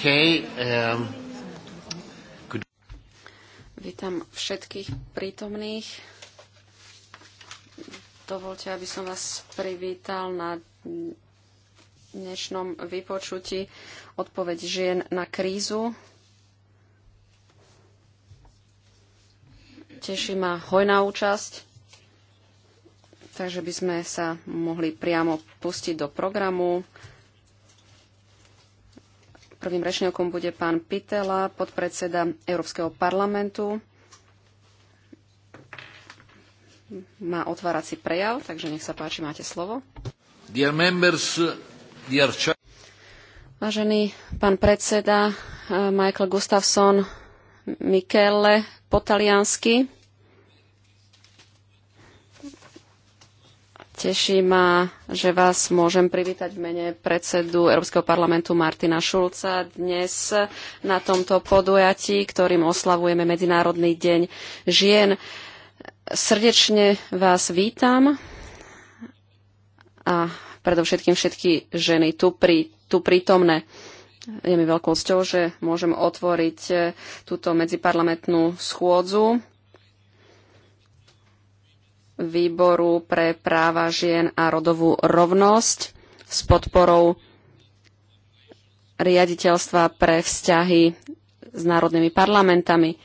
Um, Vítam všetkých prítomných. Dovolte, aby som vás privítal na dnešnom vypočutí odpoveď žien na krízu. Teší ma hojná účasť takže by sme sa mohli priamo pustiť do programu. Prvým rečníkom bude pán Pitela, podpredseda Európskeho parlamentu. Má otvárací prejav, takže nech sa páči, máte slovo. Dear members, dear... Vážený pán predseda eh, Michael Gustafsson Michele po taliansky. Teší ma, že vás môžem privítať v mene predsedu Európskeho parlamentu Martina Šulca dnes na tomto podujatí, ktorým oslavujeme Medzinárodný deň žien. Srdečne vás vítam a predovšetkým všetky ženy tu, pri, tu prítomné. Je mi veľkou cťou, že môžem otvoriť eh, túto medziparlamentnú schôdzu výboru pre práva žien a rodovú rovnosť s podporou riaditeľstva pre vzťahy s národnými parlamentami.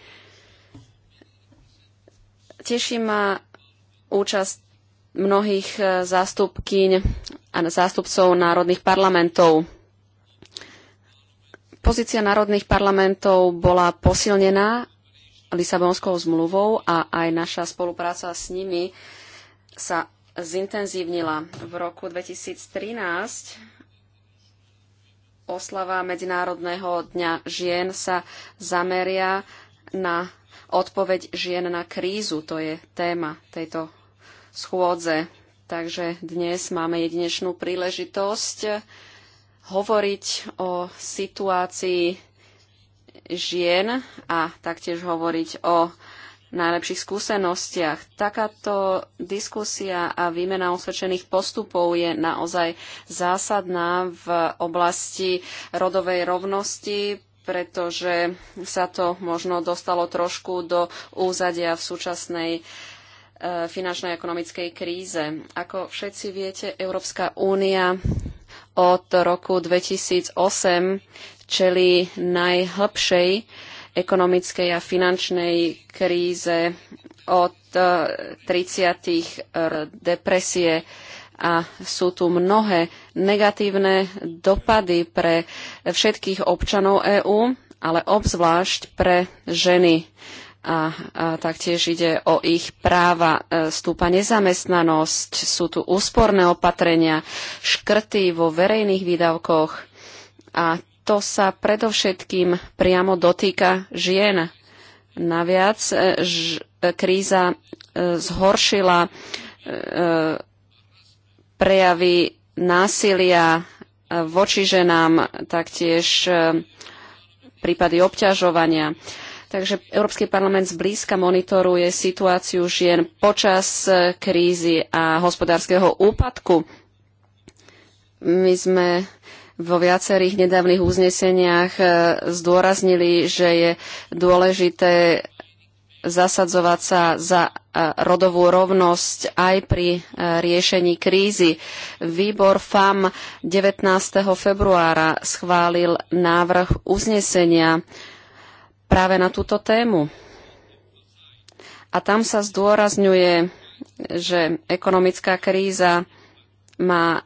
Teší ma účasť mnohých eh, zástupkyň a zástupcov národných parlamentov. Pozícia národných parlamentov bola posilnená Lisabonskou zmluvou a aj naša spolupráca s nimi sa zintenzívnila. V roku 2013 oslava Medzinárodného dňa žien sa zameria na odpoveď žien na krízu. To je téma tejto schôdze. Takže dnes máme jedinečnú príležitosť hovoriť o situácii žien a taktiež hovoriť o najlepších skúsenostiach. Takáto diskusia a výmena osvedčených postupov je naozaj zásadná v oblasti rodovej rovnosti, pretože sa to možno dostalo trošku do úzadia v súčasnej e, finančnej a ekonomickej kríze. Ako všetci viete, Európska únia od roku 2008 čelí najhlbšej ekonomickej a finančnej kríze od 30. E, e, depresie a sú tu mnohé negatívne dopady pre všetkých občanov EÚ, ale obzvlášť pre ženy. A, a taktiež ide o ich práva, e, stúpa nezamestnanosť, sú tu úsporné opatrenia, škrty vo verejných výdavkoch a to sa predovšetkým priamo dotýka žien. Naviac e, ž, e, kríza e, zhoršila prejavy násilia voči ženám, taktiež prípady obťažovania. Takže Európsky parlament zblízka monitoruje situáciu žien počas krízy a hospodárskeho úpadku. My sme vo viacerých nedávnych uzneseniach e, zdôraznili, že je dôležité zasadzovať sa za e, rodovú rovnosť aj pri e, riešení krízy. Výbor FAM 19. februára schválil návrh uznesenia práve na túto tému. A tam sa zdôrazňuje, že ekonomická kríza má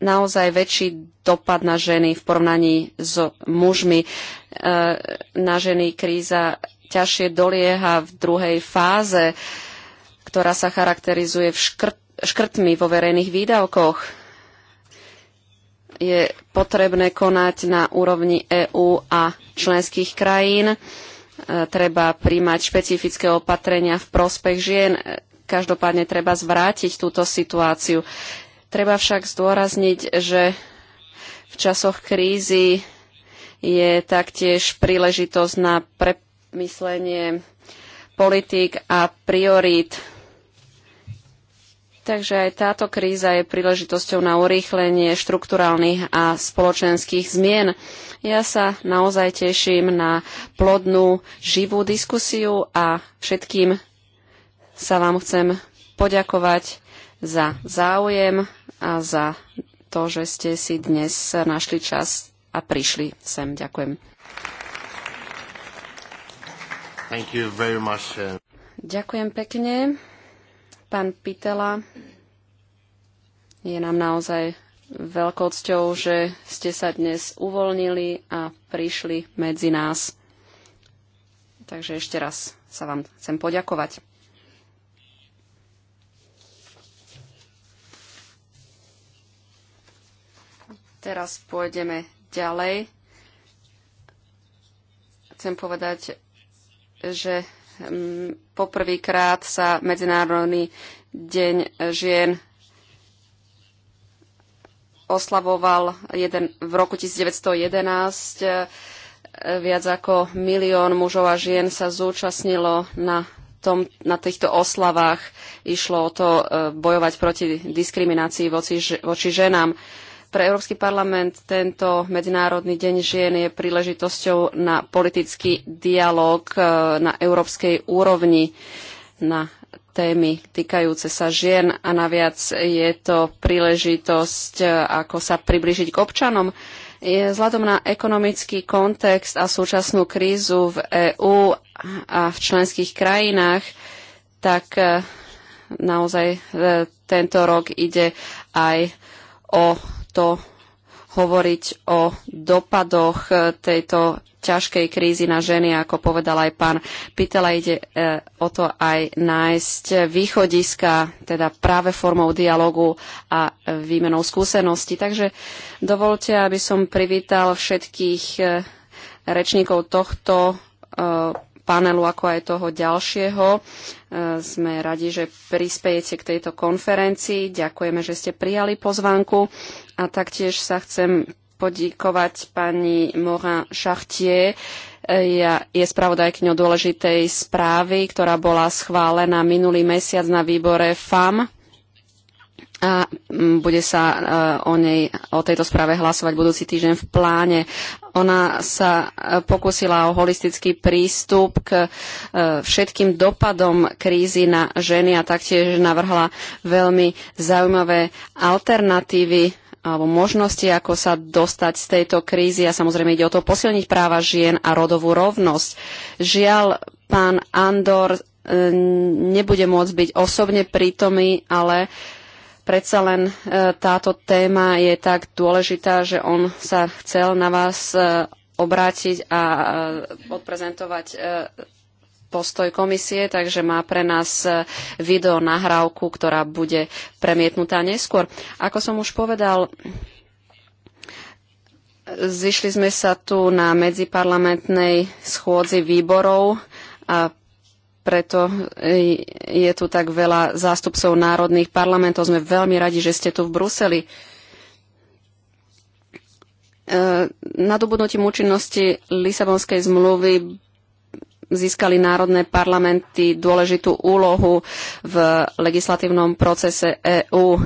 naozaj väčší dopad na ženy v porovnaní s mužmi. E, na ženy kríza ťažšie dolieha v druhej fáze, ktorá sa charakterizuje v škrt, škrtmi vo verejných výdavkoch. Je potrebné konať na úrovni EÚ a členských krajín. E, treba príjmať špecifické opatrenia v prospech žien. E, každopádne treba zvrátiť túto situáciu. Treba však zdôrazniť, že v časoch krízy je taktiež príležitosť na premyslenie politík a priorít. Takže aj táto kríza je príležitosťou na urýchlenie štrukturálnych a spoločenských zmien. Ja sa naozaj teším na plodnú, živú diskusiu a všetkým sa vám chcem poďakovať za záujem a za to, že ste si dnes našli čas a prišli sem. Ďakujem. Thank you very much. Uh, Ďakujem pekne. Pán Pitela, je nám naozaj veľkou cťou, že ste sa dnes uvoľnili a prišli medzi nás. Takže ešte raz sa vám chcem poďakovať. Teraz pôjdeme ďalej. Chcem povedať, že mm, poprvýkrát sa Medzinárodný deň žien oslavoval jeden, v roku 1911. Viac ako milión mužov a žien sa zúčastnilo na, tom, na týchto oslavách. Išlo o to e, bojovať proti diskriminácii voči, voči ženám. Pre Európsky parlament tento Medzinárodný deň žien je príležitosťou na politický dialog e, na európskej úrovni na témy týkajúce sa žien a naviac je to príležitosť, e, ako sa približiť k občanom. Je vzhľadom na ekonomický kontext a súčasnú krízu v EÚ a v členských krajinách, tak e, naozaj tento rok ide aj o často hovoriť o dopadoch e, tejto ťažkej krízy na ženy, ako povedal aj pán Pitela, ide e, o to aj nájsť východiska, teda práve formou dialogu a výmenou skúseností. Takže dovolte, aby som privítal všetkých e, rečníkov tohto panelu, ako aj toho ďalšieho. Sme radi, že prispejete k tejto konferencii. Ďakujeme, že ste prijali pozvánku. A taktiež sa chcem podíkovať pani Morin Chartier, ja, je spravodajkňou dôležitej správy, ktorá bola schválená minulý mesiac na výbore FAM a mm, bude sa e, o nej, o tejto správe hlasovať budúci týždeň v pláne. Ona sa e, pokusila o holistický prístup k e, všetkým dopadom krízy na ženy a taktiež navrhla veľmi zaujímavé alternatívy alebo možnosti, ako sa dostať z tejto krízy a samozrejme ide o to posilniť práva žien a rodovú rovnosť. Žiaľ, pán Andor e, nebude môcť byť osobne prítomný, ale predsa len e, táto téma je tak dôležitá, že on sa chcel na vás e, obrátiť a odprezentovať postoj komisie, takže má pre nás e, video nahrávku, ktorá bude premietnutá neskôr. Ako som už povedal, zišli sme sa tu na medziparlamentnej schôdzi výborov a preto e, je tu tak veľa zástupcov národných parlamentov. Sme veľmi radi, že ste tu v Bruseli. E, Nadobudnutím účinnosti Lisabonskej zmluvy získali národné parlamenty dôležitú úlohu v legislatívnom procese EÚ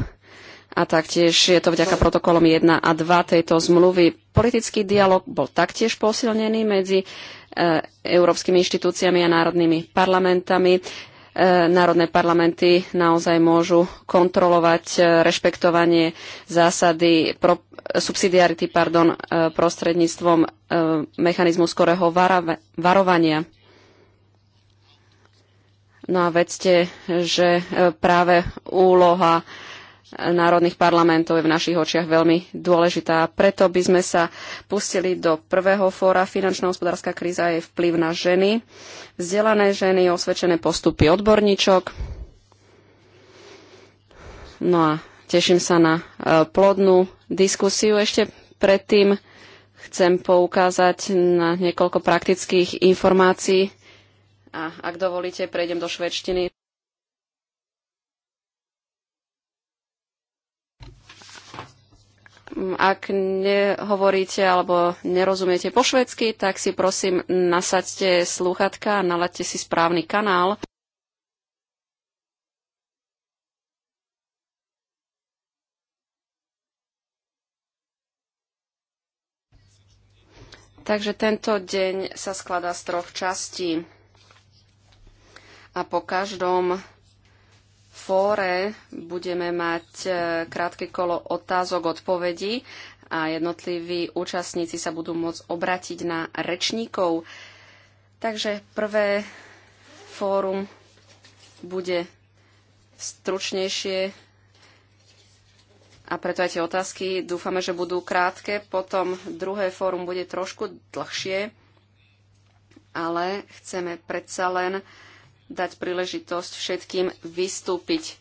a taktiež je to vďaka protokolom 1 a 2 tejto zmluvy. Politický dialog bol taktiež posilnený medzi e, európskymi inštitúciami a národnými parlamentami. E, národné parlamenty naozaj môžu kontrolovať e, rešpektovanie zásady pro, subsidiarity pardon, e, prostredníctvom e, mechanizmu skorého varovania. No a vedzte, že e, práve úloha e, národných parlamentov je v našich očiach veľmi dôležitá. Preto by sme sa pustili do prvého fóra finančná hospodárska kríza je vplyv na ženy, vzdelané ženy, osvedčené postupy odborníčok. No a teším sa na e, plodnú diskusiu. Ešte predtým chcem poukázať na niekoľko praktických informácií a ak dovolíte, prejdem do švedštiny. Ak nehovoríte alebo nerozumiete po švedsky, tak si prosím nasaďte slúchatka a nalaďte si správny kanál. Takže tento deň sa skladá z troch častí a po každom fóre budeme mať e, krátke kolo otázok, odpovedí a jednotliví účastníci sa budú môcť obratiť na rečníkov. Takže prvé fórum bude stručnejšie a preto aj tie otázky dúfame, že budú krátke. Potom druhé fórum bude trošku dlhšie, ale chceme predsa len dať príležitosť všetkým vystúpiť.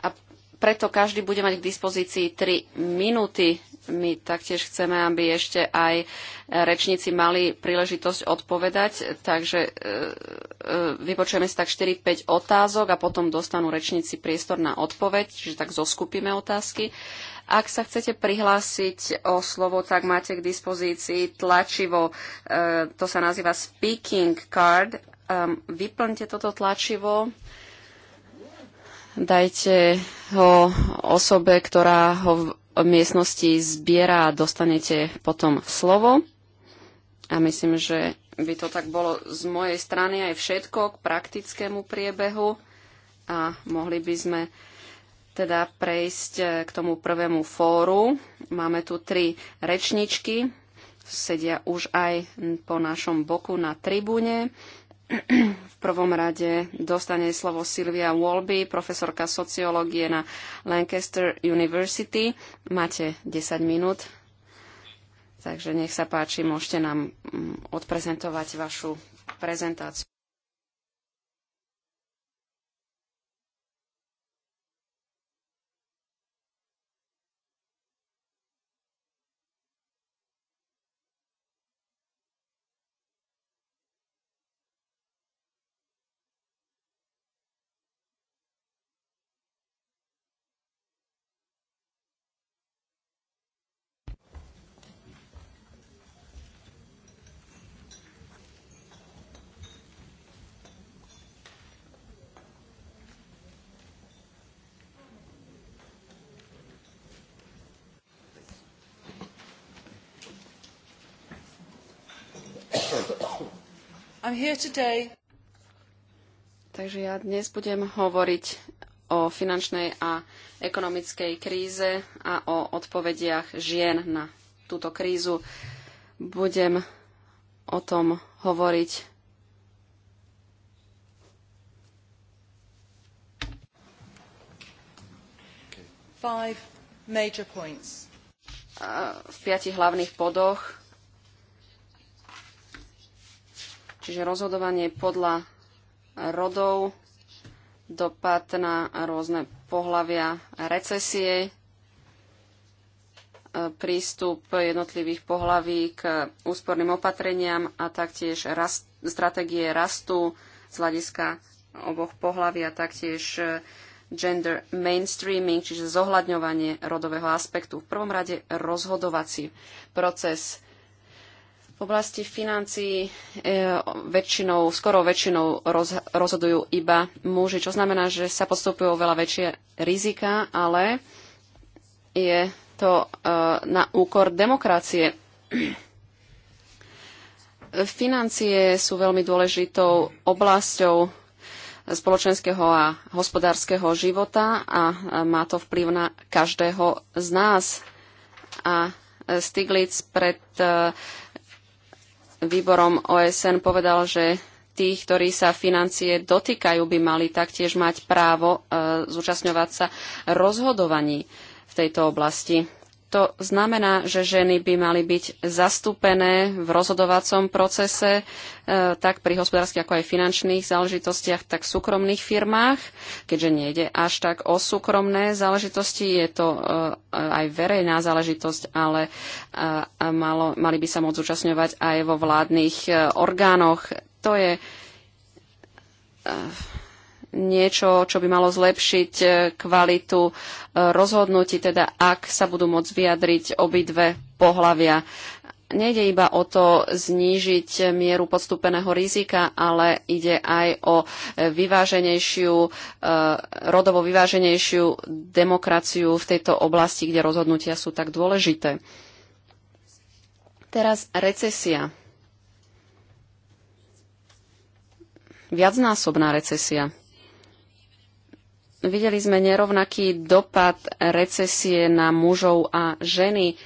A preto každý bude mať k dispozícii 3 minúty. My taktiež chceme, aby ešte aj rečníci mali príležitosť odpovedať, takže e, e, vypočujeme si tak 4-5 otázok a potom dostanú rečníci priestor na odpoveď, čiže tak zoskupíme otázky. Ak sa chcete prihlásiť o slovo, tak máte k dispozícii tlačivo, e, to sa nazýva speaking card um, vyplňte toto tlačivo, dajte ho osobe, ktorá ho v miestnosti zbiera a dostanete potom slovo. A myslím, že by to tak bolo z mojej strany aj všetko k praktickému priebehu a mohli by sme teda prejsť eh, k tomu prvému fóru. Máme tu tri rečničky, sedia už aj po našom boku na tribúne. V prvom rade dostane slovo Silvia Wolby, profesorka sociológie na Lancaster University. Máte 10 minút, takže nech sa páči, môžete nám mm, odprezentovať vašu prezentáciu. I'm here today. Takže ja dnes budem hovoriť o finančnej a ekonomickej kríze a o odpovediach žien na túto krízu. Budem o tom hovoriť v piatich hlavných bodoch Čiže rozhodovanie podľa rodov, dopad na rôzne pohlavia recesie, e, prístup jednotlivých pohlaví k úsporným opatreniam a taktiež rast, stratégie rastu z hľadiska oboch pohlaví a taktiež e, gender mainstreaming, čiže zohľadňovanie rodového aspektu. V prvom rade rozhodovací proces v oblasti financií e, väčšinou, skoro väčšinou roz, rozhodujú iba muži, čo znamená, že sa postupujú veľa väčšie rizika, ale je to e, na úkor demokracie. Financie sú veľmi dôležitou oblasťou spoločenského a hospodárskeho života a e, má to vplyv na každého z nás. A Stiglitz pred výborom OSN povedal, že tí, ktorí sa financie dotýkajú, by mali taktiež mať právo e, zúčastňovať sa rozhodovaní v tejto oblasti. To znamená, že ženy by mali byť zastúpené v rozhodovacom procese, e, tak pri hospodárskych ako aj finančných záležitostiach, tak v súkromných firmách. Keďže nejde až tak o súkromné záležitosti, je to e, aj verejná záležitosť, ale malo, mali by sa môcť zúčastňovať aj vo vládnych e, orgánoch. To je niečo, čo by malo zlepšiť e, kvalitu e, rozhodnutí, teda ak sa budú môcť vyjadriť obidve pohlavia. Nejde iba o to znížiť mieru podstúpeného rizika, ale ide aj o vyváženejšiu, e, rodovo vyváženejšiu demokraciu v tejto oblasti, kde rozhodnutia sú tak dôležité. Teraz recesia. Viacnásobná recesia. Videli sme nerovnaký dopad recesie na mužov a ženy.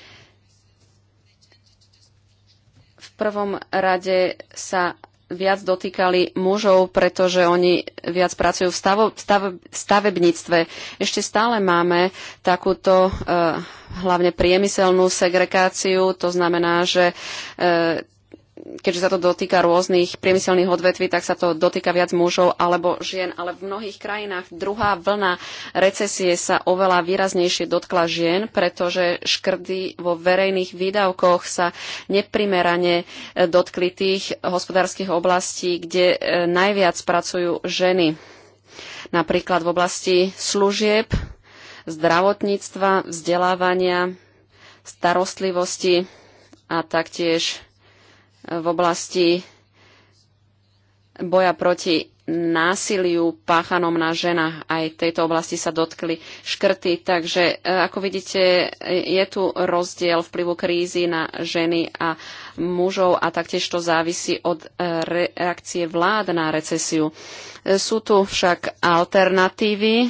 V prvom rade sa viac dotýkali mužov, pretože oni viac pracujú v stavo, stave, stavebníctve. Ešte stále máme takúto e, hlavne priemyselnú segregáciu, to znamená, že e, keďže sa to dotýka rôznych priemyselných odvetví, tak sa to dotýka viac mužov alebo žien. Ale v mnohých krajinách druhá vlna recesie sa oveľa výraznejšie dotkla žien, pretože škrdy vo verejných výdavkoch sa neprimerane e, dotkli tých hospodárskych oblastí, kde e, najviac pracujú ženy. Napríklad v oblasti služieb, zdravotníctva, vzdelávania, starostlivosti a taktiež v oblasti boja proti násiliu páchanom na ženách. Aj tejto oblasti sa dotkli škrty. Takže e, ako vidíte, je tu rozdiel vplyvu krízy na ženy a mužov a taktiež to závisí od e, reakcie vlád na recesiu. E, sú tu však alternatívy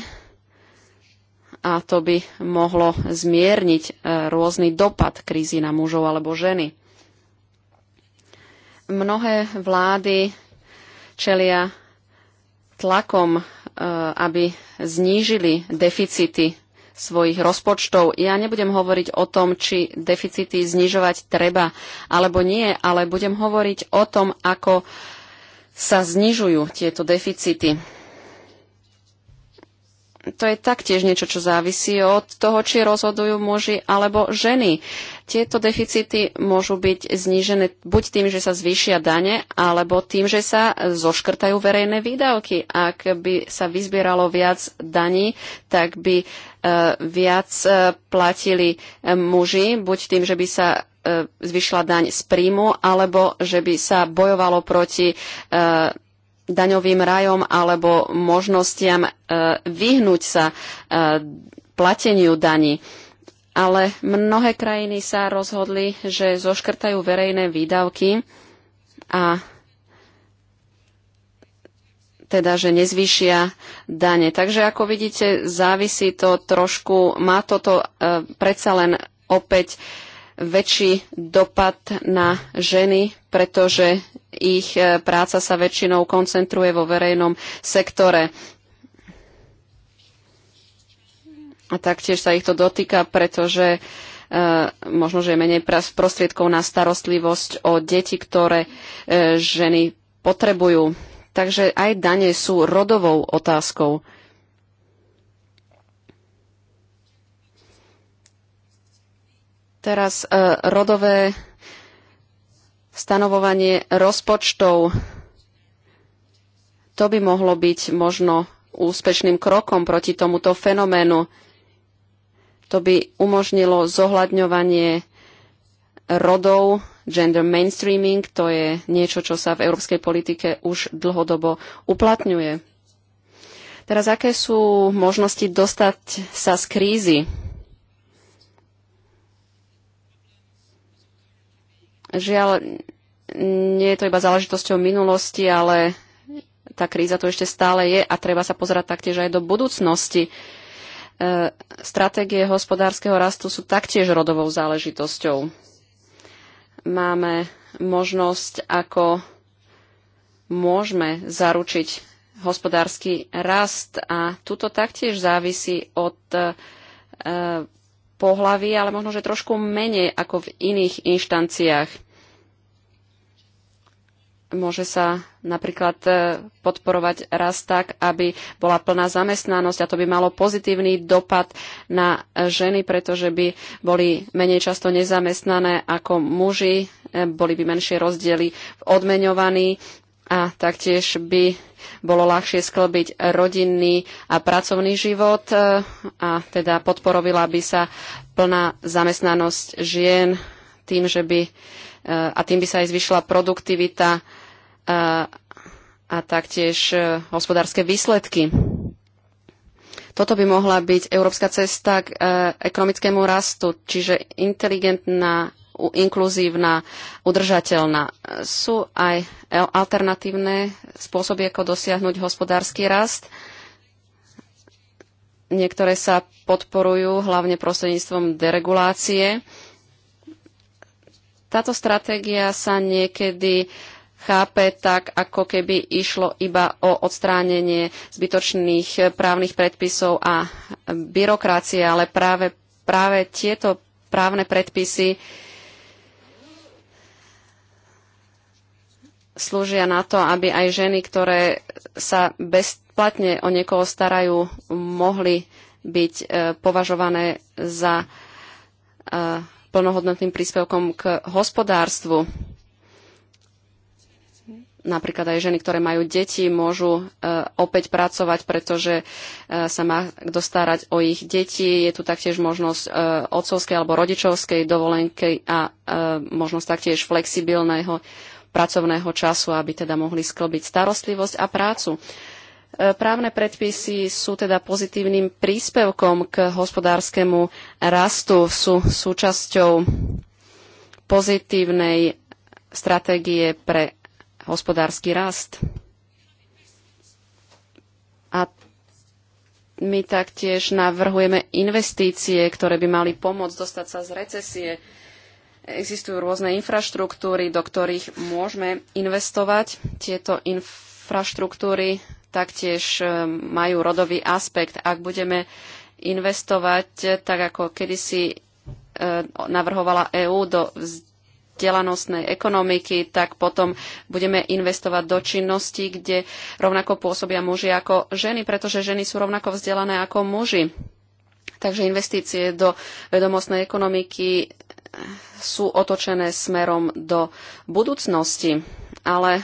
a to by mohlo zmierniť rôzny dopad krízy na mužov alebo ženy. Mnohé vlády čelia tlakom, e, aby znížili deficity svojich rozpočtov. Ja nebudem hovoriť o tom, či deficity znižovať treba alebo nie, ale budem hovoriť o tom, ako sa znižujú tieto deficity to je taktiež niečo, čo závisí od toho, či rozhodujú muži alebo ženy. Tieto deficity môžu byť znížené buď tým, že sa zvýšia dane, alebo tým, že sa zoškrtajú verejné výdavky. Ak by sa vyzbieralo viac daní, tak by e, viac e, platili e, muži, buď tým, že by sa zvyšila daň z príjmu, alebo že by sa bojovalo proti daňovým rajom alebo možnostiam e, vyhnúť sa e, plateniu daní. Ale mnohé krajiny sa rozhodli, že zoškrtajú verejné výdavky a teda, že nezvýšia dane. Takže ako vidíte, závisí to trošku, má toto e, predsa len opäť väčší dopad na ženy, pretože ich e, práca sa väčšinou koncentruje vo verejnom sektore. A taktiež sa ich to dotýka, pretože e, možno, že je menej prostriedkov na starostlivosť o deti, ktoré e, ženy potrebujú. Takže aj dane sú rodovou otázkou. Teraz e, rodové stanovovanie rozpočtov. To by mohlo byť možno úspešným krokom proti tomuto fenoménu. To by umožnilo zohľadňovanie rodov, gender mainstreaming, to je niečo, čo sa v európskej politike už dlhodobo uplatňuje. Teraz, aké sú možnosti dostať sa z krízy? Žiaľ, nie je to iba záležitosťou minulosti, ale tá kríza tu ešte stále je a treba sa pozerať taktiež aj do budúcnosti. E, stratégie hospodárskeho rastu sú taktiež rodovou záležitosťou. Máme možnosť, ako môžeme zaručiť hospodársky rast a tuto taktiež závisí od e, pohlavy, ale možno, že trošku menej ako v iných inštanciách. Môže sa napríklad e, podporovať raz tak, aby bola plná zamestnanosť a to by malo pozitívny dopad na e, ženy, pretože by boli menej často nezamestnané ako muži, e, boli by menšie rozdiely v odmeňovaní a taktiež by bolo ľahšie sklbiť rodinný a pracovný život a teda podporovila by sa plná zamestnanosť žien tým, že by a tým by sa aj zvyšila produktivita e, a taktiež e, hospodárske výsledky. Toto by mohla byť európska cesta k e, ekonomickému rastu, čiže inteligentná, inkluzívna, udržateľná. Sú aj alternatívne spôsoby, ako dosiahnuť hospodársky rast. Niektoré sa podporujú hlavne prostredníctvom deregulácie táto stratégia sa niekedy chápe tak, ako keby išlo iba o odstránenie zbytočných právnych predpisov a byrokracie, ale práve, práve tieto právne predpisy slúžia na to, aby aj ženy, ktoré sa bezplatne o niekoho starajú, mohli byť e, považované za e, plnohodnotným príspevkom k hospodárstvu. Napríklad aj ženy, ktoré majú deti, môžu e, opäť pracovať, pretože e, sa má kto starať o ich deti. Je tu taktiež možnosť e, otcovskej alebo rodičovskej dovolenky a možnosť taktiež flexibilného pracovného času, aby teda mohli sklbiť starostlivosť a prácu. E, právne predpisy sú teda pozitívnym príspevkom k hospodárskemu rastu, sú súčasťou pozitívnej stratégie pre hospodársky rast. A my taktiež navrhujeme investície, ktoré by mali pomôcť dostať sa z recesie. Existujú rôzne infraštruktúry, do ktorých môžeme investovať. Tieto infraštruktúry taktiež e, majú rodový aspekt. Ak budeme investovať, e, tak ako kedysi e, navrhovala EÚ do vzdelanostnej ekonomiky, tak potom budeme investovať do činnosti, kde rovnako pôsobia muži ako ženy, pretože ženy sú rovnako vzdelané ako muži. Takže investície do vedomostnej ekonomiky sú otočené smerom do budúcnosti. Ale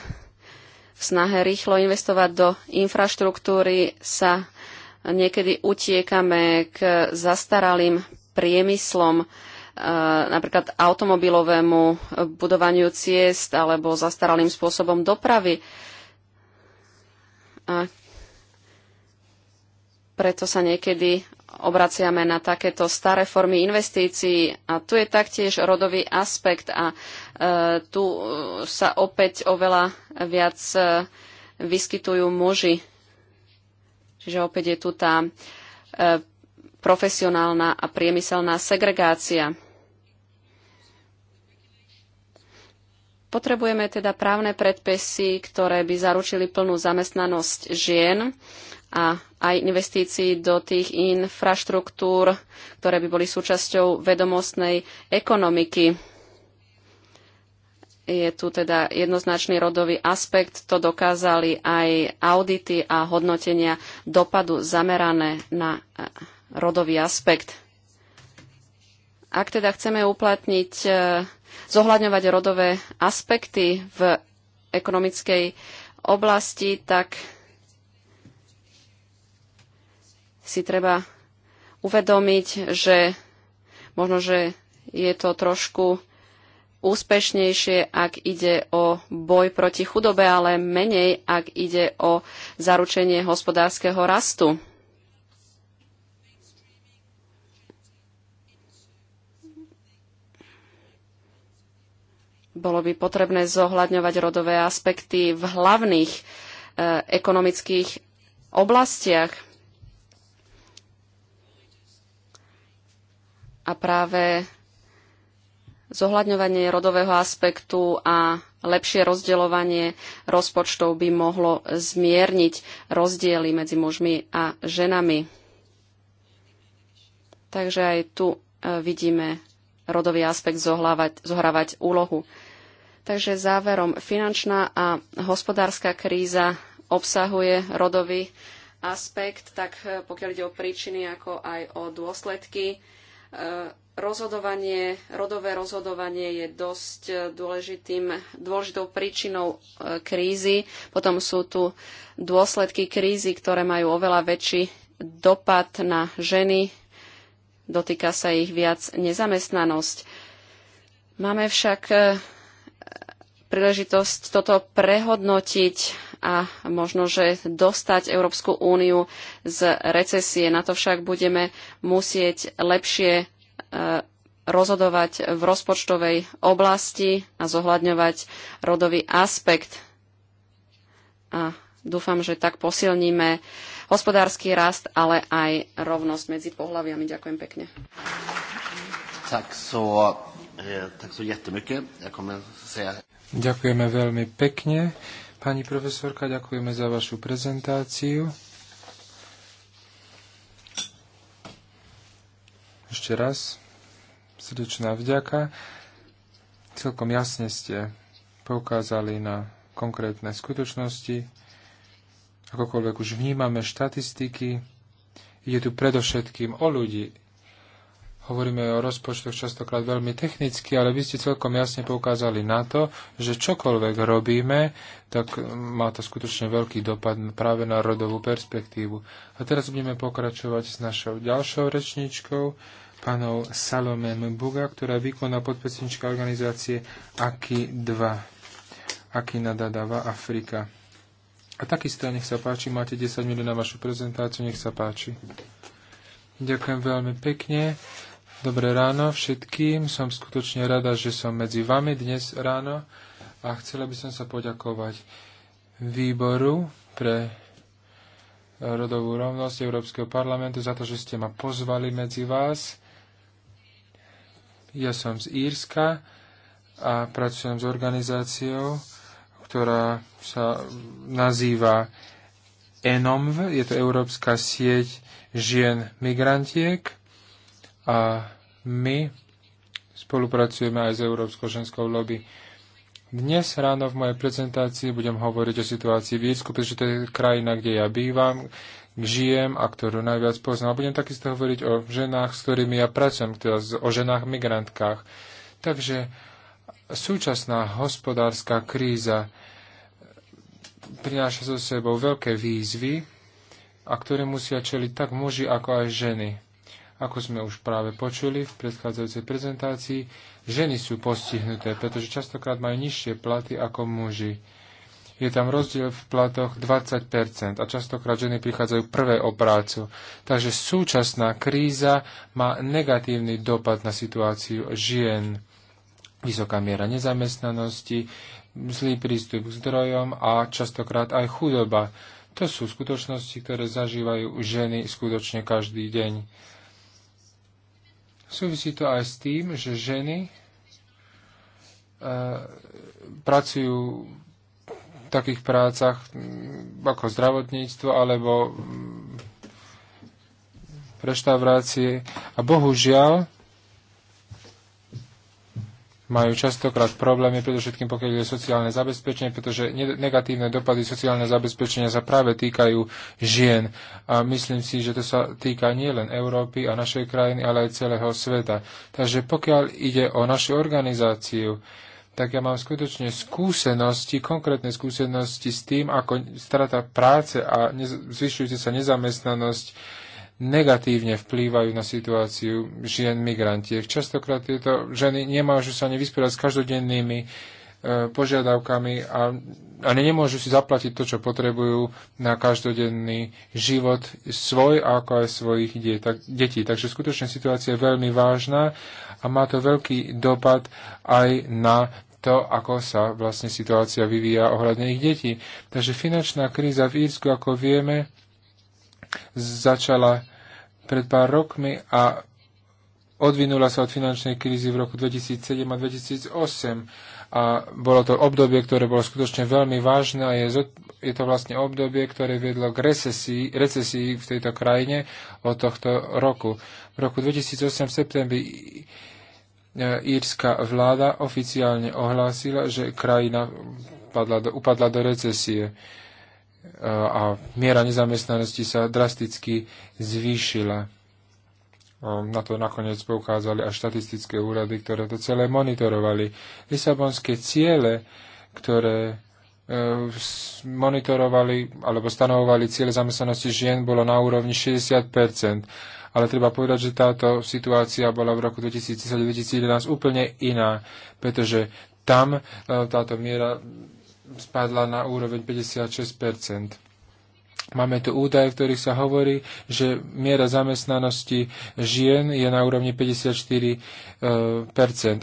v snahe rýchlo investovať do infraštruktúry sa niekedy utiekame k zastaralým priemyslom, e, napríklad automobilovému budovaniu ciest alebo zastaralým spôsobom dopravy. A preto sa niekedy obraciame na takéto staré formy investícií. A tu je taktiež rodový aspekt a e, tu e, sa opäť oveľa viac e, vyskytujú muži. Čiže opäť je tu tá e, profesionálna a priemyselná segregácia. Potrebujeme teda právne predpisy, ktoré by zaručili plnú zamestnanosť žien a aj investícií do tých infraštruktúr, ktoré by boli súčasťou vedomostnej ekonomiky. Je tu teda jednoznačný rodový aspekt, to dokázali aj audity a hodnotenia dopadu zamerané na e, rodový aspekt. Ak teda chceme uplatniť, e, zohľadňovať rodové aspekty v ekonomickej oblasti, tak si treba uvedomiť, že možno, že je to trošku úspešnejšie, ak ide o boj proti chudobe, ale menej, ak ide o zaručenie hospodárskeho rastu. Bolo by potrebné zohľadňovať rodové aspekty v hlavných e, ekonomických oblastiach. A práve zohľadňovanie rodového aspektu a lepšie rozdeľovanie rozpočtov by mohlo zmierniť rozdiely medzi mužmi a ženami. Takže aj tu e, vidíme rodový aspekt zohľavať, zohrávať úlohu. Takže záverom, finančná a hospodárska kríza obsahuje rodový aspekt, tak e, pokiaľ ide o príčiny, ako aj o dôsledky, rozhodovanie, rodové rozhodovanie je dosť eh, dôležitým, dôležitou príčinou eh, krízy. Potom sú tu dôsledky krízy, ktoré majú oveľa väčší dopad na ženy. Dotýka sa ich viac nezamestnanosť. Máme však eh, príležitosť toto prehodnotiť a možno, že dostať Európsku úniu z recesie. Na to však budeme musieť lepšie e, rozhodovať v rozpočtovej oblasti a zohľadňovať rodový aspekt. A dúfam, že tak posilníme hospodársky rast, ale aj rovnosť medzi pohľaviami. Ďakujem pekne. Tak so, e, tak so Ďakujeme veľmi pekne. Pani profesorka, ďakujeme za vašu prezentáciu. Ešte raz srdečná vďaka. Celkom jasne ste poukázali na konkrétne skutočnosti. Akokoľvek už vnímame štatistiky, ide tu predovšetkým o ľudí, hovoríme o rozpočtoch častokrát veľmi technicky, ale vy ste celkom jasne poukázali na to, že čokoľvek robíme, tak má to skutočne veľký dopad práve na rodovú perspektívu. A teraz budeme pokračovať s našou ďalšou rečničkou, panou Salome Mbuga, ktorá vykoná podpredsednička organizácie AKI 2, AKI Nadadava Afrika. A takisto, nech sa páči, máte 10 minút na vašu prezentáciu, nech sa páči. Ďakujem veľmi pekne. Dobré ráno všetkým. Som skutočne rada, že som medzi vami dnes ráno a chcela by som sa poďakovať výboru pre rodovú rovnosť Európskeho parlamentu za to, že ste ma pozvali medzi vás. Ja som z Írska a pracujem s organizáciou, ktorá sa nazýva ENOMV. Je to Európska sieť žien migrantiek a my spolupracujeme aj s Európskou ženskou lobby. Dnes ráno v mojej prezentácii budem hovoriť o situácii v Írsku, pretože to je krajina, kde ja bývam, žijem a ktorú najviac poznám. A budem takisto hovoriť o ženách, s ktorými ja pracujem, teda o ženách migrantkách. Takže súčasná hospodárska kríza prináša so sebou veľké výzvy, a ktoré musia čeliť tak muži, ako aj ženy. Ako sme už práve počuli v predchádzajúcej prezentácii, ženy sú postihnuté, pretože častokrát majú nižšie platy ako muži. Je tam rozdiel v platoch 20% a častokrát ženy prichádzajú prvé o prácu. Takže súčasná kríza má negatívny dopad na situáciu žien. Vysoká miera nezamestnanosti, zlý prístup k zdrojom a častokrát aj chudoba. To sú skutočnosti, ktoré zažívajú ženy skutočne každý deň. Súvisí to aj s tým, že ženy e, pracujú v takých prácach ako zdravotníctvo alebo reštaurácie a bohužiaľ majú častokrát problémy, predovšetkým pokiaľ je sociálne zabezpečenie, pretože negatívne dopady sociálne zabezpečenia sa práve týkajú žien. A myslím si, že to sa týka nielen Európy a našej krajiny, ale aj celého sveta. Takže pokiaľ ide o našu organizáciu, tak ja mám skutočne skúsenosti, konkrétne skúsenosti s tým, ako strata práce a zvyšujúce sa nezamestnanosť negatívne vplývajú na situáciu žien migrantiek. Častokrát tieto ženy nemôžu sa nevysporiadať s každodennými e, požiadavkami a ani nemôžu si zaplatiť to, čo potrebujú na každodenný život svoj, ako aj svojich detí. Takže skutočne situácia je veľmi vážna a má to veľký dopad aj na to, ako sa vlastne situácia vyvíja ohľadne ich detí. Takže finančná kríza v Írsku, ako vieme, začala pred pár rokmi a odvinula sa od finančnej krízy v roku 2007 a 2008 a bolo to obdobie, ktoré bolo skutočne veľmi vážne a je, je to vlastne obdobie, ktoré viedlo k recesii, recesii v tejto krajine od tohto roku. V roku 2008 v septembri e, írska vláda oficiálne ohlásila, že krajina padla do, upadla do recesie. Uh, a miera nezamestnanosti sa drasticky zvýšila. Ehm, na to nakoniec poukázali až štatistické úrady, ktoré to celé monitorovali. Lisabonské ciele, ktoré e, monitorovali alebo stanovovali ciele zamestnanosti žien bolo na úrovni 60 ale treba povedať, že táto situácia bola v roku 2010-2011 úplne iná, pretože tam e, táto miera spadla na úroveň 56 Máme tu údaje, v ktorých sa hovorí, že miera zamestnanosti žien je na úrovni 54%,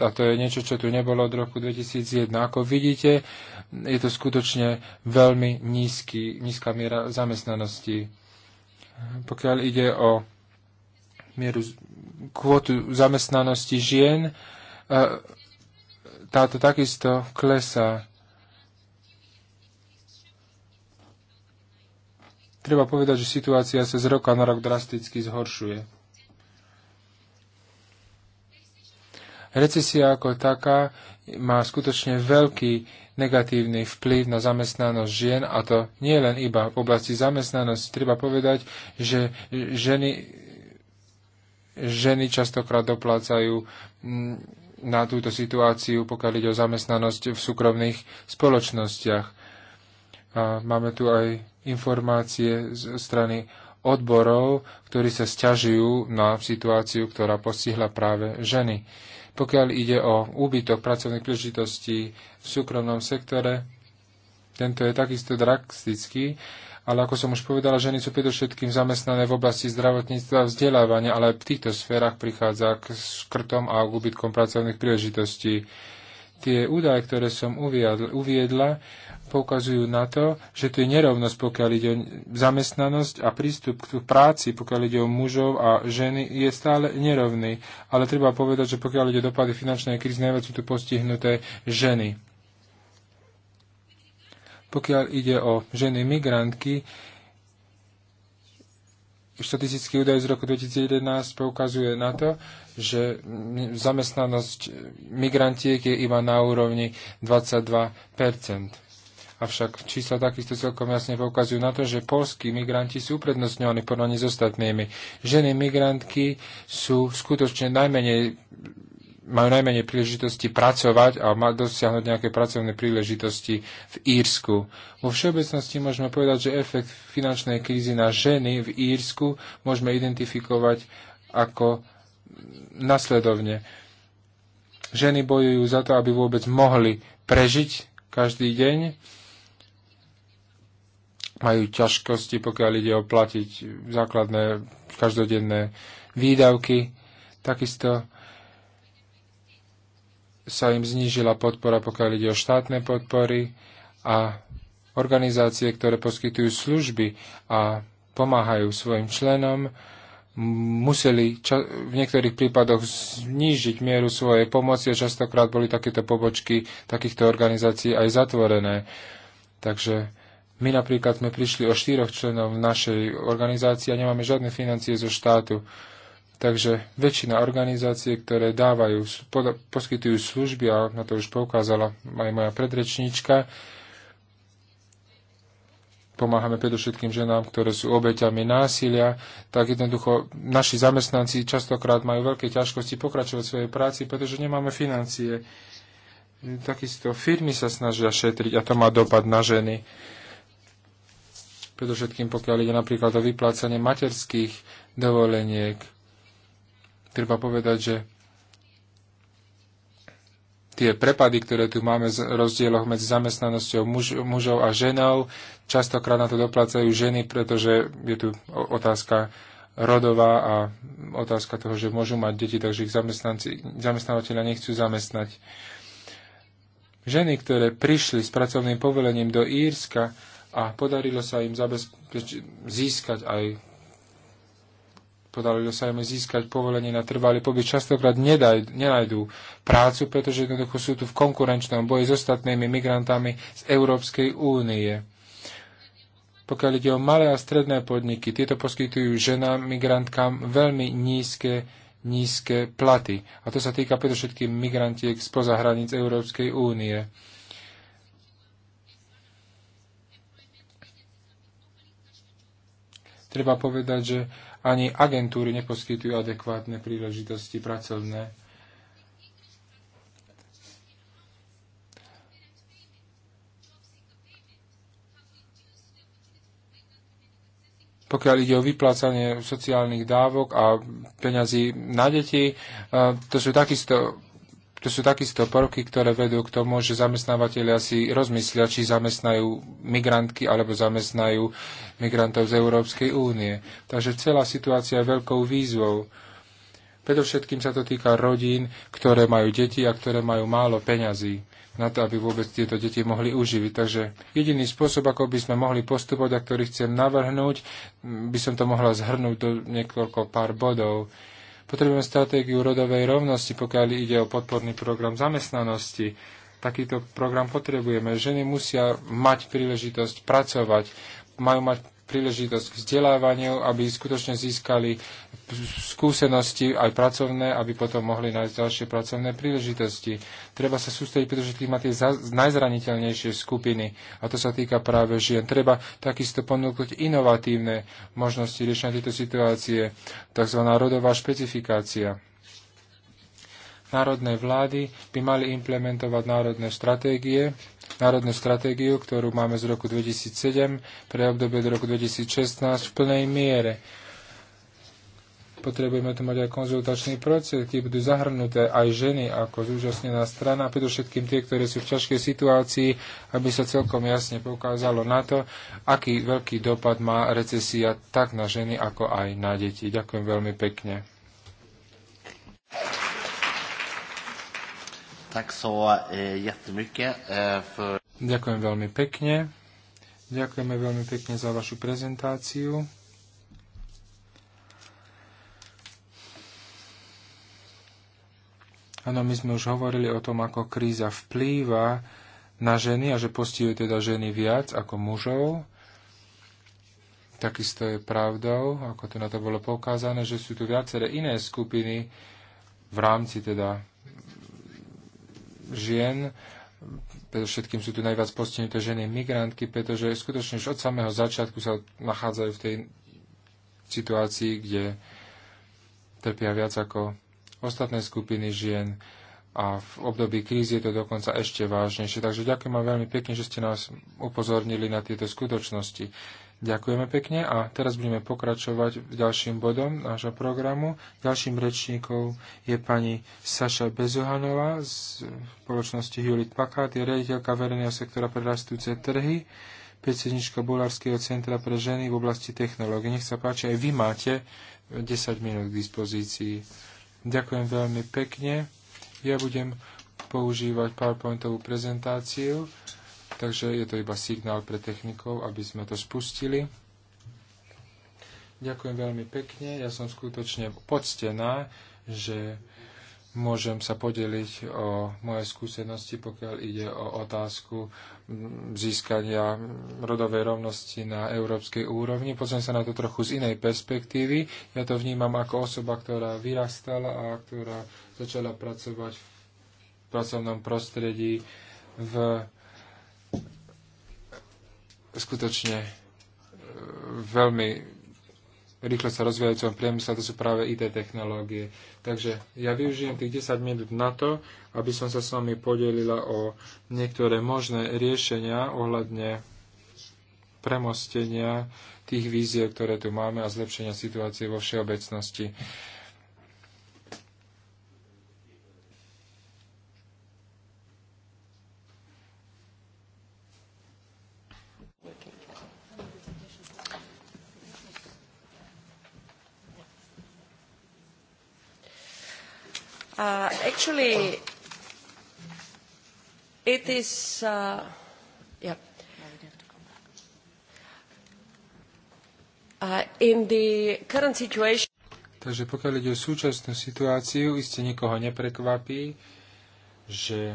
eh, a to je niečo, čo tu nebolo od roku 2001. Ako vidíte, je to skutočne veľmi nízky, nízka miera zamestnanosti. Pokiaľ ide o mieru kvotu zamestnanosti žien, eh, táto takisto klesá. Treba povedať, že situácia sa z roka na rok drasticky zhoršuje. Recesia ako taká má skutočne veľký negatívny vplyv na zamestnanosť žien a to nie len iba v oblasti zamestnanosti. Treba povedať, že ženy, ženy častokrát doplácajú mm, na túto situáciu, pokiaľ ide o zamestnanosť v súkromných spoločnostiach. A máme tu aj informácie zo strany odborov, ktorí sa sťažujú na situáciu, ktorá postihla práve ženy. Pokiaľ ide o úbytok pracovných príležitostí v súkromnom sektore, tento je takisto drastický, ale ako som už povedala, ženy sú predovšetkým zamestnané v oblasti zdravotníctva a vzdelávania, ale aj v týchto sférach prichádza k skrtom a k úbytkom pracovných príležitostí. Tie údaje, ktoré som uviedla, poukazujú na to, že tu je nerovnosť, pokiaľ ide o zamestnanosť a prístup k práci, pokiaľ ide o mužov a ženy, je stále nerovný. Ale treba povedať, že pokiaľ ide o dopady finančnej krízy, najviac sú tu postihnuté ženy. Pokiaľ ide o ženy migrantky, štatistický údaj z roku 2011 poukazuje na to, že zamestnanosť migrantiek je iba na úrovni 22 Avšak čísla takisto celkom jasne poukazujú na to, že polskí migranti sú uprednostňovaní porovnaní s ostatnými. Ženy migrantky sú skutočne najmenej majú najmenej príležitosti pracovať a má dosiahnuť nejaké pracovné príležitosti v Írsku. Vo všeobecnosti môžeme povedať, že efekt finančnej krízy na ženy v Írsku môžeme identifikovať ako nasledovne. Ženy bojujú za to, aby vôbec mohli prežiť každý deň. Majú ťažkosti, pokiaľ ide o platiť základné každodenné výdavky. Takisto sa im znížila podpora, pokiaľ ide o štátne podpory a organizácie, ktoré poskytujú služby a pomáhajú svojim členom, museli v niektorých prípadoch znížiť mieru svojej pomoci a častokrát boli takéto pobočky takýchto organizácií aj zatvorené. Takže my napríklad sme prišli o štyroch členov v našej organizácii a nemáme žiadne financie zo štátu. Takže väčšina organizácie, ktoré dávajú, poskytujú služby, a na to už poukázala aj moja predrečníčka, pomáhame predovšetkým ženám, ktoré sú obeťami násilia, tak jednoducho naši zamestnanci častokrát majú veľké ťažkosti pokračovať v svojej práci, pretože nemáme financie. Takisto firmy sa snažia šetriť a to má dopad na ženy. Predovšetkým pokiaľ ide napríklad o vyplácanie materských dovoleniek, treba povedať, že tie prepady, ktoré tu máme v rozdieloch medzi zamestnanosťou muž, mužov a ženou, častokrát na to doplacajú ženy, pretože je tu otázka rodová a otázka toho, že môžu mať deti, takže ich zamestnávateľa nechcú zamestnať. Ženy, ktoré prišli s pracovným povolením do Írska a podarilo sa im zabezpeč- získať aj podarilo sa im získať povolenie na trvalý pobyt, častokrát nedaj, nenajdú prácu, pretože jednoducho sú tu v konkurenčnom boji s ostatnými migrantami z Európskej únie. Pokiaľ ide o malé a stredné podniky, tieto poskytujú ženám, migrantkám veľmi nízke, nízke platy. A to sa týka predovšetkým migrantiek spoza hraníc Európskej únie. Treba povedať, že ani agentúry neposkytujú adekvátne príležitosti pracovné. pokiaľ ide o vyplácanie sociálnych dávok a peňazí na deti, eh, to sú takisto to sú takisto prvky, ktoré vedú k tomu, že zamestnávateľia si rozmyslia, či zamestnajú migrantky alebo zamestnajú migrantov z Európskej únie. Takže celá situácia je veľkou výzvou. Predovšetkým sa to týka rodín, ktoré majú deti a ktoré majú málo peňazí na to, aby vôbec tieto deti mohli uživiť. Takže jediný spôsob, ako by sme mohli postupovať a ktorý chcem navrhnúť, by som to mohla zhrnúť do niekoľko pár bodov. Potrebujeme stratégiu rodovej rovnosti, pokiaľ ide o podporný program zamestnanosti. Takýto program potrebujeme. Ženy musia mať príležitosť pracovať, majú mať príležitosť k vzdelávaniu, aby skutočne získali skúsenosti aj pracovné, aby potom mohli nájsť ďalšie pracovné príležitosti. Treba sa sústrediť predovšetkým na tie najzraniteľnejšie skupiny a to sa týka práve žien. Treba takisto ponúknuť inovatívne možnosti riešenia tejto situácie, tzv. rodová špecifikácia národné vlády by mali implementovať národné stratégie, národnú stratégiu, ktorú máme z roku 2007 pre obdobie do roku 2016 v plnej miere. Potrebujeme tu mať aj konzultačný proces, kde budú zahrnuté aj ženy ako zúčastnená strana, predovšetkým tie, ktoré sú v ťažkej situácii, aby sa celkom jasne poukázalo na to, aký veľký dopad má recesia tak na ženy, ako aj na deti. Ďakujem veľmi pekne. Tak eh, jättemycket eh, för... Ďakujem veľmi pekne. Ďakujeme veľmi pekne za vašu prezentáciu. Áno, my sme už hovorili o tom, ako kríza vplýva na ženy a že postihuje teda ženy viac ako mužov. Takisto je pravdou, ako to na to bolo poukázané, že sú tu viaceré iné skupiny v rámci teda žien, predovšetkým sú tu najviac postihnuté ženy migrantky, pretože skutočne už od samého začiatku sa nachádzajú v tej situácii, kde trpia viac ako ostatné skupiny žien a v období krízy je to dokonca ešte vážnejšie. Takže ďakujem vám veľmi pekne, že ste nás upozornili na tieto skutočnosti. Ďakujeme pekne a teraz budeme pokračovať ďalším bodom nášho programu. Ďalším rečníkom je pani Saša Bezuhanová z spoločnosti Hewlett Packard, je riaditeľka verejného sektora pre rastúce trhy, predsednička Bulárskeho centra pre ženy v oblasti technológie. Nech sa páči, aj vy máte 10 minút k dispozícii. Ďakujem veľmi pekne. Ja budem používať PowerPointovú prezentáciu Takže je to iba signál pre technikov, aby sme to spustili. Ďakujem veľmi pekne. Ja som skutočne poctená, že môžem sa podeliť o moje skúsenosti, pokiaľ ide o otázku získania rodovej rovnosti na európskej úrovni. Pozriem sa na to trochu z inej perspektívy. Ja to vnímam ako osoba, ktorá vyrastala a ktorá začala pracovať v pracovnom prostredí v skutočne e, veľmi rýchlo sa rozvíjajúcom priemysle, to sú práve IT technológie. Takže ja využijem tých 10 minút na to, aby som sa s vami podelila o niektoré možné riešenia ohľadne premostenia tých vízie, ktoré tu máme a zlepšenia situácie vo všeobecnosti. Uh, Uh, actually, it is. Uh, yeah. Uh, in the current situation. Takže pokiaľ ide o súčasnú situáciu, iste nikoho neprekvapí, že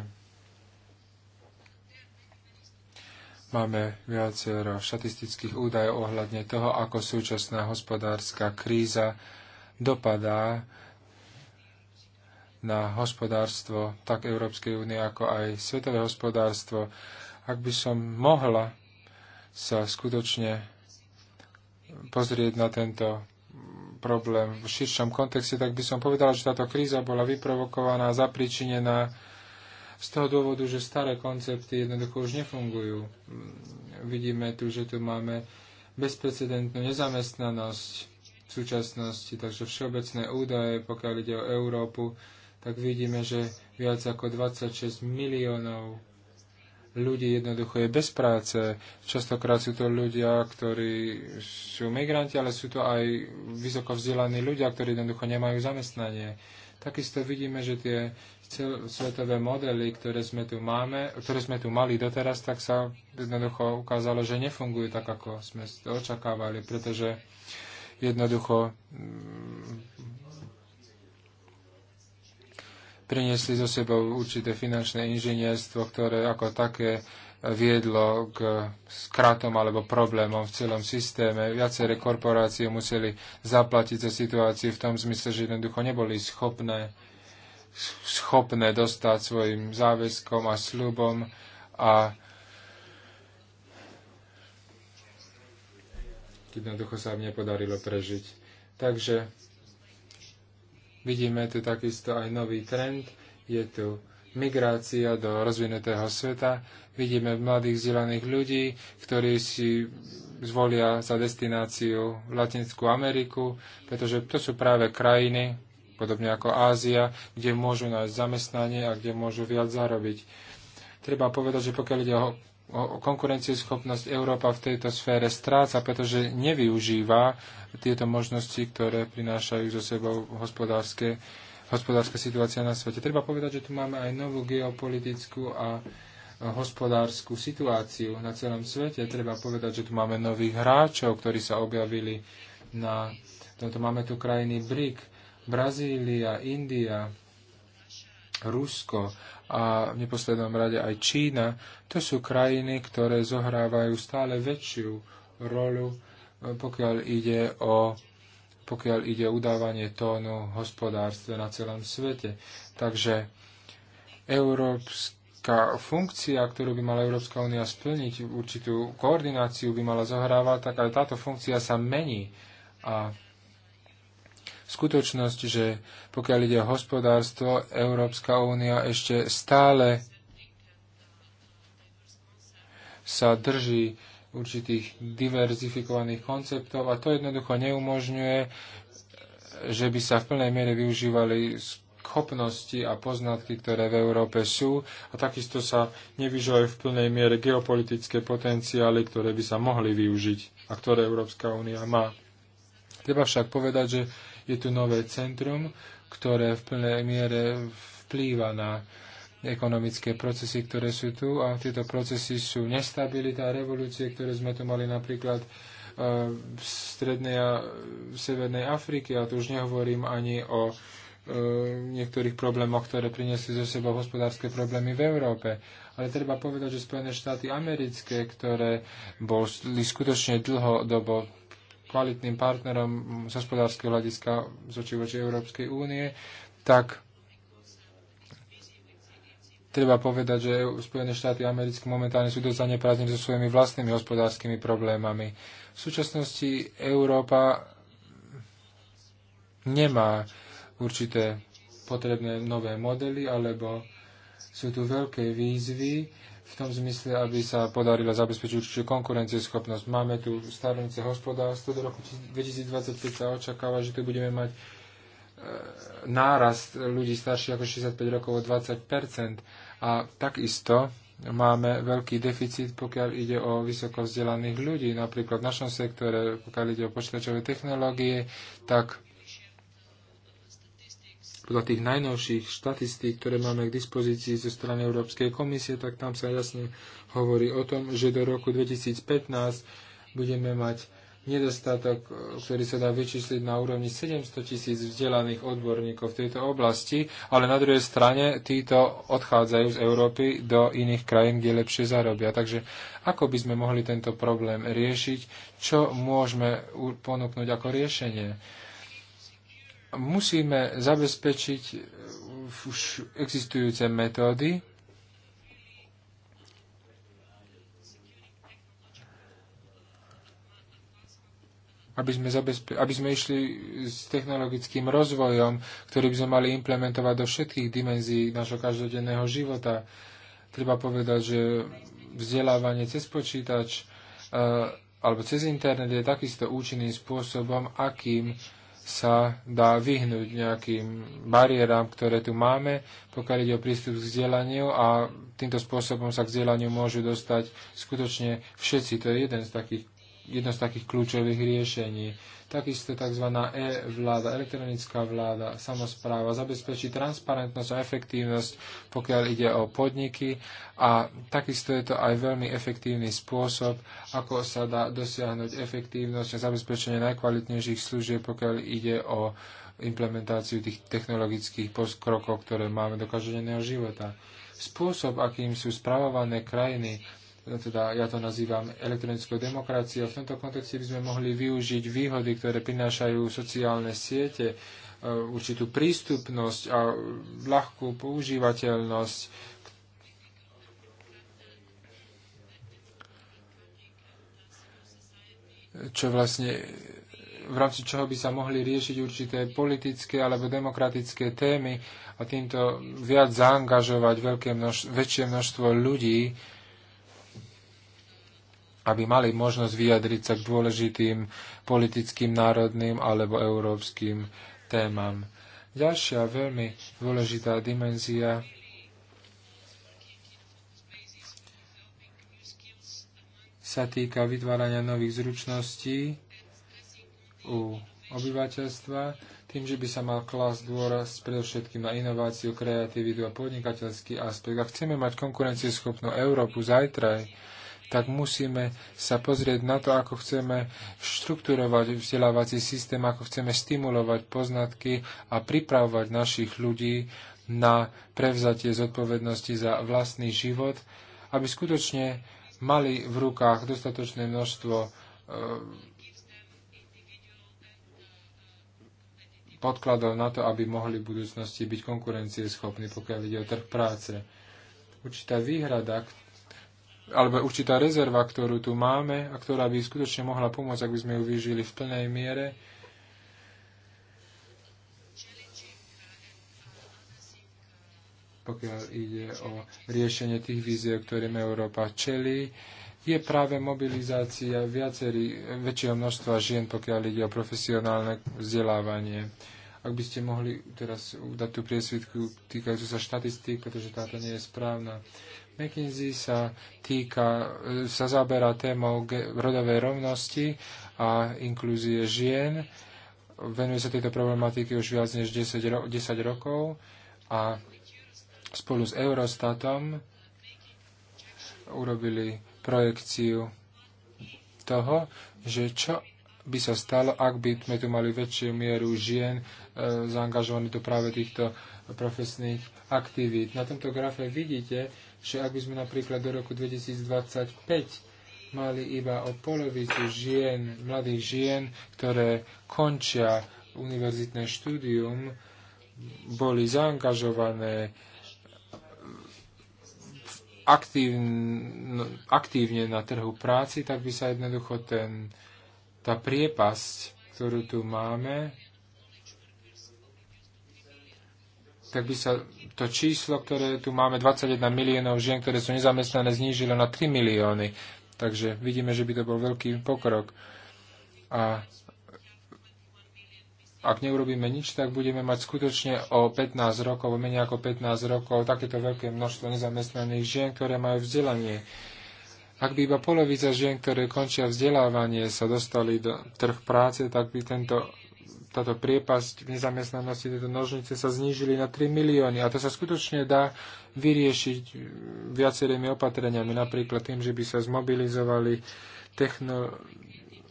máme viacero štatistických údajov ohľadne toho, ako súčasná hospodárska kríza dopadá na hospodárstvo tak Európskej únie, ako aj svetové hospodárstvo. Ak by som mohla sa skutočne pozrieť na tento problém v širšom kontexte, tak by som povedala, že táto kríza bola vyprovokovaná a zapričinená z toho dôvodu, že staré koncepty jednoducho už nefungujú. Vidíme tu, že tu máme bezprecedentnú nezamestnanosť v súčasnosti, takže všeobecné údaje, pokiaľ ide o Európu, tak vidíme, že viac ako 26 miliónov ľudí jednoducho je bez práce. Častokrát sú to ľudia, ktorí sú migranti, ale sú to aj vysoko vzdelaní ľudia, ktorí jednoducho nemajú zamestnanie. Takisto vidíme, že tie celosvetové modely, ktoré sme tu máme, ktoré sme tu mali doteraz, tak sa jednoducho ukázalo, že nefungujú tak, ako sme to očakávali, pretože jednoducho mm, priniesli zo sebou určité finančné inžinierstvo, ktoré ako také viedlo k skratom alebo problémom v celom systéme. Viaceré korporácie museli zaplatiť za situáciu v tom zmysle, že jednoducho neboli schopné, schopné dostať svojim záväzkom a slubom a jednoducho sa im nepodarilo prežiť. Takže Vidíme tu takisto aj nový trend, je tu migrácia do rozvinutého sveta. Vidíme mladých vzdelaných ľudí, ktorí si zvolia za destináciu Latinskú Ameriku, pretože to sú práve krajiny, podobne ako Ázia, kde môžu nájsť zamestnanie a kde môžu viac zarobiť. Treba povedať, že pokiaľ ide o konkurencieschopnosť Európa v tejto sfére stráca, pretože nevyužíva tieto možnosti, ktoré prinášajú zo sebou hospodárske, hospodárska situácia na svete. Treba povedať, že tu máme aj novú geopolitickú a hospodárskú situáciu na celom svete. Treba povedať, že tu máme nových hráčov, ktorí sa objavili na tomto. Máme tu krajiny BRIC, Brazília, India, Rusko a v neposlednom rade aj Čína, to sú krajiny, ktoré zohrávajú stále väčšiu rolu, e, pokiaľ ide o pokiaľ ide udávanie tónu hospodárstve na celom svete. Takže európska funkcia, ktorú by mala Európska únia splniť, určitú koordináciu by mala zohrávať, tak aj táto funkcia sa mení. A skutočnosť, že pokiaľ ide o hospodárstvo, Európska únia ešte stále sa drží určitých diverzifikovaných konceptov a to jednoducho neumožňuje, že by sa v plnej miere využívali schopnosti a poznatky, ktoré v Európe sú a takisto sa nevyžuje v plnej miere geopolitické potenciály, ktoré by sa mohli využiť a ktoré Európska únia má. Treba však povedať, že je tu nové centrum, ktoré v plnej miere vplýva na ekonomické procesy, ktoré sú tu a tieto procesy sú nestabilita, revolúcie, ktoré sme tu mali napríklad e, v strednej a v severnej Afrike a tu už nehovorím ani o e, niektorých problémoch, ktoré priniesli zo sebou hospodárske problémy v Európe. Ale treba povedať, že Spojené štáty americké, ktoré boli skutočne dlhodobo kvalitným partnerom z hospodárskeho hľadiska z očí voči Európskej únie, tak treba povedať, že Spojené štáty americké momentálne sú dosť zaneprázdnení so svojimi vlastnými hospodárskymi problémami. V súčasnosti Európa nemá určité potrebné nové modely, alebo sú tu veľké výzvy, v tom zmysle, aby sa podarila zabezpečiť určite konkurencieschopnosť. Máme tu starnúce hospodárstvo, do roku 2025 sa očakáva, že tu budeme mať e, nárast ľudí starších ako 65 rokov o 20 a takisto máme veľký deficit, pokiaľ ide o vysoko vzdelaných ľudí. Napríklad v našom sektore, pokiaľ ide o počítačové technológie, tak podľa tých najnovších štatistík, ktoré máme k dispozícii zo strany Európskej komisie, tak tam sa jasne hovorí o tom, že do roku 2015 budeme mať nedostatok, e, ktorý sa dá vyčísliť na úrovni 700 tisíc vzdelaných odborníkov v tejto oblasti, ale na druhej strane títo odchádzajú z Európy do iných krajín, kde lepšie zarobia. Takže ako by sme mohli tento problém riešiť? Čo môžeme ponúknuť ako riešenie? musíme zabezpečiť už existujúce metódy, aby sme, zabezpe- aby sme išli s technologickým rozvojom, ktorý by sme mali implementovať do všetkých dimenzií našho každodenného života. Treba povedať, že vzdelávanie cez počítač uh, alebo cez internet je takisto účinným spôsobom, akým uh, sa dá vyhnúť nejakým bariéram, ktoré tu máme, pokiaľ ide o prístup k vzdelaniu a týmto spôsobom sa k vzdelaniu môžu dostať skutočne všetci. To je jeden z takých jedno z takých kľúčových riešení. Takisto tzv. e-vláda, elektronická vláda, samozpráva zabezpečí transparentnosť a efektívnosť, pokiaľ ide o podniky a takisto je to aj veľmi efektívny spôsob, ako sa dá dosiahnuť efektívnosť a zabezpečenie najkvalitnejších služieb, pokiaľ ide o implementáciu tých technologických krokov, ktoré máme do každodenného života. Spôsob, akým sú spravované krajiny, teda ja to nazývam elektronickou demokraciou. V tomto kontexte by sme mohli využiť výhody, ktoré prinášajú sociálne siete, e, určitú prístupnosť a ľahkú používateľnosť. čo vlastne v rámci čoho by sa mohli riešiť určité politické alebo demokratické témy a týmto viac zaangažovať veľké množ- väčšie množstvo ľudí aby mali možnosť vyjadriť sa k dôležitým politickým, národným alebo európskym témam. Ďalšia veľmi dôležitá dimenzia sa týka vytvárania nových zručností u obyvateľstva, tým, že by sa mal klas dôraz predovšetkým na inováciu, kreativitu a podnikateľský aspekt. Ak chceme mať konkurencieschopnú Európu zajtraj, tak musíme sa pozrieť na to, ako chceme štrukturovať vzdelávací systém, ako chceme stimulovať poznatky a pripravovať našich ľudí na prevzatie zodpovednosti za vlastný život, aby skutočne mali v rukách dostatočné množstvo eh, podkladov na to, aby mohli v budúcnosti byť konkurencieschopní, pokiaľ ide o trh práce. Určitá výhrada, alebo určitá rezerva, ktorú tu máme a ktorá by skutočne mohla pomôcť, ak by sme ju vyžili v plnej miere. Pokiaľ ide o riešenie tých víziev, ktorým Európa čelí, je práve mobilizácia viacerý, väčšieho množstva žien, pokiaľ ide o profesionálne vzdelávanie. Ak by ste mohli teraz dať tú priesvitku týkajúcu sa štatistík, pretože táto nie je správna. McKinsey sa týka, sa zaberá témou rodovej rovnosti a inklúzie žien. Venuje sa tejto problematiky už viac než 10, ro 10 rokov a spolu s Eurostatom urobili projekciu toho, že čo by sa stalo, ak by sme tu mali väčšiu mieru žien e, zaangažovaných do práve týchto profesných aktivít. Na tomto grafe vidíte, že ak by sme napríklad do roku 2025 mali iba o polovicu žien, mladých žien, ktoré končia univerzitné štúdium, boli zaangažované aktívne, aktívne na trhu práci, tak by sa jednoducho ten, tá priepasť, ktorú tu máme, tak by sa to číslo, ktoré tu máme, 21 miliónov žien, ktoré sú nezamestnané, znížilo na 3 milióny. Takže vidíme, že by to bol veľký pokrok. A ak neurobíme nič, tak budeme mať skutočne o 15 rokov, o menej ako 15 rokov, takéto veľké množstvo nezamestnaných žien, ktoré majú vzdelanie. Ak by iba polovica žien, ktoré končia vzdelávanie, sa dostali do trh práce, tak by tento táto priepasť v nezamestnanosti, tieto nožnice sa znížili na 3 milióny. A to sa skutočne dá vyriešiť viacerými opatreniami, napríklad tým, že by sa zmobilizovali techno,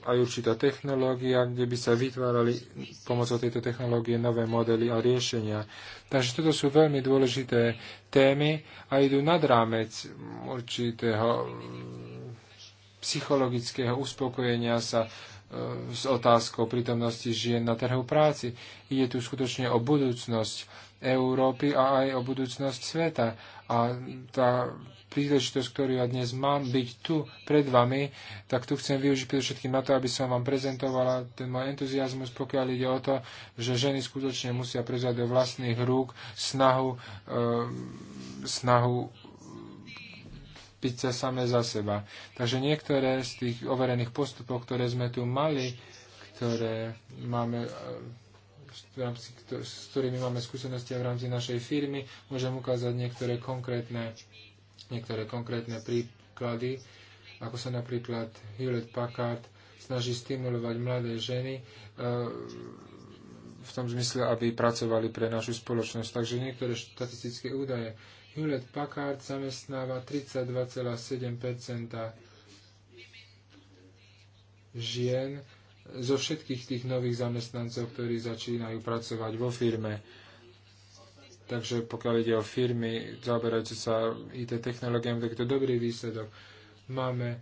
aj určitá technológia, kde by sa vytvárali pomocou tejto technológie nové modely a riešenia. Takže toto sú veľmi dôležité témy a idú nad rámec určitého psychologického uspokojenia sa E, s otázkou prítomnosti žien na trhu práci. Ide tu skutočne o budúcnosť Európy a aj o budúcnosť sveta. A tá príležitosť, ktorú ja dnes mám byť tu pred vami, tak tu chcem využiť predovšetkým na to, aby som vám prezentovala ten môj entuziasmus, pokiaľ ide o to, že ženy skutočne musia prezvať do vlastných rúk snahu, e, snahu byť sa same za seba. Takže niektoré z tých overených postupov, ktoré sme tu mali, ktoré máme e, s ktorými máme skúsenosti v rámci našej firmy, môžem ukázať niektoré konkrétne, niektoré konkrétne príklady, ako sa napríklad Hewlett Packard snaží stimulovať mladé ženy e, v tom zmysle, aby pracovali pre našu spoločnosť. Takže niektoré štatistické údaje Hewlett Packard zamestnáva 32,7 žien zo všetkých tých nových zamestnancov, ktorí začínajú pracovať vo firme. Takže pokiaľ ide o firmy zaoberajúce sa IT technológiami, tak je to dobrý výsledok. Máme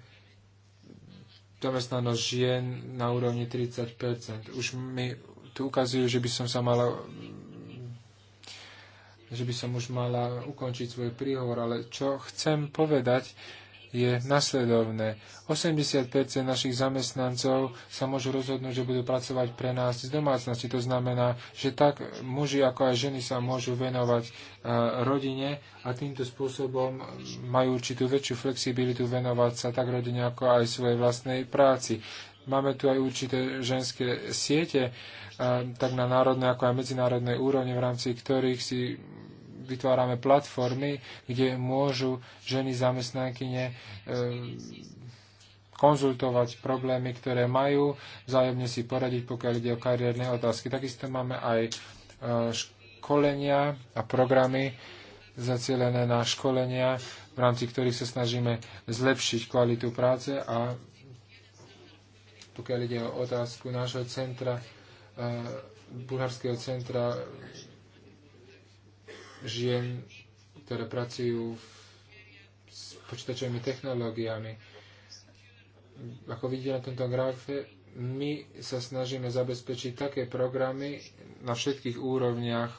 zamestnanosť žien na úrovni 30 Už mi tu ukazujú, že by som sa mala že by som už mala ukončiť svoj príhovor, ale čo chcem povedať, je nasledovné. 80% našich zamestnancov sa môžu rozhodnúť, že budú pracovať pre nás z domácnosti. To znamená, že tak muži ako aj ženy sa môžu venovať e, rodine a týmto spôsobom majú určitú väčšiu flexibilitu venovať sa tak rodine ako aj svojej vlastnej práci. Máme tu aj určité ženské siete, tak na národnej ako aj medzinárodnej úrovni, v rámci ktorých si vytvárame platformy, kde môžu ženy zamestnankyne e, konzultovať problémy, ktoré majú, vzájomne si poradiť, pokiaľ ide o kariérne otázky. Takisto máme aj e, školenia a programy zacielené na školenia, v rámci ktorých sa snažíme zlepšiť kvalitu práce a pokiaľ ide o otázku nášho centra, e, bulharského centra žien, ktoré pracujú s počítačovými technológiami. Ako vidíte na tomto grafe, my sa snažíme zabezpečiť také programy na všetkých úrovniach.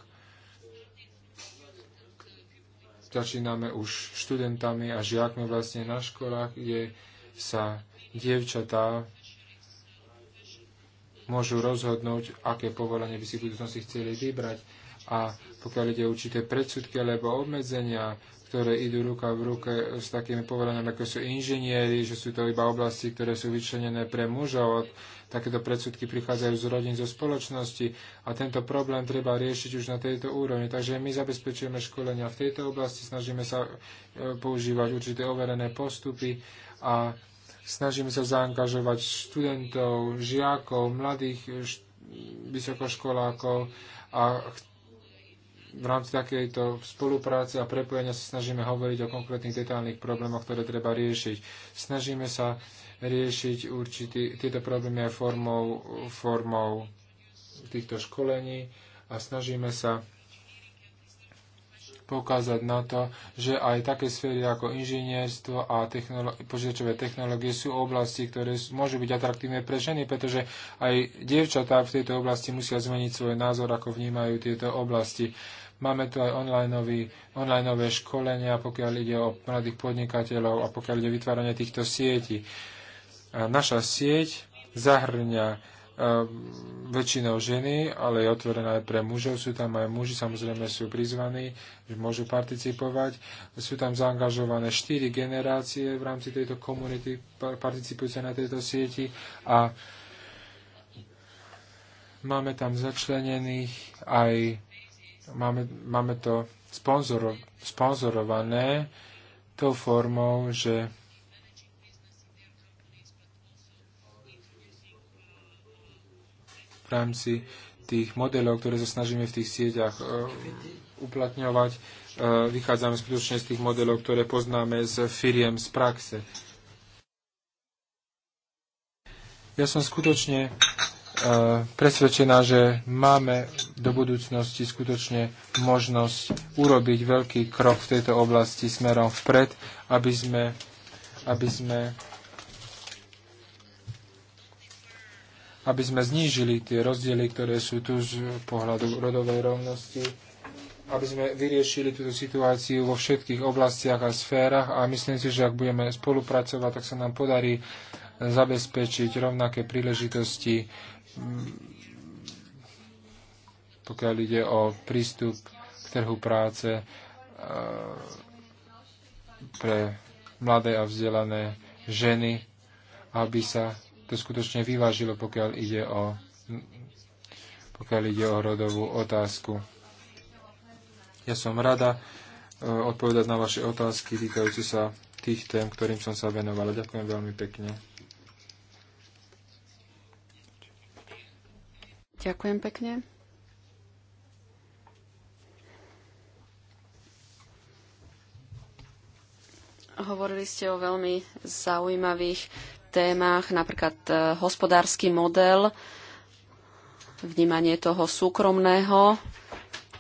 Začíname už študentami a žiakmi vlastne na školách, kde sa dievčatá môžu rozhodnúť, aké povolanie by si v budúcnosti chceli vybrať. A pokiaľ ide určité predsudky alebo obmedzenia, ktoré idú ruka v ruke s takými povoleniami, ako sú inžinieri, že sú to iba oblasti, ktoré sú vyčlenené pre mužov, takéto predsudky prichádzajú z rodín, zo spoločnosti a tento problém treba riešiť už na tejto úrovni. Takže my zabezpečujeme školenia v tejto oblasti, snažíme sa e, používať určité overené postupy a Snažíme sa zaangažovať študentov, žiakov, mladých vysokoškolákov a v rámci takejto spolupráce a prepojenia sa snažíme hovoriť o konkrétnych detálnych problémoch, ktoré treba riešiť. Snažíme sa riešiť určitý, tieto problémy aj formou, formou týchto školení a snažíme sa poukázať na to, že aj také sféry ako inžinierstvo a technolo- počítačové technológie sú oblasti, ktoré môžu byť atraktívne pre ženy, pretože aj dievčatá v tejto oblasti musia zmeniť svoj názor, ako vnímajú tieto oblasti. Máme tu aj onlineové školenia, pokiaľ ide o mladých podnikateľov a pokiaľ ide o vytváranie týchto sietí. A naša sieť zahrňa Ehm, väčšinou ženy, ale je otvorená aj pre mužov. Sú tam aj muži, samozrejme sú prizvaní, že môžu participovať. Sú tam zaangažované štyri generácie v rámci tejto komunity participujúce na tejto sieti a máme tam začlenených aj máme, máme to sponzorované tou formou, že rámci tých modelov, ktoré sa snažíme v tých sieťach e, uplatňovať, e, vychádzame skutočne z tých modelov, ktoré poznáme z firiem z praxe. Ja som skutočne e, presvedčená, že máme do budúcnosti skutočne možnosť urobiť veľký krok v tejto oblasti smerom vpred, aby sme, aby sme aby sme znížili tie rozdiely, ktoré sú tu z pohľadu rodovej rovnosti, aby sme vyriešili túto situáciu vo všetkých oblastiach a sférach a myslím si, že ak budeme spolupracovať, tak sa nám podarí zabezpečiť rovnaké príležitosti, mm, pokiaľ ide o prístup k trhu práce e, pre mladé a vzdelané ženy, aby sa to skutočne vyvážilo, pokiaľ ide o, pokiaľ ide o rodovú otázku. Ja som rada e, odpovedať na vaše otázky týkajúce sa tých tém, ktorým som sa venovala. Ďakujem veľmi pekne. Ďakujem pekne. Hovorili ste o veľmi zaujímavých témach, napríklad e, hospodársky model, vnímanie toho súkromného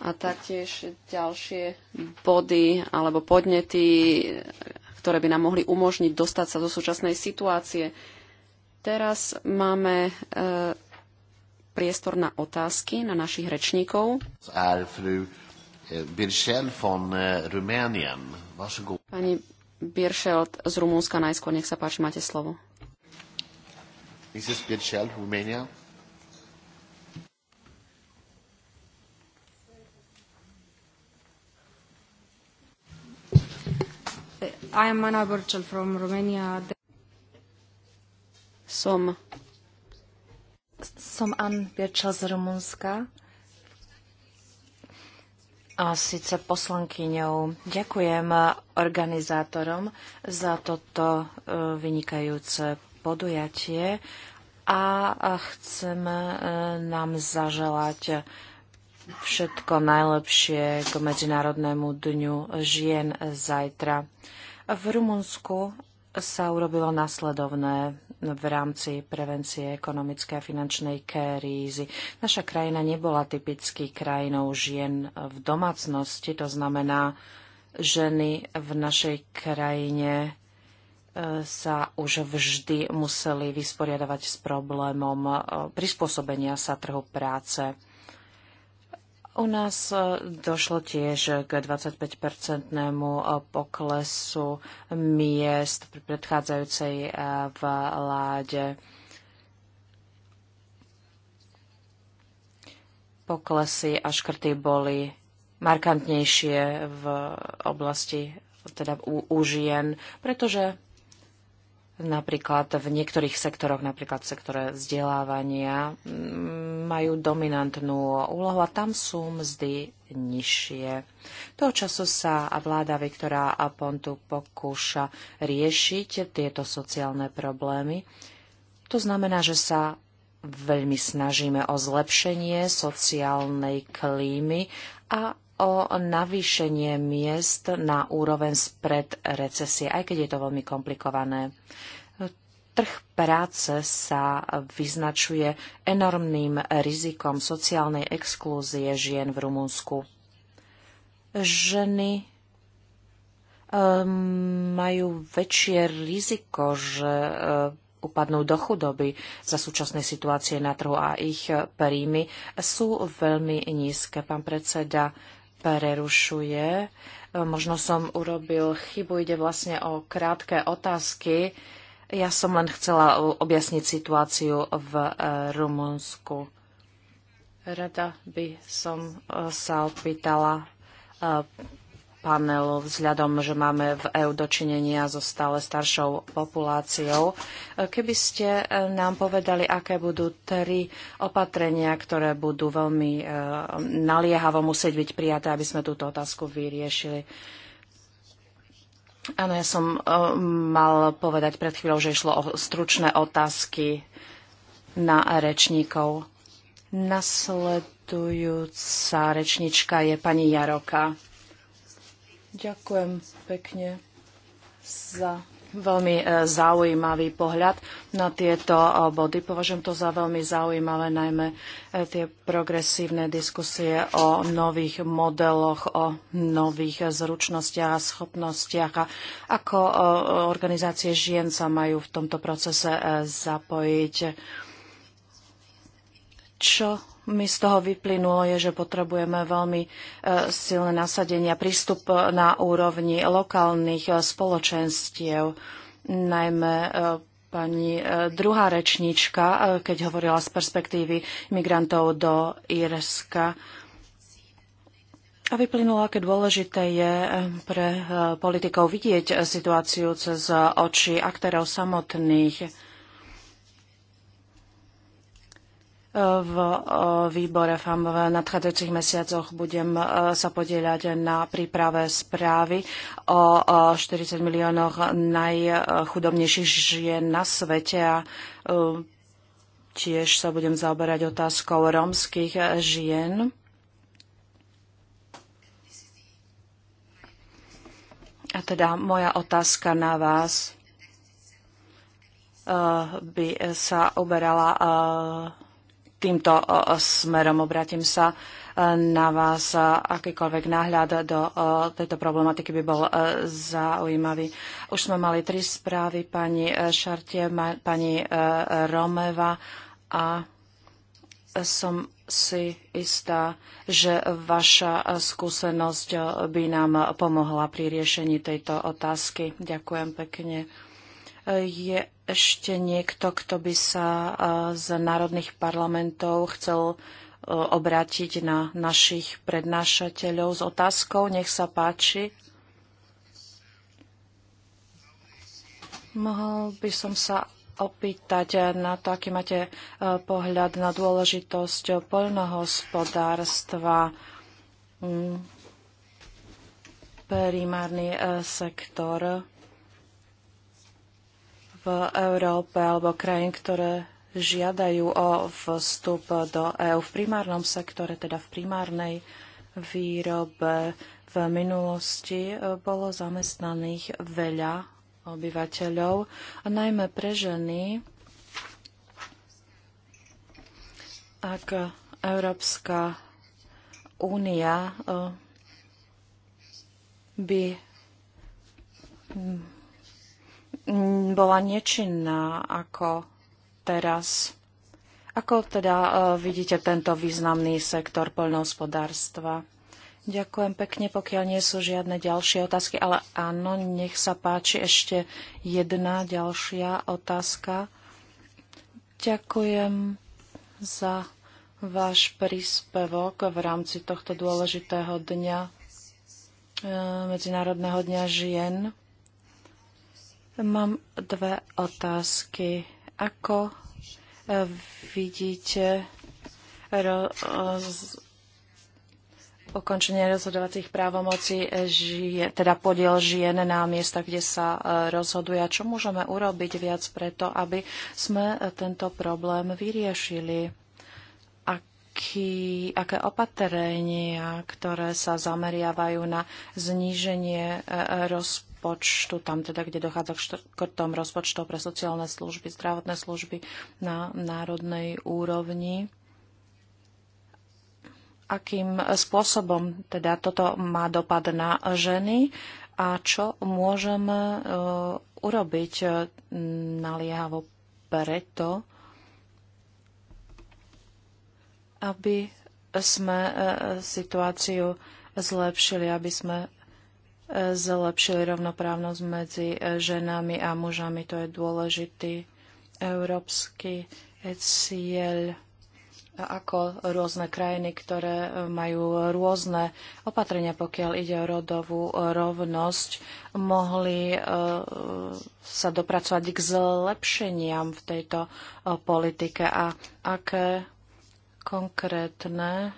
a taktiež ďalšie body alebo podnety, ktoré by nám mohli umožniť dostať sa do súčasnej situácie. Teraz máme e, priestor na otázky na našich rečníkov. Eh, eh, Pani Biršelt z Rumúnska najskôr, nech sa páči, máte slovo. Mrs. Birchel, Romania. I am Ana Birchel from Romania. Som som Ann Birchel z Rumunska a síce poslankyňou. Ďakujem organizátorom za toto e, vynikajúce podujatie a chcem e, nám zaželať všetko najlepšie k Medzinárodnému dňu žien zajtra. V Rumunsku sa urobilo nasledovné v rámci prevencie ekonomickej a finančnej krízy. Naša krajina nebola typicky krajinou žien v domácnosti, to znamená, ženy v našej krajine sa už vždy museli vysporiadavať s problémom e, prispôsobenia sa trhu práce. U nás e, došlo tiež k 25-percentnému e, poklesu miest pri predchádzajúcej vláde. Poklesy a škrty boli markantnejšie v oblasti teda u, u žien, pretože napríklad v niektorých sektoroch, napríklad v sektore vzdelávania, mm, majú dominantnú úlohu a tam sú mzdy nižšie. Toho času sa vláda Viktora Apontu pokúša riešiť tieto sociálne problémy. To znamená, že sa veľmi snažíme o zlepšenie sociálnej klímy a o navýšenie miest na úroveň spred recesie, aj keď je to veľmi komplikované. Trh práce sa vyznačuje enormným rizikom sociálnej exklúzie žien v Rumunsku. Ženy ehm, majú väčšie riziko, že eh, upadnú do chudoby za súčasnej situácie na trhu a ich príjmy sú veľmi nízke. Pán predseda, prerušuje. Možno som urobil chybu, ide vlastne o krátke otázky. Ja som len chcela objasniť situáciu v e, Rumunsku. Rada by som e, sa opýtala e, panel vzhľadom, že máme v EU dočinenia so stále staršou populáciou. Keby ste e, nám povedali, aké budú tri opatrenia, ktoré budú veľmi e, naliehavo musieť byť prijaté, aby sme túto otázku vyriešili. Áno, ja som e, mal povedať pred chvíľou, že išlo o stručné otázky na rečníkov. Nasledujúca rečnička je pani Jaroka. Ďakujem pekne za veľmi e, zaujímavý pohľad na tieto e, body. Považujem to za veľmi zaujímavé, najmä e, tie progresívne diskusie o nových modeloch, o nových zručnostiach a schopnostiach a ako organizácie žien sa majú v tomto procese zapojiť. Čo mi z toho vyplynulo je, že potrebujeme veľmi e, silné nasadenia a prístup na úrovni lokálnych e, spoločenstiev, najmä e, pani druhá rečníčka, keď hovorila z perspektívy migrantov do Írska. A vyplynulo, aké dôležité je pre politikov vidieť situáciu cez oči aktérov samotných v eh, výbore FAM v nadchádzajúcich mesiacoch budem eh, sa podieľať na príprave správy o 40 eh, miliónoch najchudobnejších žien na svete a tiež sa budem zaoberať otázkou rómskych žien. A teda moja otázka na vás by sa uberala týmto smerom. Obratím sa e, na vás. Akýkoľvek náhľad do tejto problematiky by bol e, zaujímavý. Už sme mali tri správy, pani e, Šartie, pani Romeva a som si istá, že vaša skúsenosť by nám pomohla pri riešení tejto otázky. Ďakujem pekne. Je ešte niekto, kto by sa e, z národných parlamentov chcel e, obrátiť na našich prednášateľov s otázkou. Nech sa páči. Mohol by som sa opýtať na to, aký máte e, pohľad na dôležitosť poľnohospodárstva mm. primárny sektor v Európe alebo krajín, ktoré žiadajú o vstup do EÚ v primárnom sektore, teda v primárnej výrobe. V minulosti e, bolo zamestnaných veľa obyvateľov, a najmä pre ženy. Ak Európska únia e, by bola nečinná ako teraz. Ako teda e, vidíte tento významný sektor poľnohospodárstva? Ďakujem pekne, pokiaľ nie sú žiadne ďalšie otázky, ale áno, nech sa páči ešte jedna ďalšia otázka. Ďakujem za váš príspevok v rámci tohto dôležitého dňa, e, Medzinárodného dňa žien. Mám dve otázky. Ako e, vidíte roz, ukončenie rozhodovacích právomocí, žije, teda podiel žien na miesta, kde sa e, rozhoduje. čo môžeme urobiť viac preto, aby sme e, tento problém vyriešili? aký, aké opatrenia, ktoré sa zameriavajú na zníženie rozpočtu, rozpočtu, tam teda, kde dochádza k škrtom rozpočtov pre sociálne služby, zdravotné služby na národnej úrovni akým spôsobom teda toto má dopad na ženy a čo môžeme e, urobiť e, naliehavo preto, aby sme e, situáciu zlepšili, aby sme zlepšili rovnoprávnosť medzi e, ženami a mužami. To je dôležitý európsky cieľ ako rôzne krajiny, ktoré e, majú rôzne opatrenia, pokiaľ ide o rodovú e, rovnosť, mohli sa dopracovať k zlepšeniam v tejto politike a aké konkrétne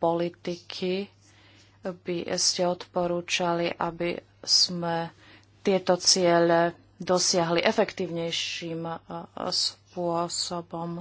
politiky by ste odporúčali, aby sme tieto ciele dosiahli efektívnejším e, spôsobom.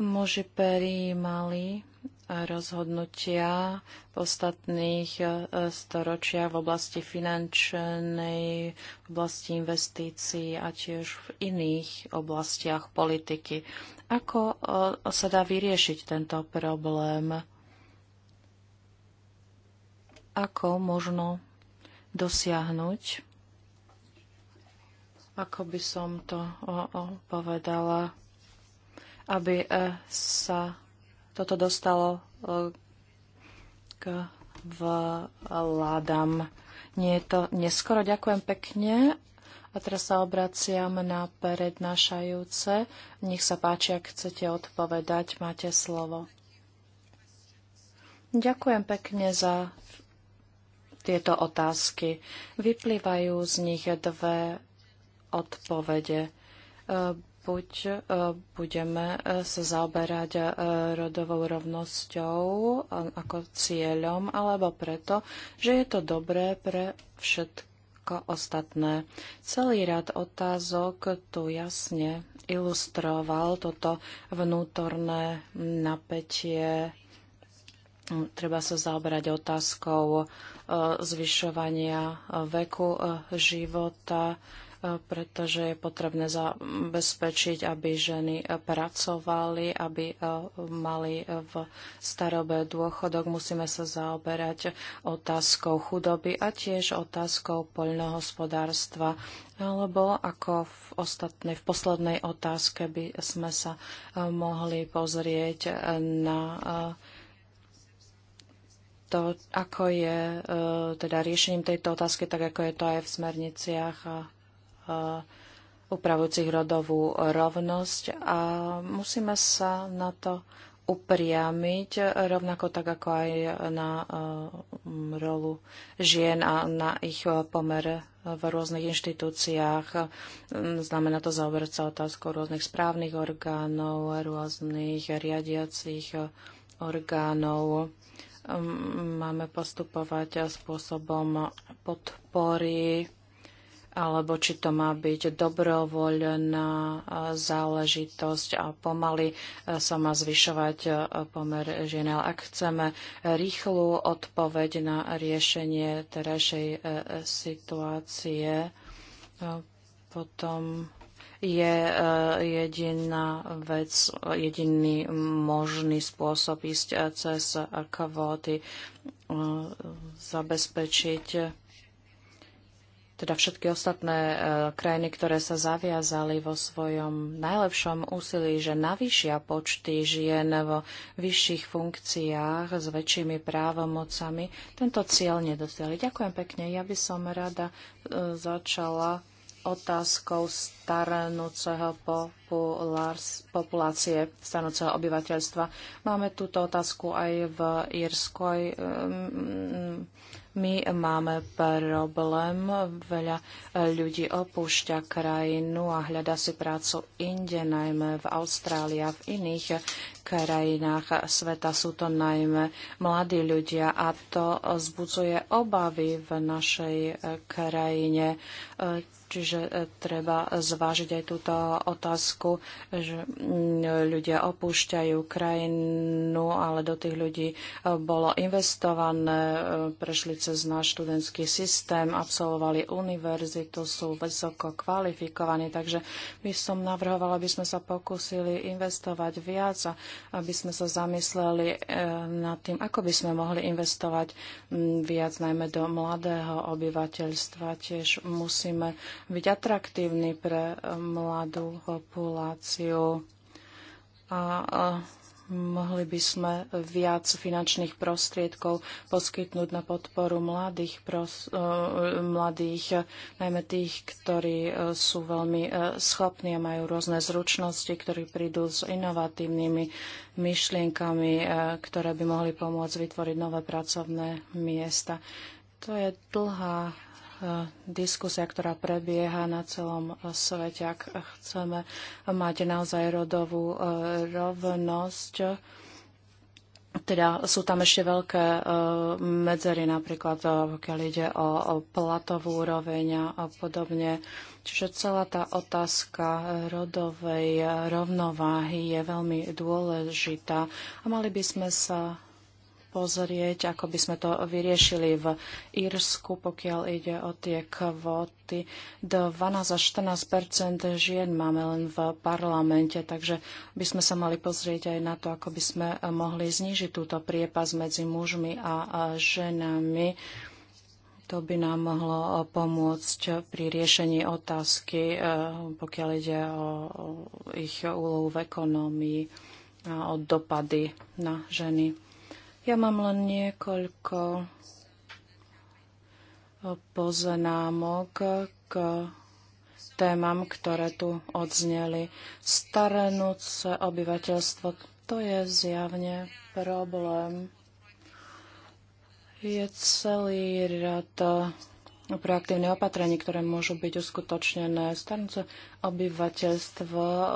Muži prijímali rozhodnutia v ostatných e, storočiach v oblasti finančnej, v oblasti investícií a tiež v iných oblastiach politiky. Ako e, sa dá vyriešiť tento problém? Ako možno dosiahnuť? Ako by som to povedala? Aby e, sa toto dostalo e, k vládam. Nie je to neskoro. Ďakujem pekne. A teraz sa obraciam na prednášajúce. Nech sa páči, ak chcete odpovedať, máte slovo. Ďakujem pekne za tieto otázky. Vyplývajú z nich dve odpovede. E, buď e, budeme sa zaoberať e, rodovou rovnosťou ako cieľom, alebo preto, že je to dobré pre všetkých ako ostatné. Celý rad otázok tu jasne ilustroval toto vnútorné napätie. Treba sa zaoberať otázkou e, zvyšovania e, veku e, života pretože je potrebné zabezpečiť, aby ženy pracovali, aby eh, mali v starobe dôchodok. Musíme sa zaoberať otázkou chudoby a tiež otázkou poľnohospodárstva alebo ako v, ostatnej, v poslednej otázke by sme sa eh, mohli pozrieť eh, na to, ako je teda riešením tejto otázky, tak ako je to aj v smerniciach a Eh, upravujúcich rodovú rovnosť a musíme sa na to upriamiť, rovnako tak ako aj na eh, rolu žien a na ich pomer v rôznych inštitúciách. Mm, znamená to zaoberať sa otázkou rôznych správnych orgánov, rôznych riadiacich orgánov. Mm, máme postupovať spôsobom podpory alebo či to má byť dobrovoľná e, záležitosť a pomaly e, sa má zvyšovať e, pomer žien. Ale ak chceme rýchlu odpoveď na riešenie terajšej situácie, potom je jediná vec, jediný možný spôsob ísť cez kvóty, zabezpečiť teda všetky ostatné e, krajiny, ktoré sa zaviazali vo svojom najlepšom úsilí, že navýšia počty žien vo vyšších funkciách s väčšími právomocami, tento cieľ nedosiahli. Ďakujem pekne. Ja by som rada e, začala otázkou starnúceho populácie, starnúceho obyvateľstva. Máme túto otázku aj v Írskoj my máme problém, veľa e, ľudí opúšťa krajinu a hľada si prácu inde, najmä v Austrálii a v iných e, krajinách sveta. Sú to najmä mladí ľudia a to zbudzuje obavy v našej e, krajine. Čiže e, treba zvážiť aj túto otázku, že ľudia opúšťajú krajinu, ale do tých ľudí e, bolo investované, e, prešli cez náš študentský systém, absolvovali univerzitu, sú vysoko kvalifikovaní, takže by som navrhovala, aby sme sa pokúsili investovať viac a aby sme sa zamysleli nad tým, ako by sme mohli investovať viac najmä do mladého obyvateľstva. Tiež musíme byť atraktívny pre eh, mladú populáciu. A mohli by sme viac finančných prostriedkov poskytnúť na podporu mladých, pros, eh, mladých najmä tých, ktorí eh, sú veľmi schopní a majú rôzne zručnosti, ktorí prídu s inovatívnymi myšlienkami, ktoré by mohli pomôcť vytvoriť nové pracovné miesta. To je dlhá Eh, diskusia, ktorá prebieha na celom eh, svete. Ak chceme mať naozaj rodovú eh, rovnosť, teda sú tam ešte veľké medzery, napríklad pokiaľ ide o platovú úroveň a podobne. Čiže celá tá otázka rodovej rovnováhy je veľmi dôležitá a mali by sme sa pozrieť, ako by sme to vyriešili v Írsku, pokiaľ ide o tie kvóty. 12 až 14 žien máme len v parlamente, takže by sme sa mali pozrieť aj na to, ako by sme mohli znížiť túto priepas medzi mužmi a ženami. To by nám mohlo pomôcť pri riešení otázky, e, pokiaľ ide o ich úlohu v ekonomii a o dopady na ženy. Ja mám len niekoľko eh, poznámok k témam, ktoré tu odzneli. Starenúce obyvateľstvo, to je zjavne problém. Je celý rad proaktívne opatrenie, ktoré môžu byť uskutočnené. Starnúce obyvateľstvo eh,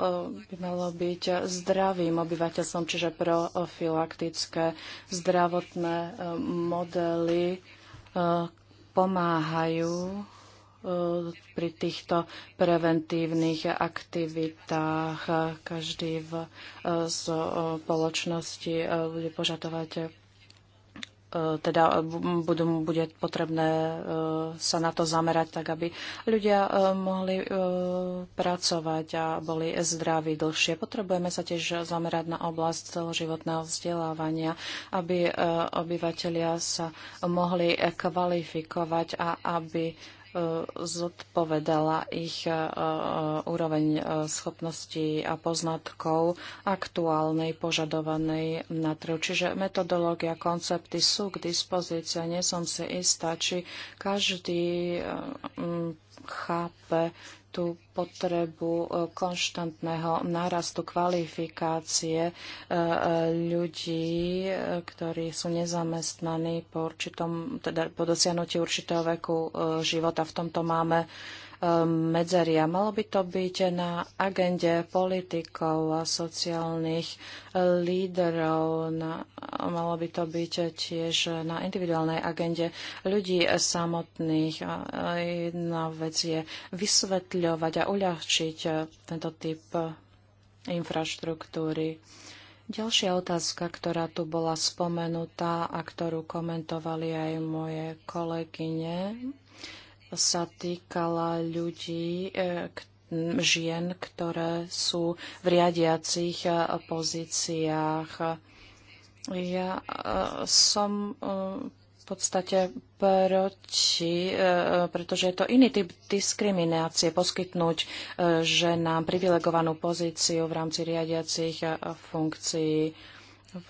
by malo byť zdravým obyvateľstvom, čiže profilaktické zdravotné eh, modely eh, pomáhajú pri týchto preventívnych aktivitách. Každý v spoločnosti bude požadovať E, teda budú, bude potrebné e, sa na to zamerať tak, aby ľudia e, mohli pracovať a boli zdraví dlhšie. Potrebujeme sa tiež zamerať na oblasť celoživotného vzdelávania, aby obyvateľia sa mohli kvalifikovať a aby zodpovedala ich e, e, úroveň e, schopností a poznatkov aktuálnej požadovanej na trhu. Čiže metodológia, koncepty sú k dispozícii. Nie som si istá, či každý chápe, tú potrebu e, konštantného nárastu kvalifikácie e, e, ľudí, ktorí sú nezamestnaní po, určitom, teda po dosiahnutí určitého veku života. V tomto máme Um, medzeria. Malo by to byť na agende politikov a sociálnych eh, líderov, na, malo by to byť tiež na individuálnej agende ľudí samotných. Jedna vec je vysvetľovať a uľahčiť eh, tento typ eh, infraštruktúry. Ďalšia otázka, ktorá tu bola spomenutá a ktorú komentovali aj moje kolegyne, sa týkala ľudí, e, žien, ktoré sú v riadiacich e, pozíciách. Ja e, som v podstate proti, pretože je to iný typ diskriminácie poskytnúť ženám privilegovanú pozíciu v rámci riadiacich funkcií v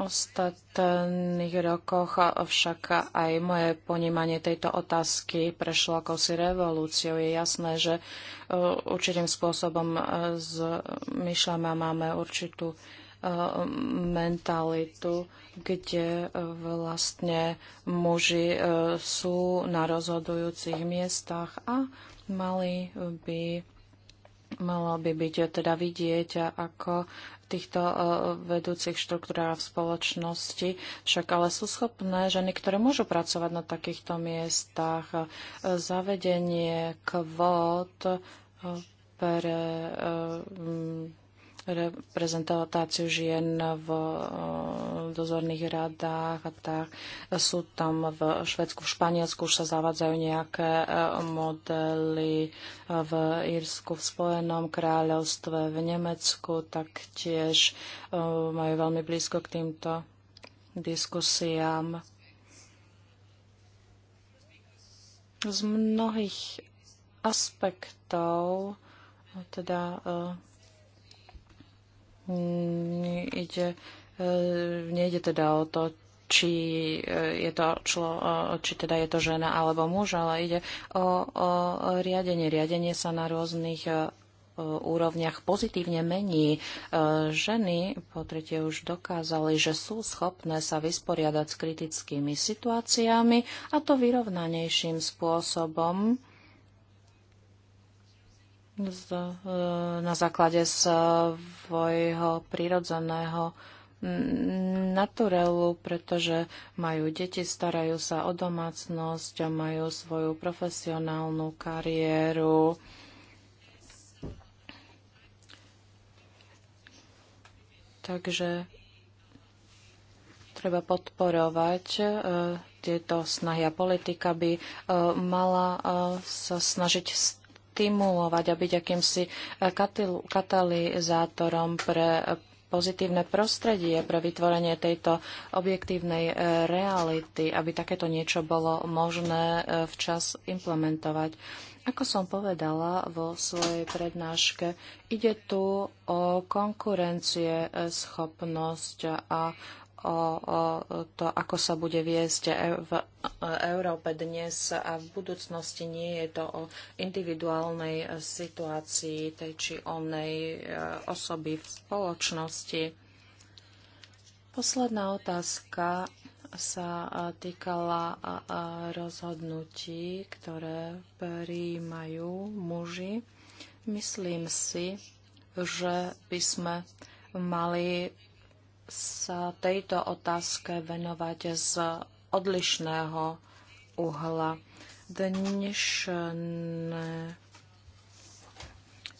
ostatných rokoch však aj moje ponímanie tejto otázky prešlo ako si revolúciou. Je jasné, že e, určitým spôsobom e, zmyšľame a máme určitú e, mentalitu, kde vlastne muži sú na rozhodujúcich miestach a mali by malo by byť teda vidieť, ako týchto e, vedúcich štruktúrách v spoločnosti. Však ale sú schopné ženy, ktoré môžu pracovať na takýchto miestach. E, zavedenie kvót e, pre reprezentáciu žien v dozorných radách a tak. Sú tam v Švedsku, v Španielsku už sa zavádzajú nejaké e, modely e, v Írsku, v Spojenom kráľovstve, v Nemecku, taktiež e, majú veľmi blízko k týmto diskusiám. Z mnohých aspektov, teda Ide, e, nejde teda o to, či e, je to, člo, e, či teda je to žena alebo muž, ale ide o, o riadenie. Riadenie sa na rôznych úrovniach pozitívne mení. Ženy po tretie už dokázali, že sú schopné sa vysporiadať s kritickými situáciami a to vyrovnanejším spôsobom E, na základe svojho prírodzeného naturelu, pretože majú deti, starajú sa o domácnosť a majú svoju profesionálnu kariéru. Takže treba podporovať e, tieto snahy a politika by e, mala sa snažiť stimulovať a byť akýmsi eh, katalizátorom pre eh, pozitívne prostredie pre vytvorenie tejto objektívnej eh, reality, aby takéto niečo bolo možné včas implementovať. Ako som povedala vo svojej prednáške, ide tu o konkurencie, schopnosť a o, o to, ako sa bude viesť e, v Európe dnes a v budúcnosti. Nie je to o individuálnej e, situácii tej či onej e, osoby v spoločnosti. Posledná otázka sa týkala rozhodnutí, ktoré prijímajú muži. Myslím si, že by sme mali sa tejto otázke venovať z odlišného uhla. Dnešné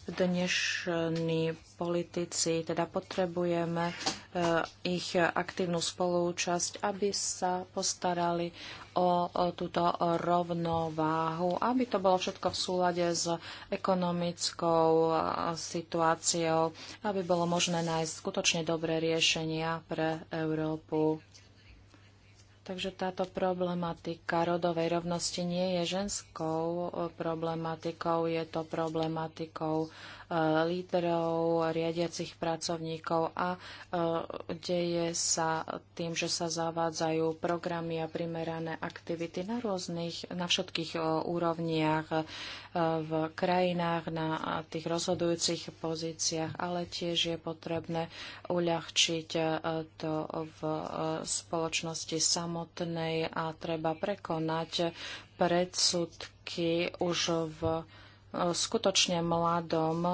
dnešní politici, teda potrebujeme eh, ich aktívnu spolúčasť, aby sa postarali o túto rovnováhu, aby to bolo všetko v súlade s ekonomickou eh, situáciou, aby bolo možné nájsť skutočne dobré riešenia pre Európu. Takže táto problematika rodovej rovnosti nie je ženskou eh, problematikou, je to problematikou E, líderov, riadiacich pracovníkov a e, deje sa tým, že sa zavádzajú programy a primerané aktivity na rôznych, na všetkých e, úrovniach v krajinách, na tých rozhodujúcich pozíciách, ale tiež je potrebné uľahčiť to v spoločnosti samotnej a treba prekonať predsudky už v skutočne mladom e,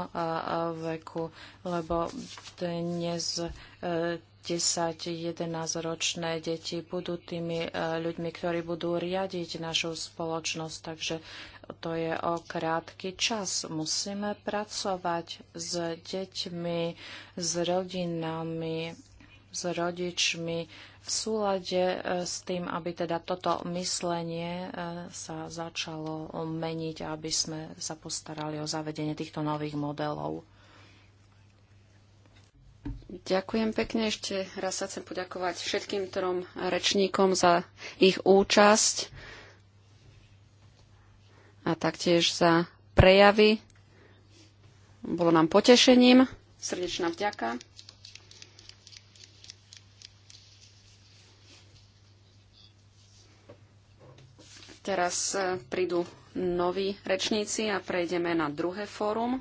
veku, lebo dnes 10-11 e, ročné deti budú tými e, ľuďmi, ktorí budú riadiť našu spoločnosť. Takže to je o krátky čas. Musíme pracovať s deťmi, s rodinami, s rodičmi, v súlade e, s tým, aby teda toto myslenie e, sa začalo meniť a aby sme sa postarali o zavedenie týchto nových modelov. Ďakujem pekne. Ešte raz sa chcem poďakovať všetkým trom rečníkom za ich účasť a taktiež za prejavy. Bolo nám potešením. Srdečná vďaka. Teraz e, prídu noví rečníci a prejdeme na druhé fórum.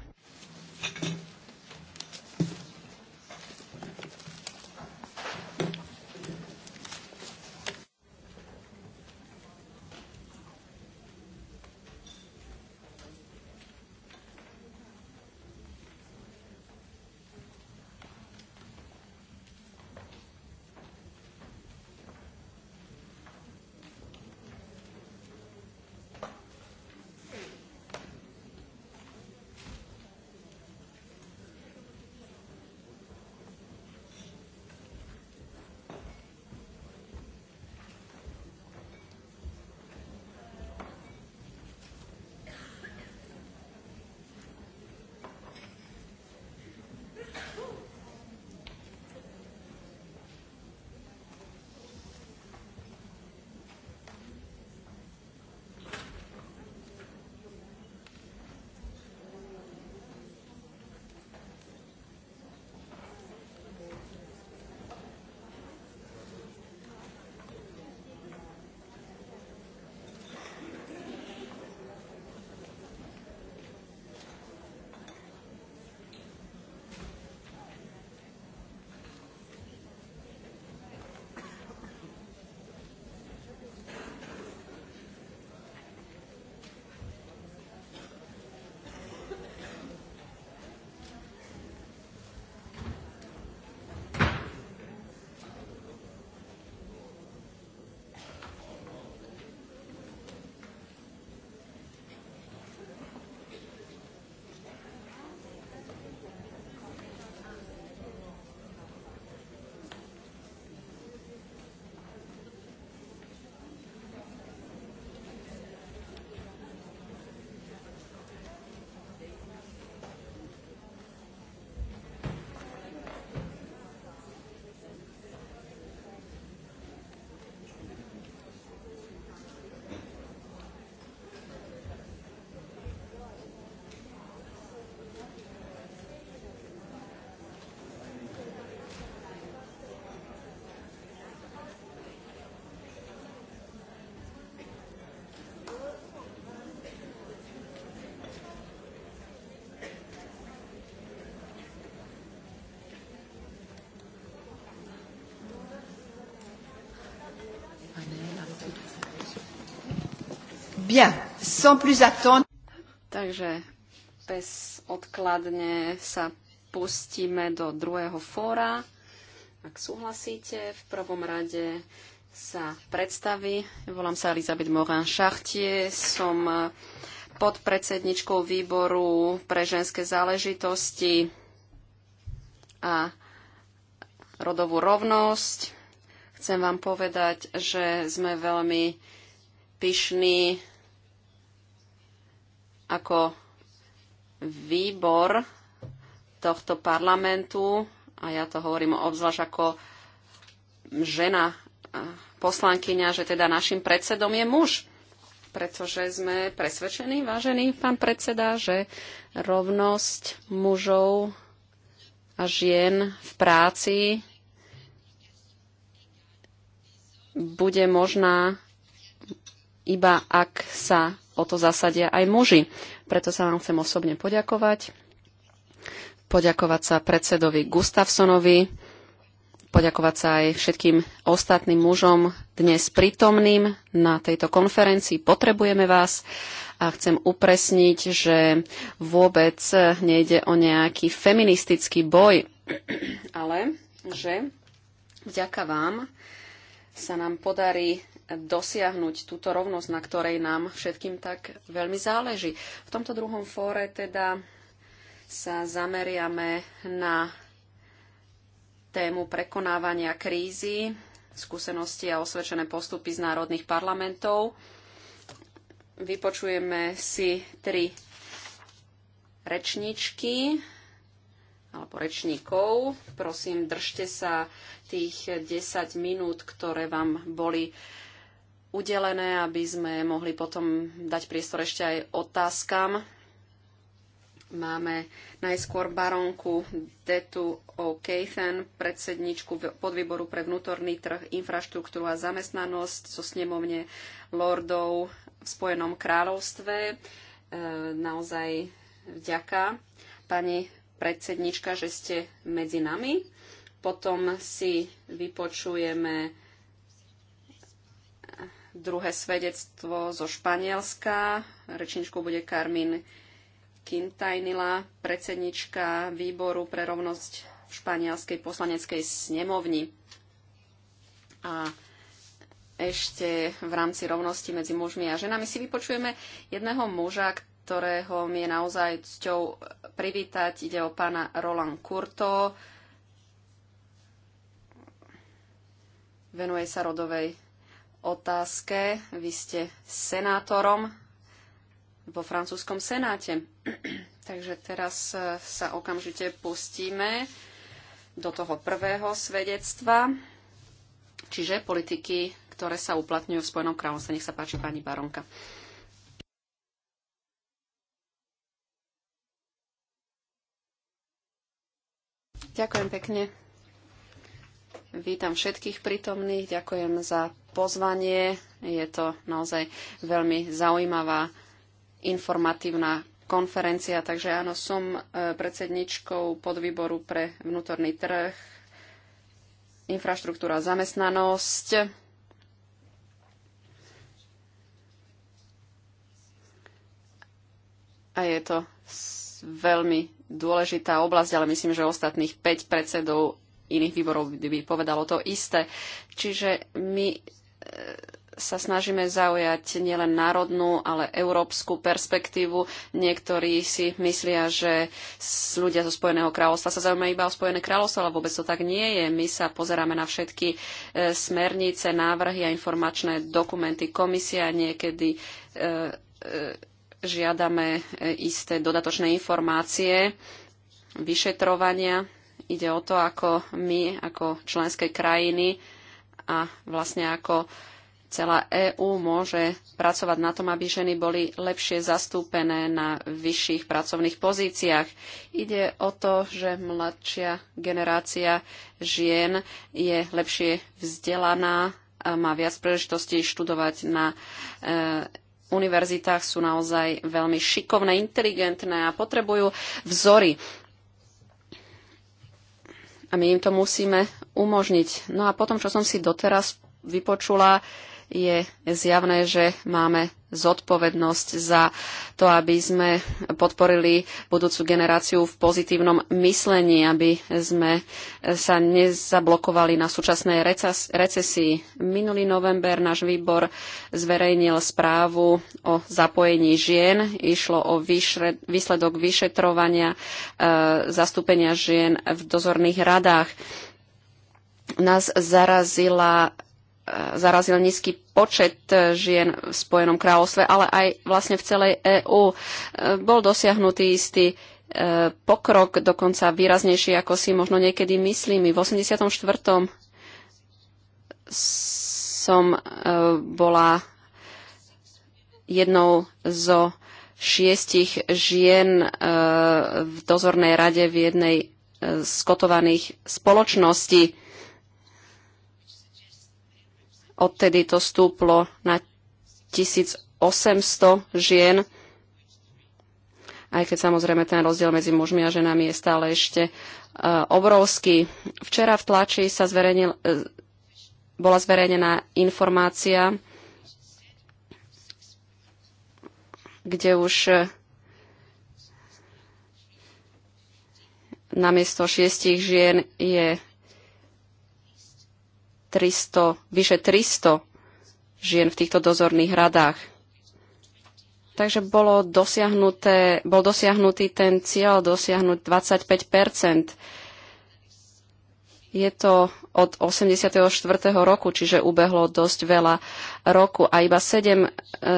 Bien, sans plus attendre. Takže bezodkladne sa pustíme do druhého fóra. Ak súhlasíte, v prvom rade sa predstaví. Volám sa Elizabeth Morin Chartier, som eh, podpredsedničkou výboru pre ženské záležitosti a rodovú rovnosť. Chcem vám povedať, že sme veľmi pyšní ako výbor tohto parlamentu, a ja to hovorím obzvlášť ako žena poslankyňa, že teda našim predsedom je muž. Pretože sme presvedčení, vážený pán predseda, že rovnosť mužov a žien v práci bude možná iba ak sa o to zasadia aj muži. Preto sa vám chcem osobne poďakovať. Poďakovať sa predsedovi Gustafsonovi, poďakovať sa aj všetkým ostatným mužom dnes prítomným na tejto konferencii. Potrebujeme vás a chcem upresniť, že vôbec nejde o nejaký feministický boj, ale že vďaka vám sa nám podarí dosiahnuť túto rovnosť, na ktorej nám všetkým tak veľmi záleží. V tomto druhom fóre teda sa zameriame na tému prekonávania krízy, skúsenosti a osvedčené postupy z národných parlamentov. Vypočujeme si tri rečničky alebo rečníkov. Prosím, držte sa tých 10 minút, ktoré vám boli udelené, aby sme mohli potom dať priestor ešte aj otázkam. Máme najskôr baronku Detu O'Kathan, predsedničku podvýboru pre vnútorný trh, infraštruktúru a zamestnanosť so snemovne lordov v Spojenom kráľovstve. E, naozaj vďaka, pani predsednička, že ste medzi nami. Potom si vypočujeme druhé svedectvo zo Španielska. Rečničkou bude Carmen Quintainila, predsednička výboru pre rovnosť v španielskej poslaneckej snemovni. A ešte v rámci rovnosti medzi mužmi a ženami si vypočujeme jedného muža, ktorého mi je naozaj cťou privítať. Ide o pána Roland Kurto. Venuje sa rodovej otázke. Vy ste senátorom vo francúzskom senáte. Takže teraz e, sa okamžite pustíme do toho prvého svedectva, čiže politiky, ktoré sa uplatňujú v Spojenom kráľovstve. Nech sa páči, pani baronka. Ďakujem pekne. Vítam všetkých prítomných, ďakujem za pozvanie. Je to naozaj veľmi zaujímavá, informatívna konferencia. Takže áno, som e, predsedničkou podvýboru pre vnútorný trh, infraštruktúra a zamestnanosť. A je to veľmi dôležitá oblasť, ale myslím, že ostatných 5 predsedov iných výborov by povedalo to isté. Čiže my e, sa snažíme zaujať nielen národnú, ale európsku perspektívu. Niektorí si myslia, že ľudia zo Spojeného kráľovstva sa zaujímajú iba o Spojené kráľovstvo, ale vôbec to tak nie je. My sa pozeráme na všetky e, smernice, návrhy a informačné dokumenty. Komisia niekedy e, žiadame isté dodatočné informácie, vyšetrovania ide o to, ako my, ako členské krajiny a vlastne ako celá EÚ môže pracovať na tom, aby ženy boli lepšie zastúpené na vyšších pracovných pozíciách. Ide o to, že mladšia generácia žien je lepšie vzdelaná, a má viac príležitostí študovať na e, univerzitách sú naozaj veľmi šikovné, inteligentné a potrebujú vzory a my im to musíme umožniť. No a potom, čo som si doteraz vypočula, je zjavné, že máme zodpovednosť za to, aby sme podporili budúcu generáciu v pozitívnom myslení, aby sme sa nezablokovali na súčasnej recesii. Minulý november náš výbor zverejnil správu o zapojení žien. Išlo o výsledok vyšetrovania e, zastúpenia žien v dozorných radách. Nás zarazila zarazil nízky počet e, žien v Spojenom kráľovstve, ale aj vlastne v celej EÚ. E, bol dosiahnutý istý e, pokrok, dokonca výraznejší, ako si možno niekedy myslím. V 84. som bola jednou zo šiestich žien v dozornej rade v jednej z kotovaných spoločností Odtedy to stúplo na 1800 žien, aj keď samozrejme ten rozdiel medzi mužmi a ženami je stále ešte e, obrovský. Včera v tlači sa zverejnil, e, bola zverejnená informácia, kde už e, namiesto šiestich žien je 300, vyše 300 žien v týchto dozorných radách. Takže bolo dosiahnuté, bol dosiahnutý ten cieľ dosiahnuť 25 Je to od 84. roku, čiže ubehlo dosť veľa roku a iba 7 e,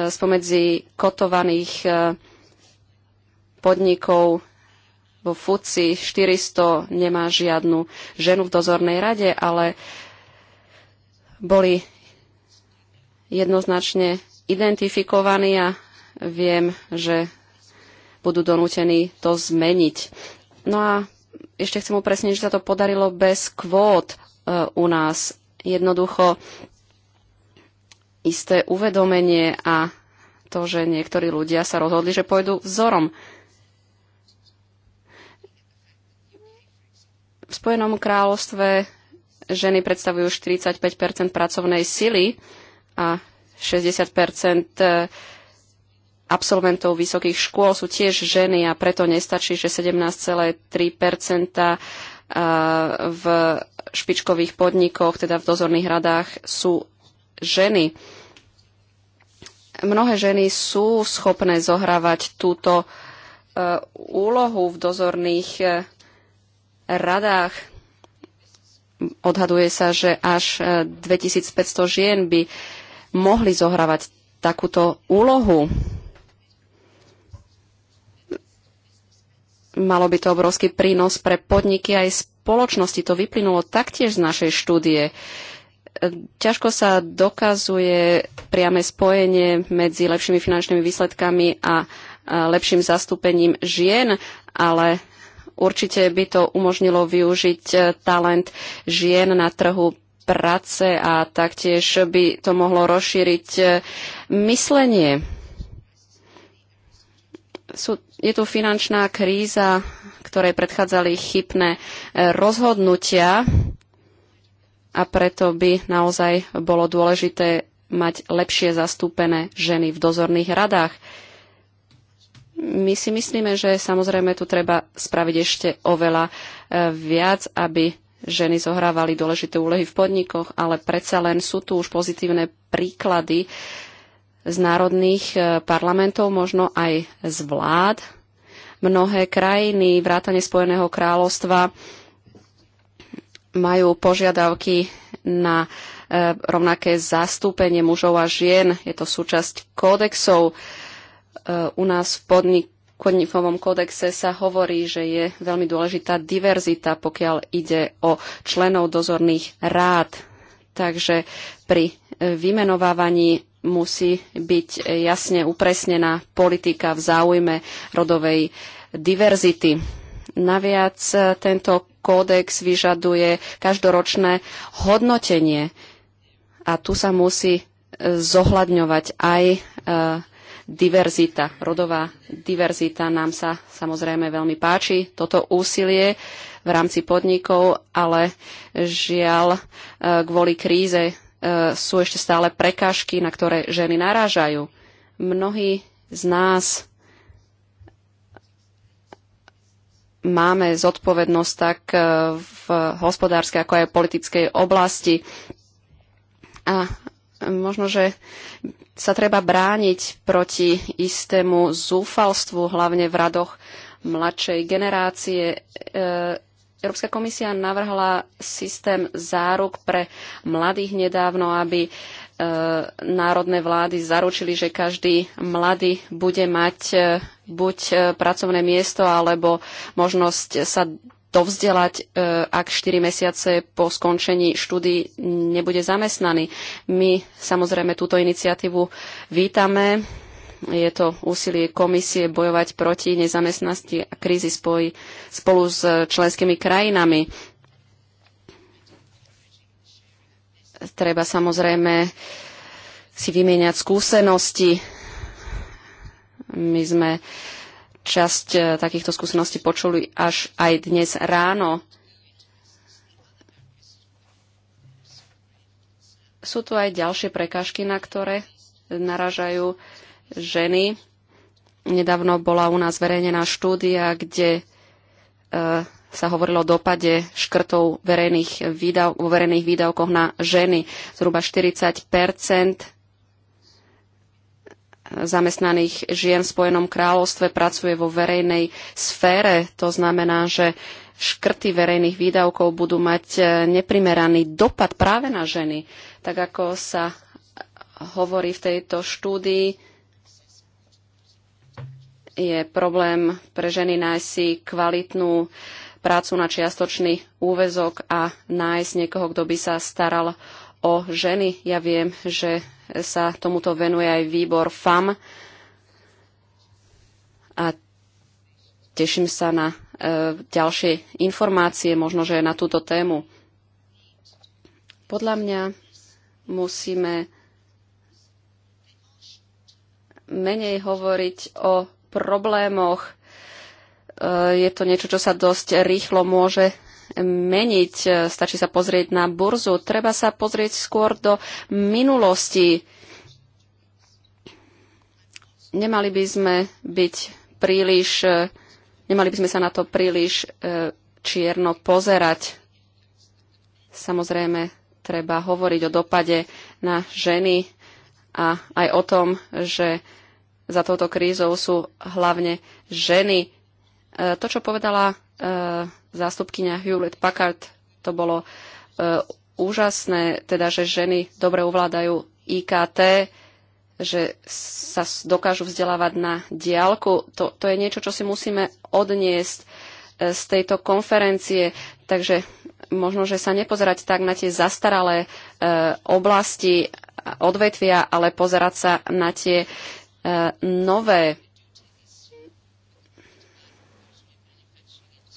spomedzi kotovaných e, podnikov vo FUCI 400 nemá žiadnu ženu v dozornej rade, ale boli jednoznačne identifikovaní a viem, že budú donútení to zmeniť. No a ešte chcem upresniť, že sa to podarilo bez kvót e, u nás. Jednoducho isté uvedomenie a to, že niektorí ľudia sa rozhodli, že pôjdu vzorom. V Spojenom kráľovstve Ženy predstavujú 45 pracovnej sily a 60 e, absolventov vysokých škôl sú tiež ženy a preto nestačí, že 17,3 e, v špičkových podnikoch, teda v dozorných radách, sú ženy. Mnohé ženy sú schopné zohrávať túto e, úlohu v dozorných radách Odhaduje sa, že až 2500 e, žien by mohli zohrávať takúto úlohu. Malo by to obrovský prínos pre podniky aj spoločnosti. To vyplynulo taktiež z našej štúdie. E, ťažko sa dokazuje priame spojenie medzi lepšími finančnými výsledkami a lepším zastúpením žien, ale Určite by to umožnilo využiť e, talent žien na trhu práce a taktiež by to mohlo rozšíriť e, myslenie. Sú, je tu finančná kríza, ktoré predchádzali chybné e, rozhodnutia a preto by naozaj bolo dôležité mať lepšie zastúpené ženy v dozorných radách. My si myslíme, že samozrejme tu treba spraviť ešte oveľa e, viac, aby ženy zohrávali dôležité úlohy v podnikoch, ale predsa len sú tu už pozitívne príklady z národných e, parlamentov, možno aj z vlád. Mnohé krajiny, vrátane Spojeného kráľovstva, majú požiadavky na e, rovnaké zastúpenie mužov a žien. Je to súčasť kódexov Eh, u nás v podnikovom kódexe sa hovorí, že je veľmi dôležitá diverzita, pokiaľ ide o členov dozorných rád. Takže pri eh, vymenovávaní musí byť jasne upresnená politika v záujme rodovej diverzity. Naviac eh, tento kódex vyžaduje každoročné hodnotenie a tu sa musí zohľadňovať aj diverzita, rodová diverzita. Nám sa samozrejme veľmi páči toto úsilie v rámci podnikov, ale žiaľ e, kvôli kríze e, sú ešte stále prekážky, na ktoré ženy narážajú. Mnohí z nás máme zodpovednosť tak e, v hospodárskej ako aj politickej oblasti. A možno, že sa treba brániť proti istému zúfalstvu, hlavne v radoch mladšej generácie. E, Európska komisia navrhla systém záruk pre mladých nedávno, aby e, národné vlády zaručili, že každý mladý bude mať e, buď pracovné miesto alebo možnosť sa dovzdelať, e, ak 4 mesiace po skončení štúdy nebude zamestnaný. My samozrejme túto iniciatívu vítame. Je to úsilie komisie bojovať proti nezamestnanosti a krízi spoj, spolu s členskými krajinami. Treba samozrejme si vymieňať skúsenosti. My sme uh, časť e, takýchto skúseností počuli až aj dnes ráno. Sú tu aj ďalšie prekážky, na ktoré naražajú ženy. Nedávno bola u nás verejnená štúdia, kde e, sa hovorilo o dopade škrtov verejných výdav, verejných výdavkoch na ženy. Zhruba 40 zamestnaných žien v Spojenom kráľovstve pracuje vo verejnej sfére. To znamená, že škrty verejných výdavkov budú mať e, neprimeraný dopad práve na ženy. Tak ako sa hovorí v tejto štúdii, je problém pre ženy nájsť si kvalitnú prácu na čiastočný úvezok a nájsť niekoho, kto by sa staral o ženy. Ja viem, že sa tomuto venuje aj výbor FAM a teším sa na e, ďalšie informácie, možno, že na túto tému. Podľa mňa musíme menej hovoriť o problémoch. E, je to niečo, čo sa dosť rýchlo môže meniť. E, stačí sa pozrieť na burzu. Treba sa pozrieť skôr do minulosti. Nemali by sme byť príliš, e, nemali by sme sa na to príliš e, čierno pozerať. Samozrejme, treba hovoriť o dopade na ženy a aj o tom, že za touto krízou sú hlavne ženy. To, čo povedala zástupkynia Hewlett Packard. To bolo e, úžasné, teda, že ženy dobre ovládajú IKT, že sa dokážu vzdelávať na diálku. To, to je niečo, čo si musíme odniesť e, z tejto konferencie. Takže možno, že sa nepozerať tak na tie zastaralé e, oblasti odvetvia, ale pozerať sa na tie e, nové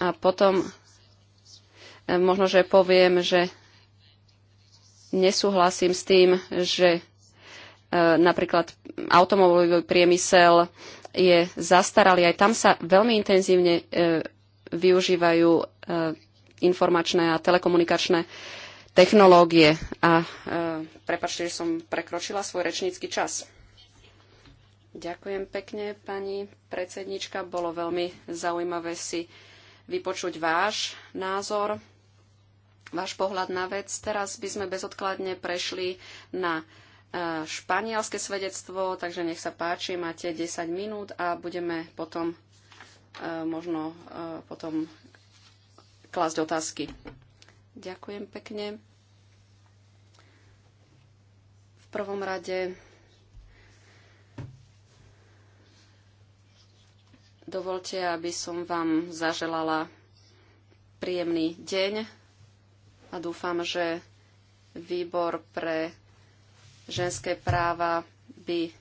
A potom e, možno, že poviem, že nesúhlasím s tým, že e, napríklad automobilový priemysel je zastaralý. Aj tam sa veľmi intenzívne e, využívajú informačné a telekomunikačné technológie. A prepačte, že som prekročila svoj rečnícky čas. Ďakujem pekne, pani predsednička. Bolo veľmi zaujímavé si vypočuť váš názor, váš pohľad na vec. Teraz by sme bezodkladne prešli na e, španielské svedectvo, takže nech sa páči, máte 10 minút a budeme potom e, možno e, potom klásť otázky. Ďakujem pekne. V prvom rade Dovolte, aby som vám zaželala príjemný deň a dúfam, že výbor pre ženské práva by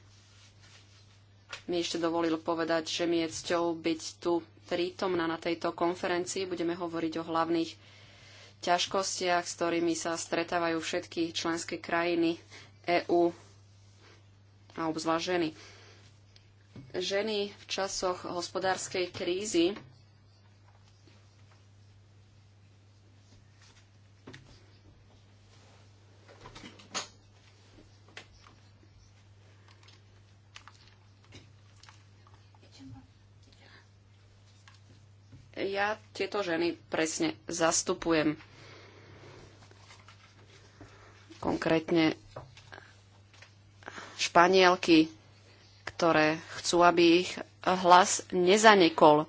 mi ešte dovolil povedať, že mi je cťou byť tu prítomná na tejto konferencii. Budeme hovoriť o hlavných ťažkostiach, s ktorými sa stretávajú všetky členské krajiny EÚ a obzvlášť ženy ženy v časoch hospodárskej krízy ja tieto ženy presne zastupujem. Konkrétne Španielky, ktoré chcú, aby ich hlas nezanekol.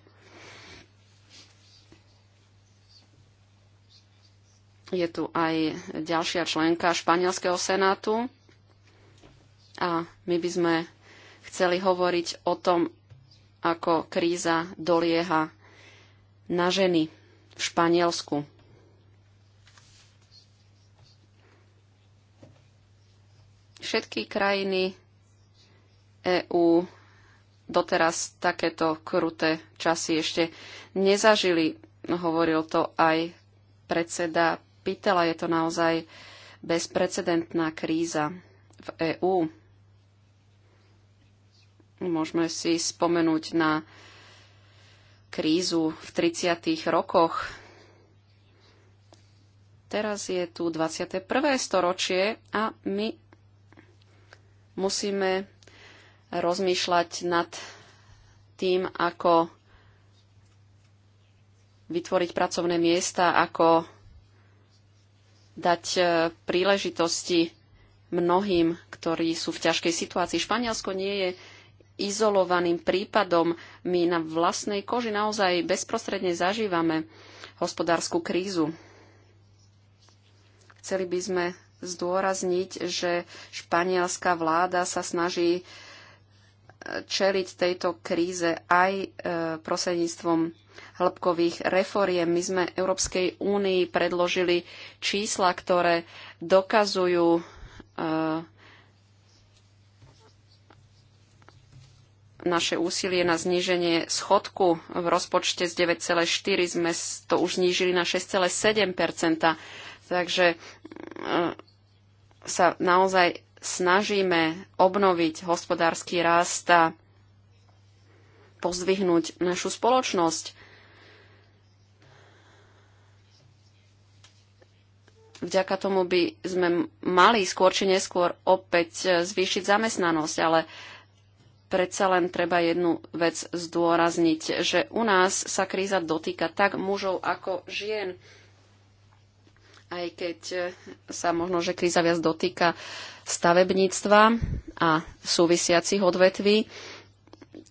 Je tu aj ďalšia členka Španielského senátu a my by sme chceli hovoriť o tom, ako kríza dolieha na ženy v Španielsku. Všetky krajiny EÚ doteraz takéto kruté časy ešte nezažili. Hovoril to aj predseda Pitela. Je to naozaj bezprecedentná kríza v EÚ. Môžeme si spomenúť na krízu v 30. rokoch. Teraz je tu 21. storočie a my musíme rozmýšľať nad tým, ako vytvoriť pracovné miesta, ako dať e, príležitosti mnohým, ktorí sú v ťažkej situácii. Španielsko nie je izolovaným prípadom. My na vlastnej koži naozaj bezprostredne zažívame hospodárskú krízu. Chceli by sme zdôrazniť, že španielská vláda sa snaží čeliť tejto kríze aj e, prostredníctvom hĺbkových reforiem. My sme Európskej únii predložili čísla, ktoré dokazujú e, naše úsilie na zníženie schodku v rozpočte z 9,4 sme to už znížili na 6,7 Takže e, sa naozaj snažíme obnoviť hospodársky rast a pozdvihnúť našu spoločnosť. Vďaka tomu by sme mali skôr či neskôr opäť zvýšiť zamestnanosť, ale predsa len treba jednu vec zdôrazniť, že u nás sa kríza dotýka tak mužov ako žien aj keď sa možno, že kríza viac dotýka stavebníctva a súvisiacich odvetví.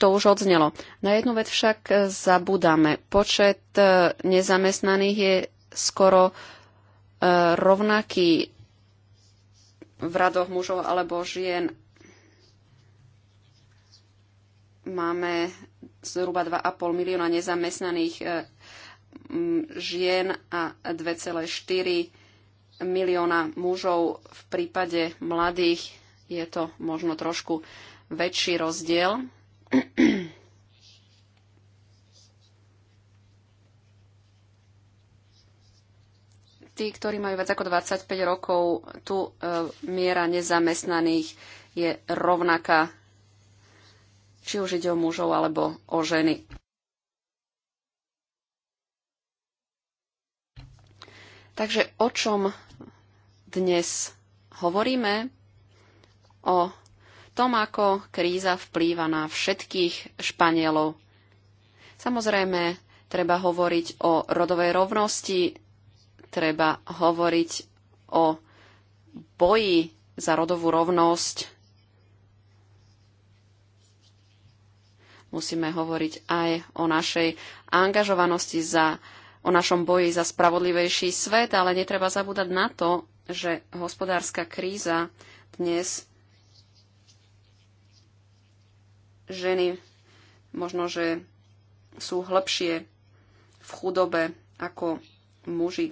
To už odznelo. Na jednu vec však zabudáme. Počet e, nezamestnaných je skoro e, rovnaký v radoch mužov alebo žien. Máme zhruba 2,5 milióna nezamestnaných e, žien a 2,4 milióna mužov. V prípade mladých je to možno trošku väčší rozdiel. Tí, ktorí majú viac ako 25 rokov, tu e, miera nezamestnaných je rovnaká, či už ide o mužov alebo o ženy. Takže o čom dnes hovoríme? O tom, ako kríza vplýva na všetkých Španielov. Samozrejme, treba hovoriť o rodovej rovnosti, treba hovoriť o boji za rodovú rovnosť. Musíme hovoriť aj o našej angažovanosti za o našom boji za spravodlivejší svet, ale netreba zabúdať na to, že hospodárska kríza dnes ženy možno, že sú hlbšie v chudobe ako muži.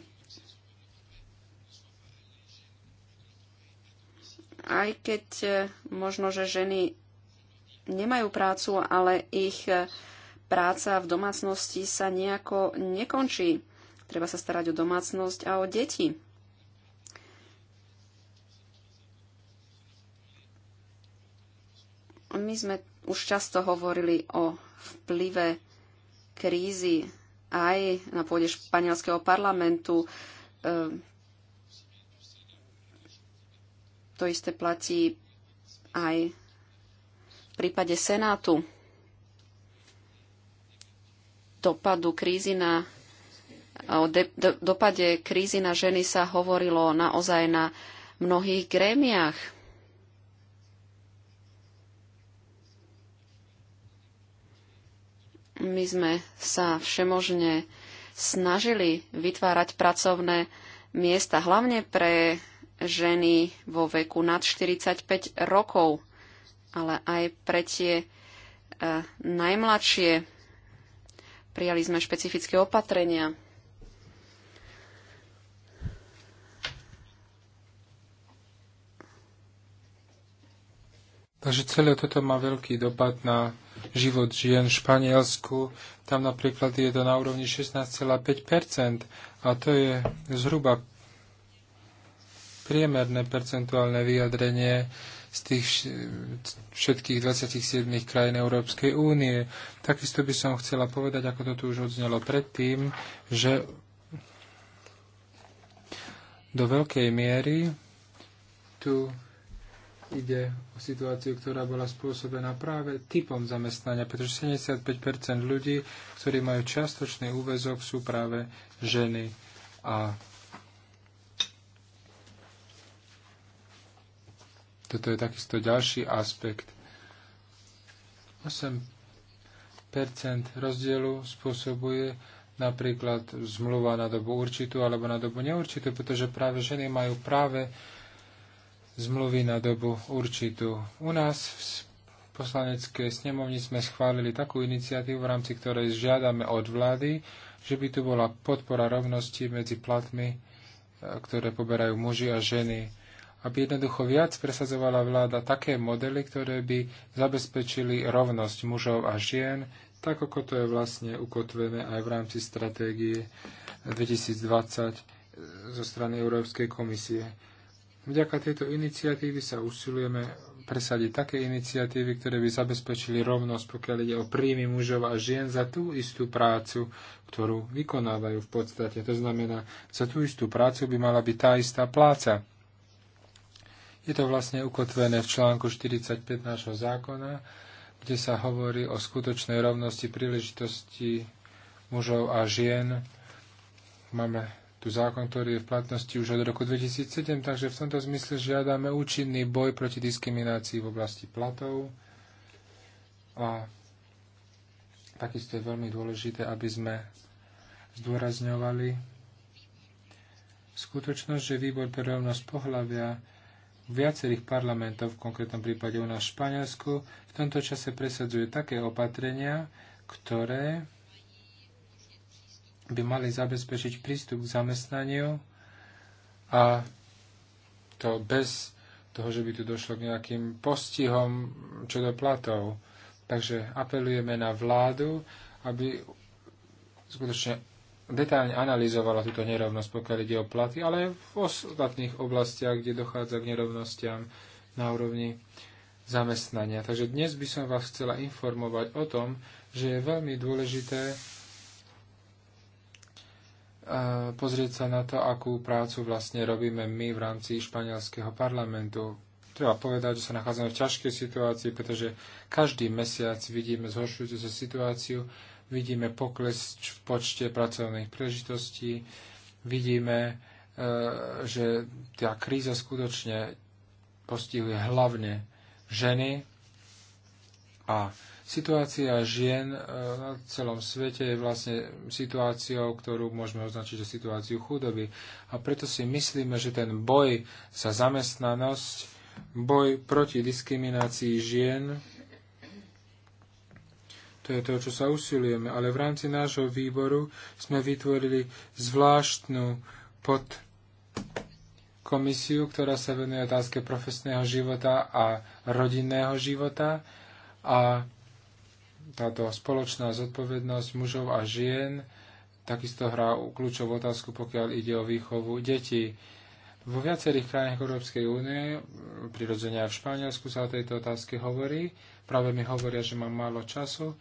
Aj keď eh, možno, že ženy nemajú prácu, ale ich eh, práca v domácnosti sa nejako nekončí. Treba sa starať o domácnosť a o deti. My sme už často hovorili o vplyve krízy aj na pôde španielského parlamentu. Ehm, to isté platí aj v prípade Senátu dopadu krízy na o de, do, dopade krízy na ženy sa hovorilo naozaj na mnohých grémiách. My sme sa všemožne snažili vytvárať pracovné miesta, hlavne pre ženy vo veku nad 45 rokov, ale aj pre tie e, najmladšie Prijali sme špecifické opatrenia. Takže celé toto má veľký dopad na život žien v Španielsku. Tam napríklad je to na úrovni 16,5 a to je zhruba priemerné percentuálne vyjadrenie z tých všetkých 27 krajín Európskej únie. Takisto by som chcela povedať, ako to tu už odznelo predtým, že do veľkej miery tu ide o situáciu, ktorá bola spôsobená práve typom zamestnania, pretože 75 ľudí, ktorí majú čiastočný úvezok, sú práve ženy. A Toto je takisto ďalší aspekt. 8% rozdielu spôsobuje napríklad zmluva na dobu určitú alebo na dobu neurčitú, pretože práve ženy majú práve zmluvy na dobu určitú. U nás v poslaneckej snemovni sme schválili takú iniciatívu, v rámci ktorej žiadame od vlády, že by tu bola podpora rovnosti medzi platmi, e, ktoré poberajú muži a ženy aby jednoducho viac presadzovala vláda také modely, ktoré by zabezpečili rovnosť mužov a žien, tak ako to je vlastne ukotvené aj v rámci stratégie 2020 eh, zo strany Európskej komisie. Vďaka tejto iniciatívy sa usilujeme presadiť také iniciatívy, ktoré by zabezpečili rovnosť, pokiaľ ide o príjmy mužov a žien za tú istú prácu, ktorú vykonávajú v podstate. To znamená, za tú istú prácu by mala byť tá istá pláca. Je to vlastne ukotvené v článku 45 nášho zákona, kde sa hovorí o skutočnej rovnosti príležitosti mužov a žien. Máme tu zákon, ktorý je v platnosti už od roku 2007, takže v tomto zmysle žiadame účinný boj proti diskriminácii v oblasti platov. A takisto je veľmi dôležité, aby sme zdôrazňovali skutočnosť, že výbor pre rovnosť pohľavia viacerých parlamentov, v konkrétnom prípade u nás v Španielsku, v tomto čase presadzuje také opatrenia, ktoré by mali zabezpečiť prístup k zamestnaniu a to bez toho, že by tu došlo k nejakým postihom čo do platov. Takže apelujeme na vládu, aby skutočne detálne analyzovala túto nerovnosť, pokiaľ ide o platy, ale aj v ostatných oblastiach, kde dochádza k nerovnostiam na úrovni zamestnania. Takže dnes by som vás chcela informovať o tom, že je veľmi dôležité e, pozrieť sa na to, akú prácu vlastne robíme my v rámci španielského parlamentu. Treba povedať, že sa nachádzame v ťažkej situácii, pretože každý mesiac vidíme zhoršujúcu sa situáciu vidíme pokles v počte pracovných príležitostí, vidíme, e, že tá kríza skutočne postihuje hlavne ženy a situácia žien e, na celom svete je vlastne situáciou, ktorú môžeme označiť za situáciu chudoby. A preto si myslíme, že ten boj za zamestnanosť, boj proti diskriminácii žien, to je to, čo sa usilujeme. Ale v rámci nášho výboru sme vytvorili zvláštnu pod komisiu, ktorá sa venuje otázke profesného života a rodinného života a táto spoločná zodpovednosť mužov a žien takisto hrá kľúčovú otázku, pokiaľ ide o výchovu detí. Vo viacerých krajinách Európskej únie, prirodzene aj v Španielsku sa o tejto otázke hovorí. Práve mi hovoria, že mám málo času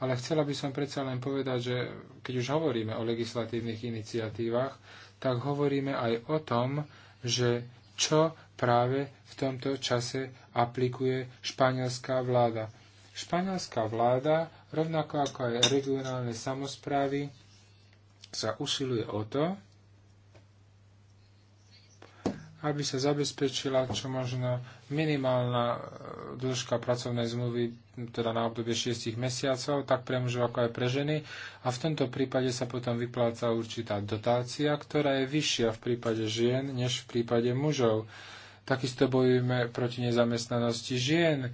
ale chcela by som predsa len povedať, že keď už hovoríme o legislatívnych iniciatívach, tak hovoríme aj o tom, že čo práve v tomto čase aplikuje španielská vláda. Španielská vláda, rovnako ako aj regionálne samozprávy, sa usiluje o to, aby sa zabezpečila čo možno minimálna e, dĺžka pracovnej zmluvy, teda na obdobie 6 mesiacov, tak pre mužov ako aj pre ženy. A v tomto prípade sa potom vypláca určitá dotácia, ktorá je vyššia v prípade žien než v prípade mužov. Takisto bojujeme proti nezamestnanosti žien, e,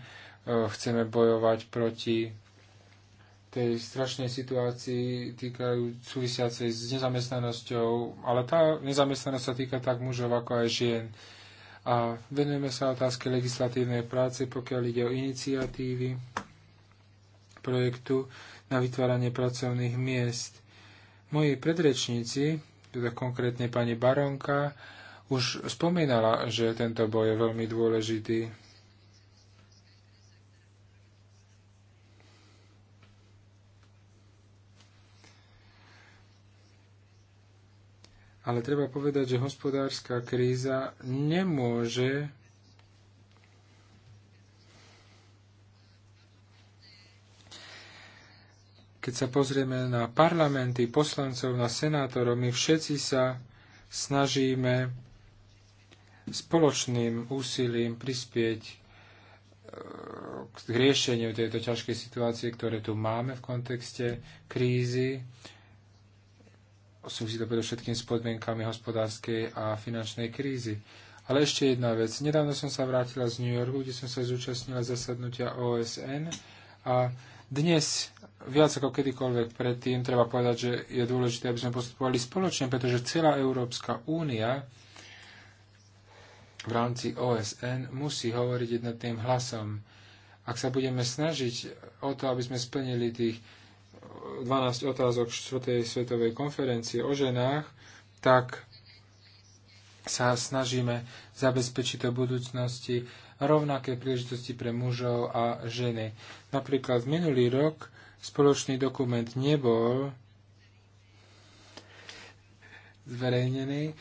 chceme bojovať proti tej strašnej situácii týkajú súvisiacej s nezamestnanosťou, ale tá nezamestnanosť sa týka tak mužov ako aj žien. A venujeme sa otázke legislatívnej práce, pokiaľ ide o iniciatívy projektu na vytváranie pracovných miest. Moji predrečníci, teda konkrétne pani Baronka, už spomínala, že tento boj je veľmi dôležitý Ale treba povedať, že hospodárska kríza nemôže keď sa pozrieme na parlamenty, poslancov, na senátorov, my všetci sa snažíme spoločným úsilím prispieť e, k riešeniu tejto ťažkej situácie, ktoré tu máme v kontexte krízy súvisí to predovšetkým s podmienkami hospodárskej a finančnej krízy. Ale ešte jedna vec. Nedávno som sa vrátila z New Yorku, kde som sa zúčastnila zasadnutia OSN a dnes viac ako kedykoľvek predtým treba povedať, že je dôležité, aby sme postupovali spoločne, pretože celá Európska únia v rámci OSN musí hovoriť jednotným hlasom. Ak sa budeme snažiť o to, aby sme splnili tých 12 otázok 4. svetovej konferencie o ženách, tak sa snažíme zabezpečiť do budúcnosti rovnaké príležitosti pre mužov a ženy. Napríklad minulý rok spoločný dokument nebol zverejnený.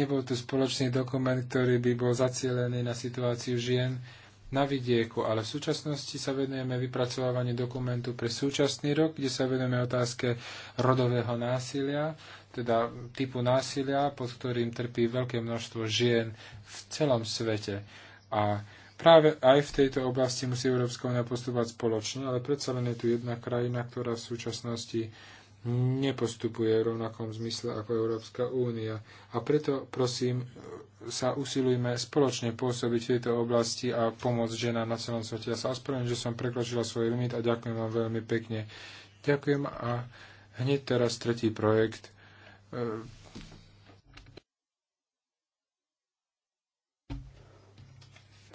Nebol tu spoločný dokument, ktorý by bol zacielený na situáciu žien na vidieku, ale v súčasnosti sa venujeme vypracovávaniu dokumentu pre súčasný rok, kde sa venujeme otázke rodového násilia, teda typu násilia, pod ktorým trpí veľké množstvo žien v celom svete. A práve aj v tejto oblasti musí Európska únia postupovať spoločne, ale predsa len je tu jedna krajina, ktorá v súčasnosti nepostupuje v rovnakom zmysle ako Európska únia. A preto prosím, sa usilujme spoločne pôsobiť v tejto oblasti a pomôcť ženám na celom svete. Ja sa ospravedlňujem, že som prekročila svoj limit a ďakujem vám veľmi pekne. Ďakujem a hneď teraz tretí projekt.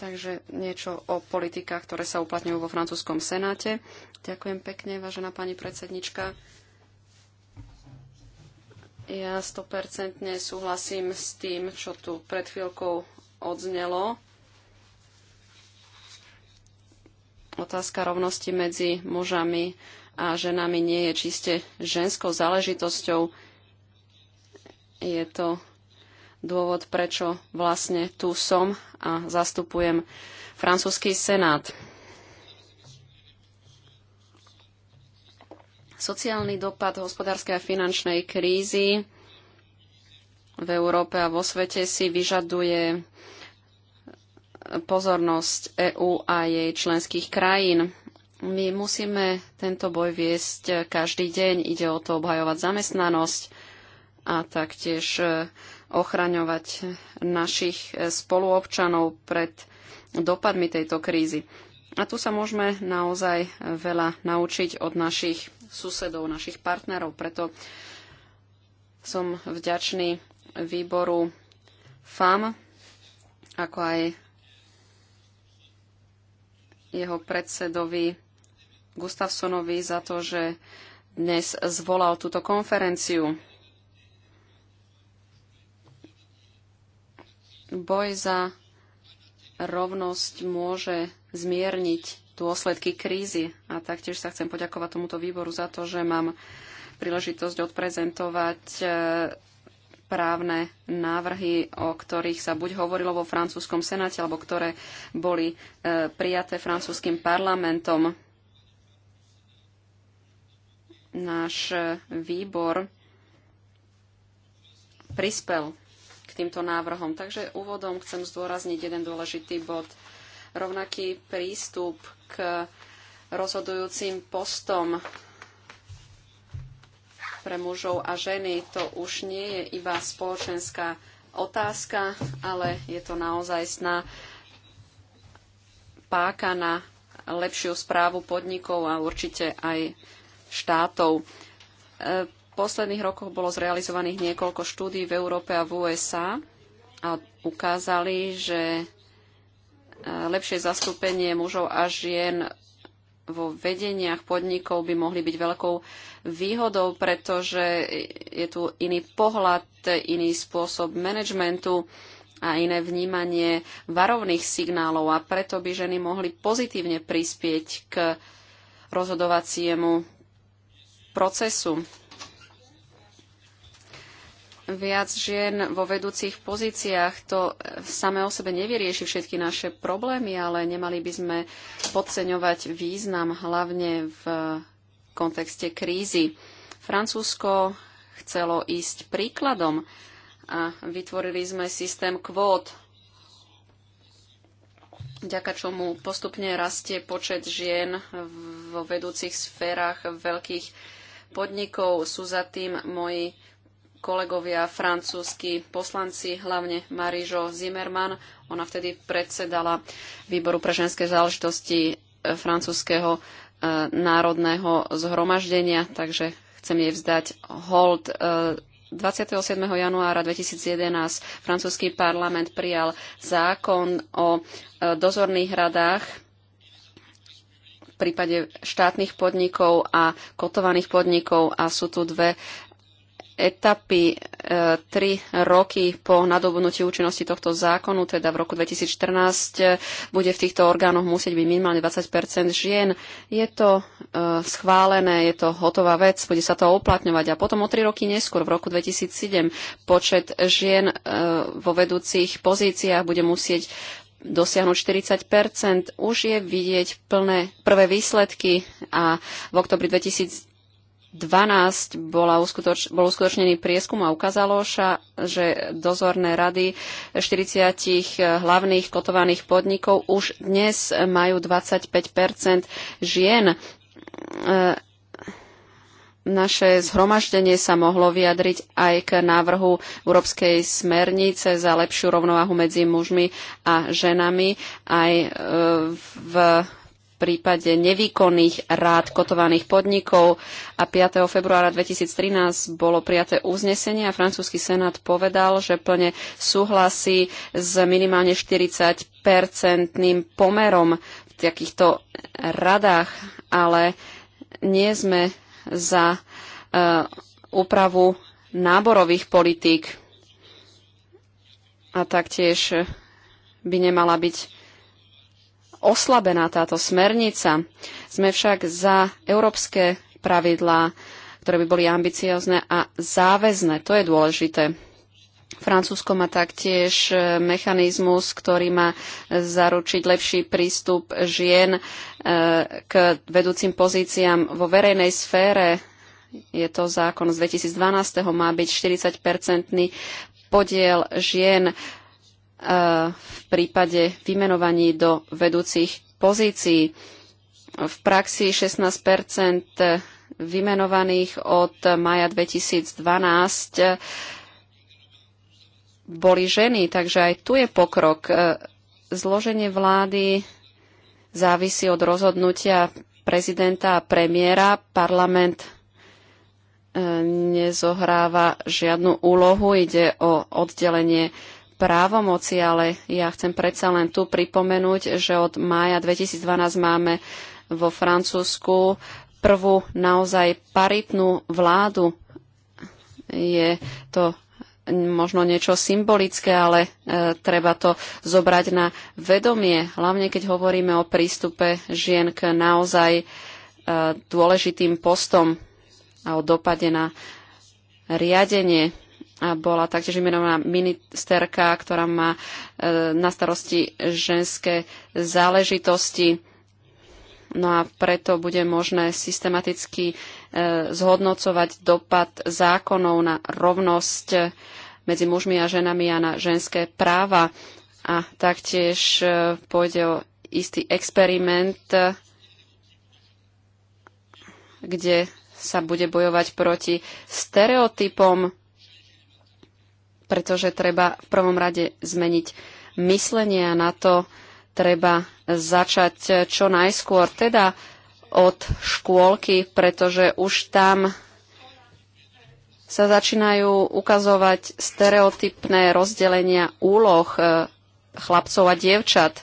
Takže niečo o politikách, ktoré sa uplatňujú vo francúzskom senáte. Ďakujem pekne, vážená pani predsednička. Ja stopercentne súhlasím s tým, čo tu pred chvíľkou odznelo. Otázka rovnosti medzi mužami a ženami nie je čiste ženskou záležitosťou. Je to dôvod, prečo vlastne tu som a zastupujem francúzsky senát. Sociálny dopad hospodárskej a finančnej krízy v Európe a vo svete si vyžaduje pozornosť EÚ a jej členských krajín. My musíme tento boj viesť každý deň. Ide o to obhajovať zamestnanosť a taktiež e, ochraňovať našich e, spoluobčanov pred dopadmi tejto krízy. A tu sa môžeme naozaj veľa naučiť od našich susedov, našich partnerov. Preto som vďačný výboru FAM, ako aj jeho predsedovi Gustavsonovi za to, že dnes zvolal túto konferenciu. Boj za rovnosť môže zmierniť dôsledky krízy. A taktiež sa chcem poďakovať tomuto výboru za to, že mám príležitosť odprezentovať e, právne návrhy, o ktorých sa buď hovorilo vo francúzskom senáte, alebo ktoré boli e, prijaté francúzským parlamentom. Náš e, výbor prispel k týmto návrhom. Takže úvodom chcem zdôrazniť jeden dôležitý bod – rovnaký prístup k rozhodujúcim postom pre mužov a ženy. To už nie je iba spoločenská otázka, ale je to naozaj sná páka na lepšiu správu podnikov a určite aj štátov. E, v posledných rokoch bolo zrealizovaných niekoľko štúdí v Európe a v USA a ukázali, že lepšie zastúpenie mužov a žien vo vedeniach podnikov by mohli byť veľkou výhodou, pretože je tu iný pohľad, iný spôsob manažmentu a iné vnímanie varovných signálov a preto by ženy mohli pozitívne prispieť k rozhodovaciemu procesu viac žien vo vedúcich pozíciách. To eh, samé o sebe nevyrieši všetky naše problémy, ale nemali by sme podceňovať význam hlavne v kontexte krízy. Francúzsko chcelo ísť príkladom a vytvorili sme systém kvót, vďaka čomu postupne rastie počet žien vo vedúcich sférach veľkých podnikov. Sú za tým moji kolegovia francúzski poslanci, hlavne Marižo Zimmerman. Ona vtedy predsedala výboru pre ženské záležitosti e, francúzského e, národného zhromaždenia, takže chcem jej vzdať hold. 27. E, januára 2011 francúzsky parlament prijal zákon o dozorných radách v prípade štátnych podnikov a kotovaných podnikov a sú tu dve etapy e, tri roky po nadobudnutí účinnosti tohto zákonu, teda v roku 2014, e, bude v týchto orgánoch musieť byť minimálne 20 žien. Je to e, schválené, je to hotová vec, bude sa to uplatňovať. A potom o tri roky neskôr, v roku 2007, počet žien e, vo vedúcich pozíciách bude musieť dosiahnuť 40 Už je vidieť plné prvé výsledky a v oktobri 2000 bola uskutoč- bol uskutočnený prieskum a ukázalo sa, že dozorné rady 40 hlavných kotovaných podnikov už dnes majú 25 žien. E, naše zhromaždenie sa mohlo vyjadriť aj k návrhu Európskej smernice za lepšiu rovnováhu medzi mužmi a ženami aj e, v prípade nevýkonných rád kotovaných podnikov a 5. februára 2013 bolo prijaté uznesenie a francúzsky senát povedal, že plne súhlasí s minimálne 40-percentným pomerom v takýchto radách, ale nie sme za uh, úpravu náborových politík a taktiež by nemala byť oslabená táto smernica. Sme však za európske pravidlá, ktoré by boli ambiciozne a záväzné. To je dôležité. Francúzsko má taktiež e, mechanizmus, ktorý má zaručiť lepší prístup žien e, k vedúcim pozíciám vo verejnej sfére. Je to zákon z 2012. má byť 40-percentný podiel žien v prípade vymenovaní do vedúcich pozícií. V praxi 16 vymenovaných od maja 2012 boli ženy, takže aj tu je pokrok. Zloženie vlády závisí od rozhodnutia prezidenta a premiéra. Parlament eh, nezohráva žiadnu úlohu, ide o oddelenie právomoci, ale ja chcem predsa len tu pripomenúť, že od mája 2012 máme vo Francúzsku prvú naozaj paritnú vládu. Je to možno niečo symbolické, ale e, treba to zobrať na vedomie, hlavne keď hovoríme o prístupe žien k naozaj e, dôležitým postom a o dopade na riadenie bola taktiež vymenovaná ministerka, ktorá má e, na starosti ženské záležitosti. No a preto bude možné systematicky e, zhodnocovať dopad zákonov na rovnosť medzi mužmi a ženami a na ženské práva. A taktiež e, pôjde o istý experiment, kde sa bude bojovať proti stereotypom pretože treba v prvom rade zmeniť myslenie a na to treba začať čo najskôr, teda od škôlky, pretože už tam sa začínajú ukazovať stereotypné rozdelenia úloh e, chlapcov a dievčat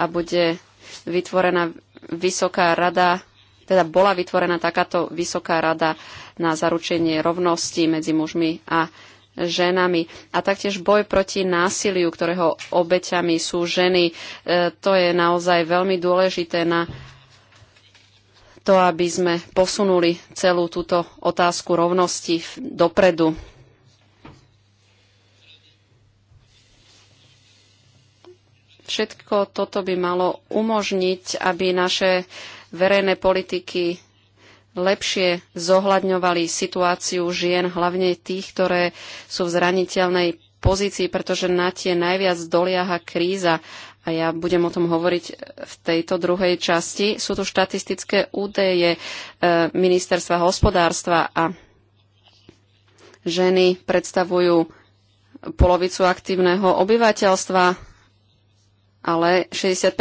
a bude vytvorená vysoká rada, teda bola vytvorená takáto vysoká rada na zaručenie rovnosti medzi mužmi a ženami. A taktiež boj proti násiliu, ktorého obeťami sú ženy. E, to je naozaj veľmi dôležité na to, aby sme posunuli celú túto otázku rovnosti dopredu. Všetko toto by malo umožniť, aby naše verejné politiky lepšie zohľadňovali situáciu žien, hlavne tých, ktoré sú v zraniteľnej pozícii, pretože na tie najviac doliaha kríza. A ja budem o tom hovoriť v tejto druhej časti. Sú tu štatistické údaje e, ministerstva hospodárstva a ženy predstavujú polovicu aktívneho obyvateľstva, ale 65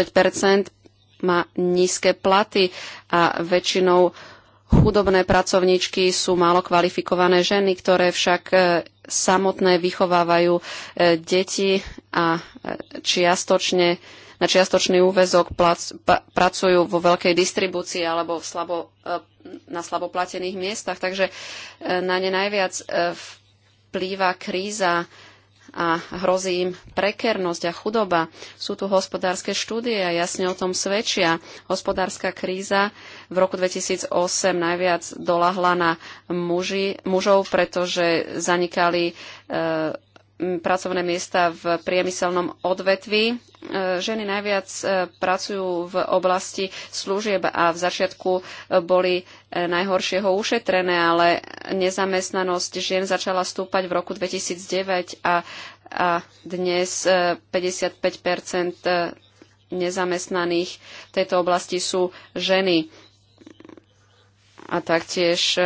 má nízke platy a väčšinou Chudobné pracovníčky sú málo kvalifikované ženy, ktoré však e, samotné vychovávajú e, deti a e, čiastočne na čiastočný úvezok plac, pa, pracujú vo veľkej distribúcii alebo v slabo, na slaboplatených miestach. Takže na ne najviac vplýva kríza a hrozí im prekernosť a chudoba. Sú tu hospodárske štúdie a jasne o tom svedčia. Hospodárska kríza v roku 2008 najviac dolahla na muži, mužov, pretože zanikali e, pracovné miesta v priemyselnom odvetvi. E, ženy najviac e, pracujú v oblasti služieb a v začiatku e, boli najhoršieho ušetrené, ale nezamestnanosť žien začala stúpať v roku 2009 a, a dnes 55 nezamestnaných v tejto oblasti sú ženy. A taktiež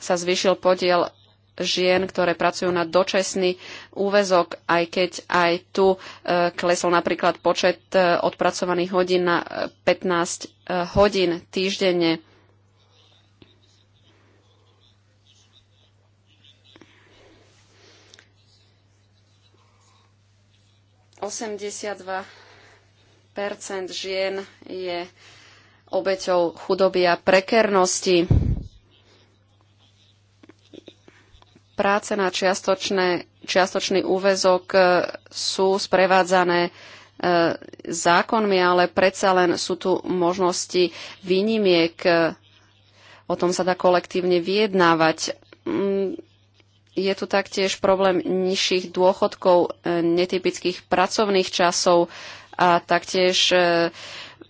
sa zvýšil podiel žien, ktoré pracujú na dočasný úvezok, aj keď aj tu e, klesol napríklad počet e, odpracovaných hodín na 15 e, hodín týždenne. Osemdesiatdva percent žien je obeťou chudoby a prekernosti práce na čiastočný úvezok e, sú sprevádzané e, zákonmi, ale predsa len sú tu možnosti výnimiek. E, o tom sa dá kolektívne vyjednávať. Mm, je tu taktiež problém nižších dôchodkov, netypických pracovných časov a taktiež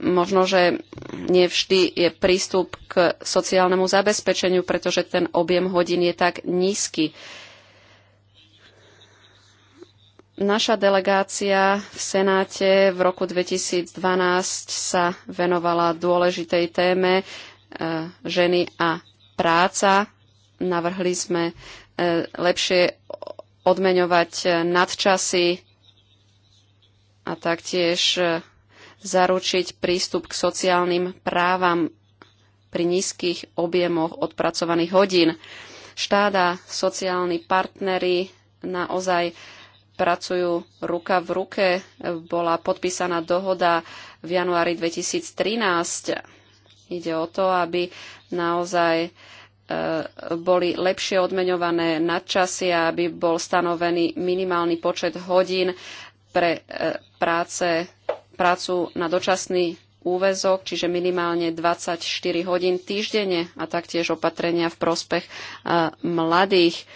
možno, že nevždy je prístup k sociálnemu zabezpečeniu, pretože ten objem hodín je tak nízky. Naša delegácia v Senáte v roku 2012 sa venovala dôležitej téme e, ženy a práca. Navrhli sme e, lepšie odmeňovať nadčasy a taktiež e, zaručiť prístup k sociálnym právam pri nízkych objemoch odpracovaných hodín. Štát a sociálni partnery naozaj pracujú ruka v ruke. Bola podpísaná dohoda v januári 2013. Ide o to, aby naozaj e, boli lepšie odmeňované nadčasy a aby bol stanovený minimálny počet hodín pre e, práce prácu na dočasný úvezok, čiže minimálne 24 hodín týždenne a taktiež opatrenia v prospech e, mladých.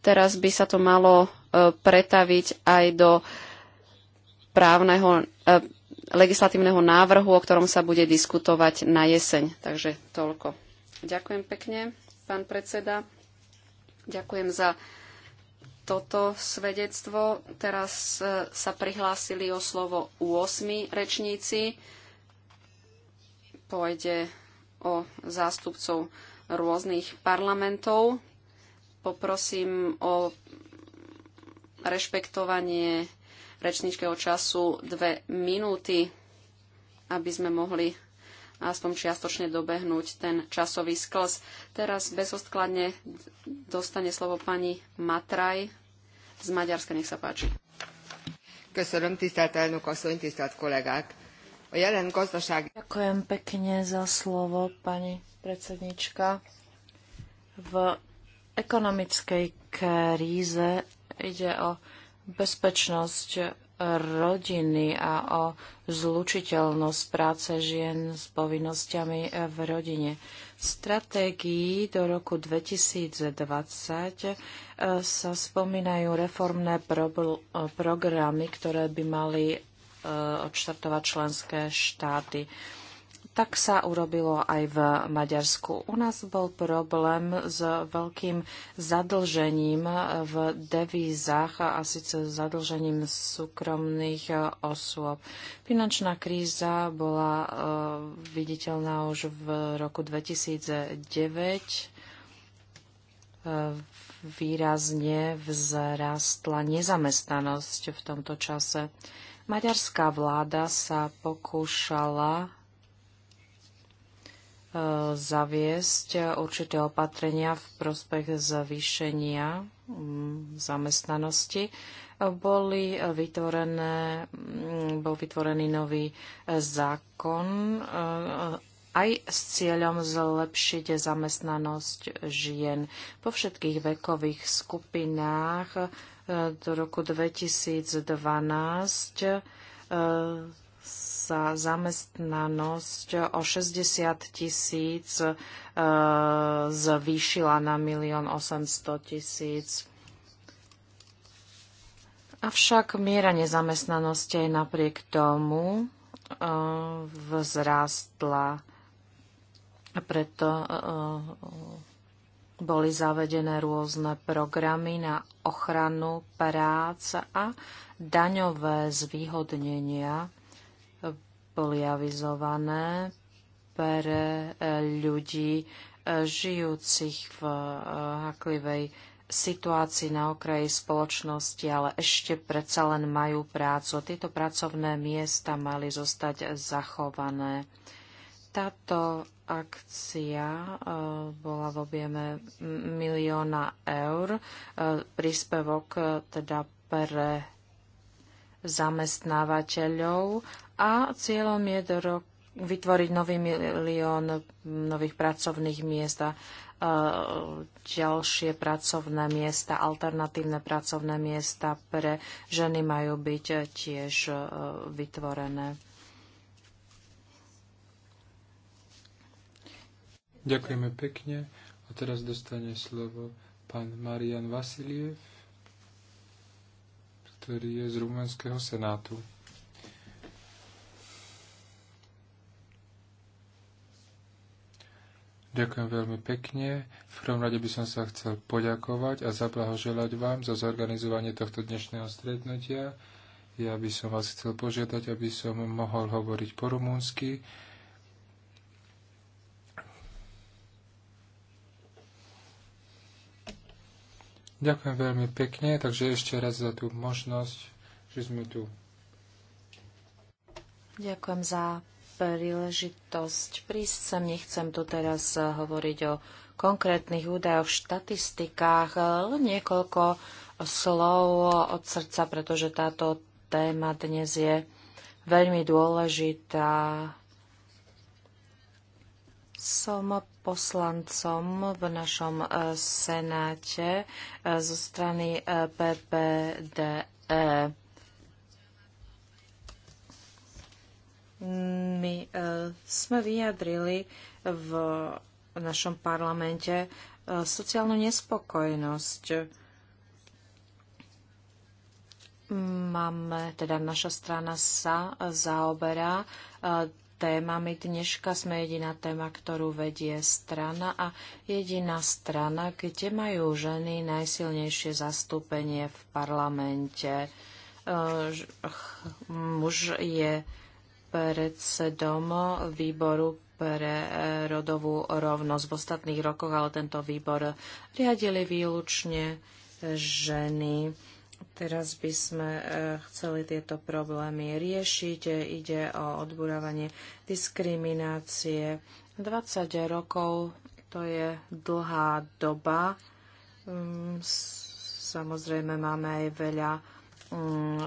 Teraz by sa to malo e, pretaviť aj do právneho, e, legislatívneho návrhu, o ktorom sa bude diskutovať na jeseň. Takže toľko. Ďakujem pekne, pán predseda. Ďakujem za toto svedectvo. Teraz e, sa prihlásili o slovo 8 rečníci. Pôjde o zástupcov rôznych parlamentov. Poprosím o rešpektovanie rečníčkeho času dve minúty, aby sme mohli aspoň čiastočne dobehnúť ten časový sklz. Teraz bezostkladne dostane slovo pani Matraj z Maďarska. Nech sa páči. Köszönöm, tisztelt elnök asszony, tisztelt kollégák! A jelen gazdaság... Ďakujem pekne za slovo, pani predsednička. V ekonomickej kríze ide o bezpečnosť rodiny a o zlučiteľnosť práce žien s povinnosťami v rodine. V stratégii do roku 2020 eh, sa spomínajú reformné eh, programy, ktoré by mali eh, odštartovať členské štáty. Tak sa urobilo aj v Maďarsku. U nás bol problém s veľkým zadlžením v devízach a síce zadlžením súkromných e, osôb. Finančná kríza bola e, viditeľná už v roku 2009 e, výrazne vzrastla nezamestnanosť v tomto čase. Maďarská vláda sa pokúšala zaviesť určité opatrenia v prospech zvýšenia mm, zamestnanosti. Boli vytvorené, mm, bol vytvorený nový e, zákon e, aj s cieľom zlepšiť zamestnanosť žien po všetkých vekových skupinách e, do roku 2012 sa zamestnanosť o 60 tisíc e, zvýšila na 1 800 tisíc. Avšak miera nezamestnanosti aj napriek tomu e, vzrástla. Preto e, boli zavedené rôzne programy na ochranu prác a daňové zvýhodnenia boli avizované pre e, ľudí e, žijúcich v e, haklivej situácii na okraji spoločnosti, ale ešte predsa len majú prácu. Tieto pracovné miesta mali zostať zachované. Táto akcia bola v objeme milióna eur. Príspevok teda pre zamestnávateľov a cieľom je do rok, vytvoriť nový milión nových pracovných miest a ďalšie pracovné miesta, alternatívne pracovné miesta pre ženy majú byť tiež vytvorené. Ďakujeme pekne. A teraz dostane slovo pán Marian Vasiliev, ktorý je z Rumenského senátu. Ďakujem veľmi pekne. V prvom rade by som sa chcel poďakovať a zablahoželať vám za zorganizovanie tohto dnešného stretnutia. Ja by som vás chcel požiadať, aby som mohol hovoriť po rumúnsky. Ďakujem veľmi pekne, takže ešte raz za tú možnosť, že sme tu. Ďakujem za príležitosť prísť sem. Nechcem tu teraz eh, hovoriť o konkrétnych údajoch, štatistikách, eh, len niekoľko slov od srdca, pretože táto téma dnes je veľmi dôležitá. Som poslancom v našom eh, senáte zo strany PPDE. my e, sme vyjadrili v našom parlamente e, sociálnu nespokojnosť. Máme, teda naša strana sa zaoberá e, témami. Dneška sme jediná téma, ktorú vedie strana a jediná strana, kde majú ženy najsilnejšie zastúpenie v parlamente. Muž je predsedom výboru pre e, rodovú rovnosť v ostatných rokoch, ale tento výbor riadili výlučne ženy. Teraz by sme e, chceli tieto problémy riešiť. Ide o odburávanie diskriminácie. 20 rokov to je dlhá doba. Mm, samozrejme máme aj veľa Mm,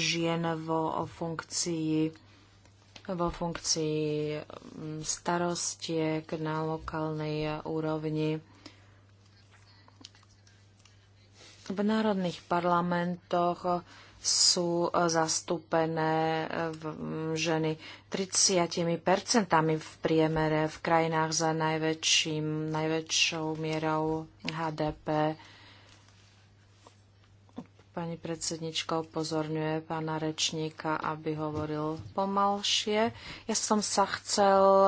žien vo funkcii vo funkcii mm, starostiek na lokálnej úrovni. V národných parlamentoch sú zastúpené mm, ženy 30 percentami v priemere v krajinách za najväčším, najväčšou mierou HDP. Pani predsednička upozorňuje pána rečníka, aby hovoril pomalšie. Ja som sa chcel e,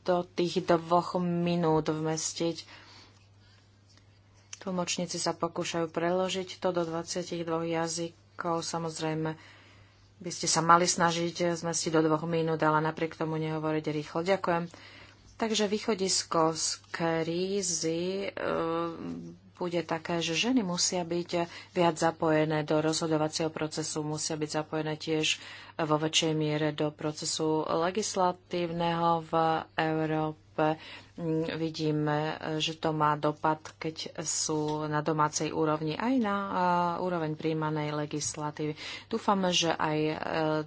do tých dvoch minút vmestiť. Tlmočníci sa pokúšajú preložiť to do 22 jazykov. Samozrejme, by ste sa mali snažiť zmestiť do dvoch minút, ale napriek tomu nehovoriť rýchlo. Ďakujem. Takže východisko z krízy e, bude také, že ženy musia byť viac zapojené do rozhodovacieho procesu, musia byť zapojené tiež vo väčšej miere do procesu legislatívneho v Európe. Mm, vidíme, že to má dopad, keď sú na domácej úrovni aj na úroveň príjmanej legislatívy. Dúfame, že aj e,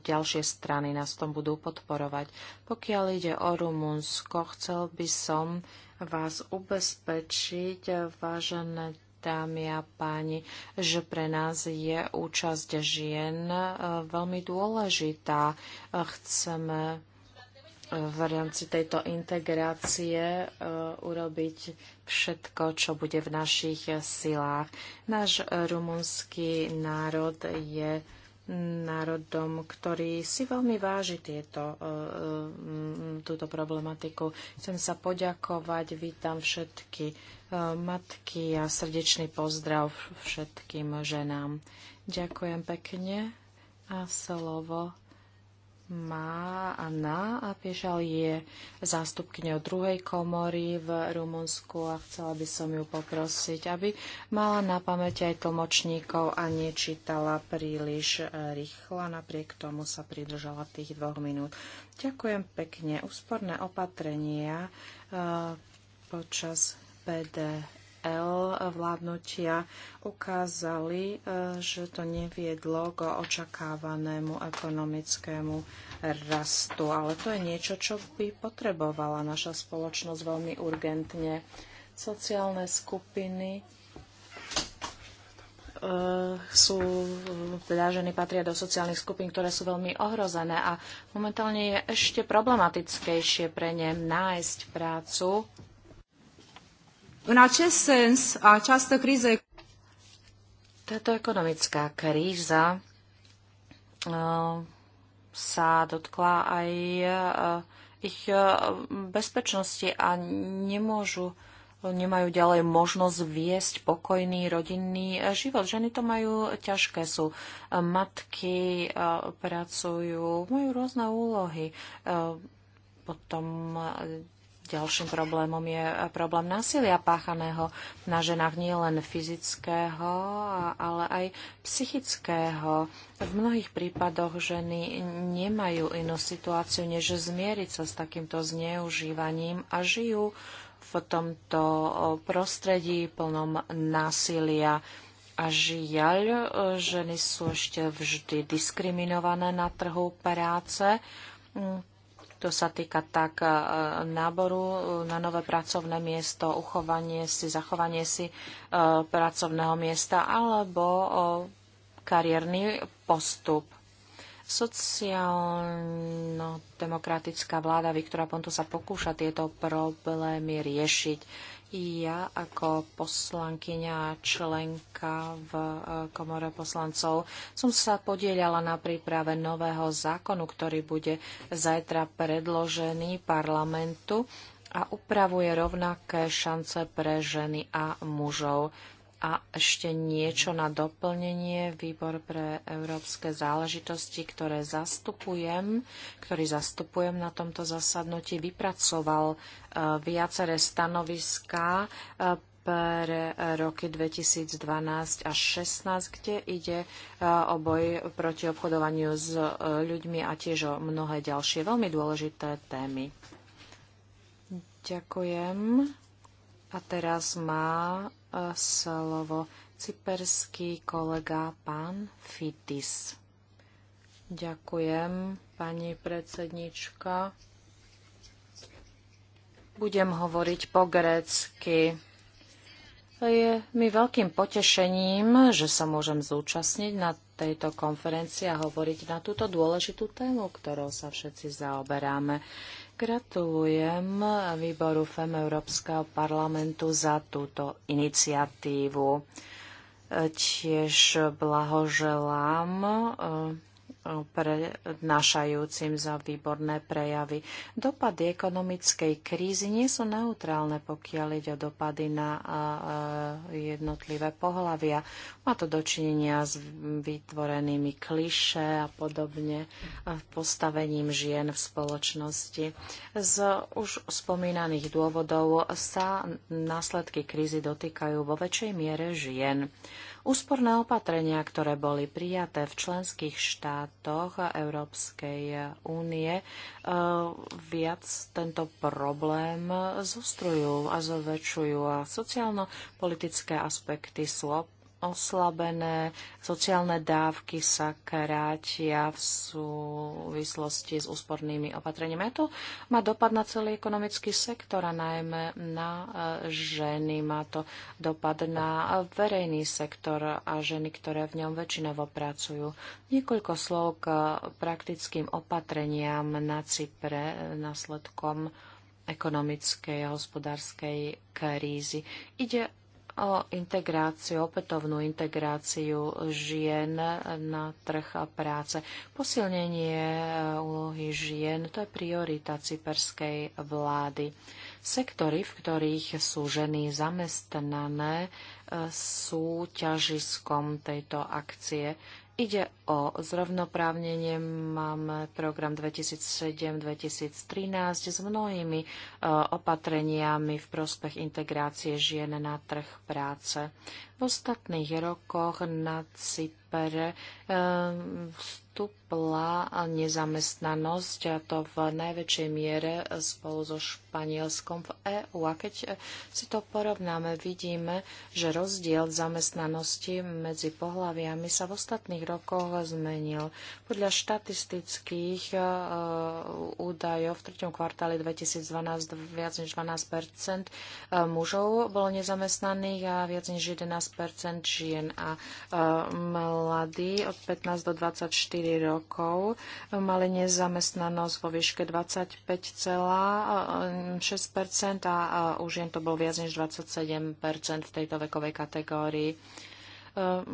ďalšie strany nás tom budú podporovať. Pokiaľ ide o Rumunsko, chcel by som vás ubezpečiť, vážené dámy a páni, že pre nás je účasť žien e, veľmi dôležitá. E, chceme e, v rámci tejto integrácie urobiť všetko, čo bude v našich silách. Náš rumunský národ je národom, ktorý si veľmi váži tieto, e, túto problematiku. Chcem sa poďakovať, vítam všetky e, matky a srdečný pozdrav všetkým ženám. Ďakujem pekne a slovo má a na a Piešal je zástupkňou druhej komory v Rumunsku a chcela by som ju poprosiť, aby mala na pamäti aj tlmočníkov a nečítala príliš e, rýchlo a napriek tomu sa pridržala tých dvoch minút. Ďakujem pekne. Úsporné opatrenia e, počas PD L vládnutia ukázali, e, že to neviedlo k očakávanému ekonomickému rastu. Ale to je niečo, čo by potrebovala naša spoločnosť veľmi urgentne. Sociálne skupiny e, sú, teda ženy patria do sociálnych skupín, ktoré sú veľmi ohrozené a momentálne je ešte problematickejšie pre ne nájsť prácu În acest sens, această criză... E- Táto ekonomická kríza eh, sa dotkla aj eh, ich eh, bezpečnosti a nemôžu nemajú ďalej možnosť viesť pokojný rodinný život. Ženy to majú ťažké, sú matky, pracujú, majú rôzne úlohy. Potom Ďalším problémom je problém násilia páchaného na ženách nie len fyzického, ale aj psychického. V mnohých prípadoch ženy nemajú inú situáciu, než zmieriť sa s takýmto zneužívaním a žijú v tomto prostredí plnom násilia. A žiaľ, ženy sú ešte vždy diskriminované na trhu práce to sa týka tak e, náboru e, na nové pracovné miesto, uchovanie si, zachovanie si e, pracovného miesta alebo kariérny postup. Sociálno-demokratická vláda Viktora Pontu sa pokúša tieto problémy riešiť ja ako poslankyňa členka v e, komore poslancov som sa podielala na príprave nového zákonu, ktorý bude zajtra predložený parlamentu a upravuje rovnaké šance pre ženy a mužov. A ešte niečo na doplnenie. Výbor pre európske záležitosti, ktoré zastupujem, ktorý zastupujem na tomto zasadnutí, vypracoval e, viaceré stanoviská e, pre roky 2012 až 2016, kde ide e, o boj proti obchodovaniu s ľuďmi a tiež o mnohé ďalšie veľmi dôležité témy. Ďakujem. A teraz má slovo cyperský kolega pán Fitis. Ďakujem, pani predsednička. Budem hovoriť po grécky. Je mi veľkým potešením, že sa môžem zúčastniť na tejto konferencii a hovoriť na túto dôležitú tému, ktorou sa všetci zaoberáme. Gratulujem výboru FEM Európskeho parlamentu za túto iniciatívu. Tiež blahoželám eh, prednášajúcim za výborné prejavy. Dopady ekonomickej krízy nie sú neutrálne, pokiaľ ide o dopady na jednotlivé pohlavia. Má to dočinenia s vytvorenými kliše a podobne postavením žien v spoločnosti. Z už spomínaných dôvodov sa následky krízy dotýkajú vo väčšej miere žien. Úsporné opatrenia, ktoré boli prijaté v členských štátoch Európskej únie, e, viac tento problém zostrujú a zväčšujú a sociálno-politické aspekty sú oslabené, sociálne dávky sa krátia v súvislosti s úspornými opatreniami. A to má dopad na celý ekonomický sektor a najmä na e, ženy. Má to dopad na verejný sektor a ženy, ktoré v ňom väčšinovo pracujú. Niekoľko slov k praktickým opatreniam na Cypre následkom ekonomickej a hospodárskej krízy. Ide o integráciu, opätovnú integráciu žien na trh práce. Posilnenie e, úlohy žien, to je priorita cyperskej vlády. Sektory, v ktorých sú ženy zamestnané, e, sú ťažiskom tejto akcie. Ide o zrovnoprávnenie. Máme program 2007-2013 s mnohými e, opatreniami v prospech integrácie žien na trh práce. V ostatných rokoch na Cyper eh, vstúpla nezamestnanosť, a to v najväčšej miere spolu so Španielskom v EÚ. A keď eh, si to porovnáme, vidíme, že rozdiel zamestnanosti medzi pohľaviami sa v ostatných rokoch zmenil. Podľa štatistických eh, údajov v 3. kvartáli 2012 viac než 12 mužov bolo nezamestnaných a viac než 11 žien a e, mladí od 15 do 24 rokov mali nezamestnanosť vo výške 25,6 e, a u žien to bol viac než 27 v tejto vekovej kategórii. E,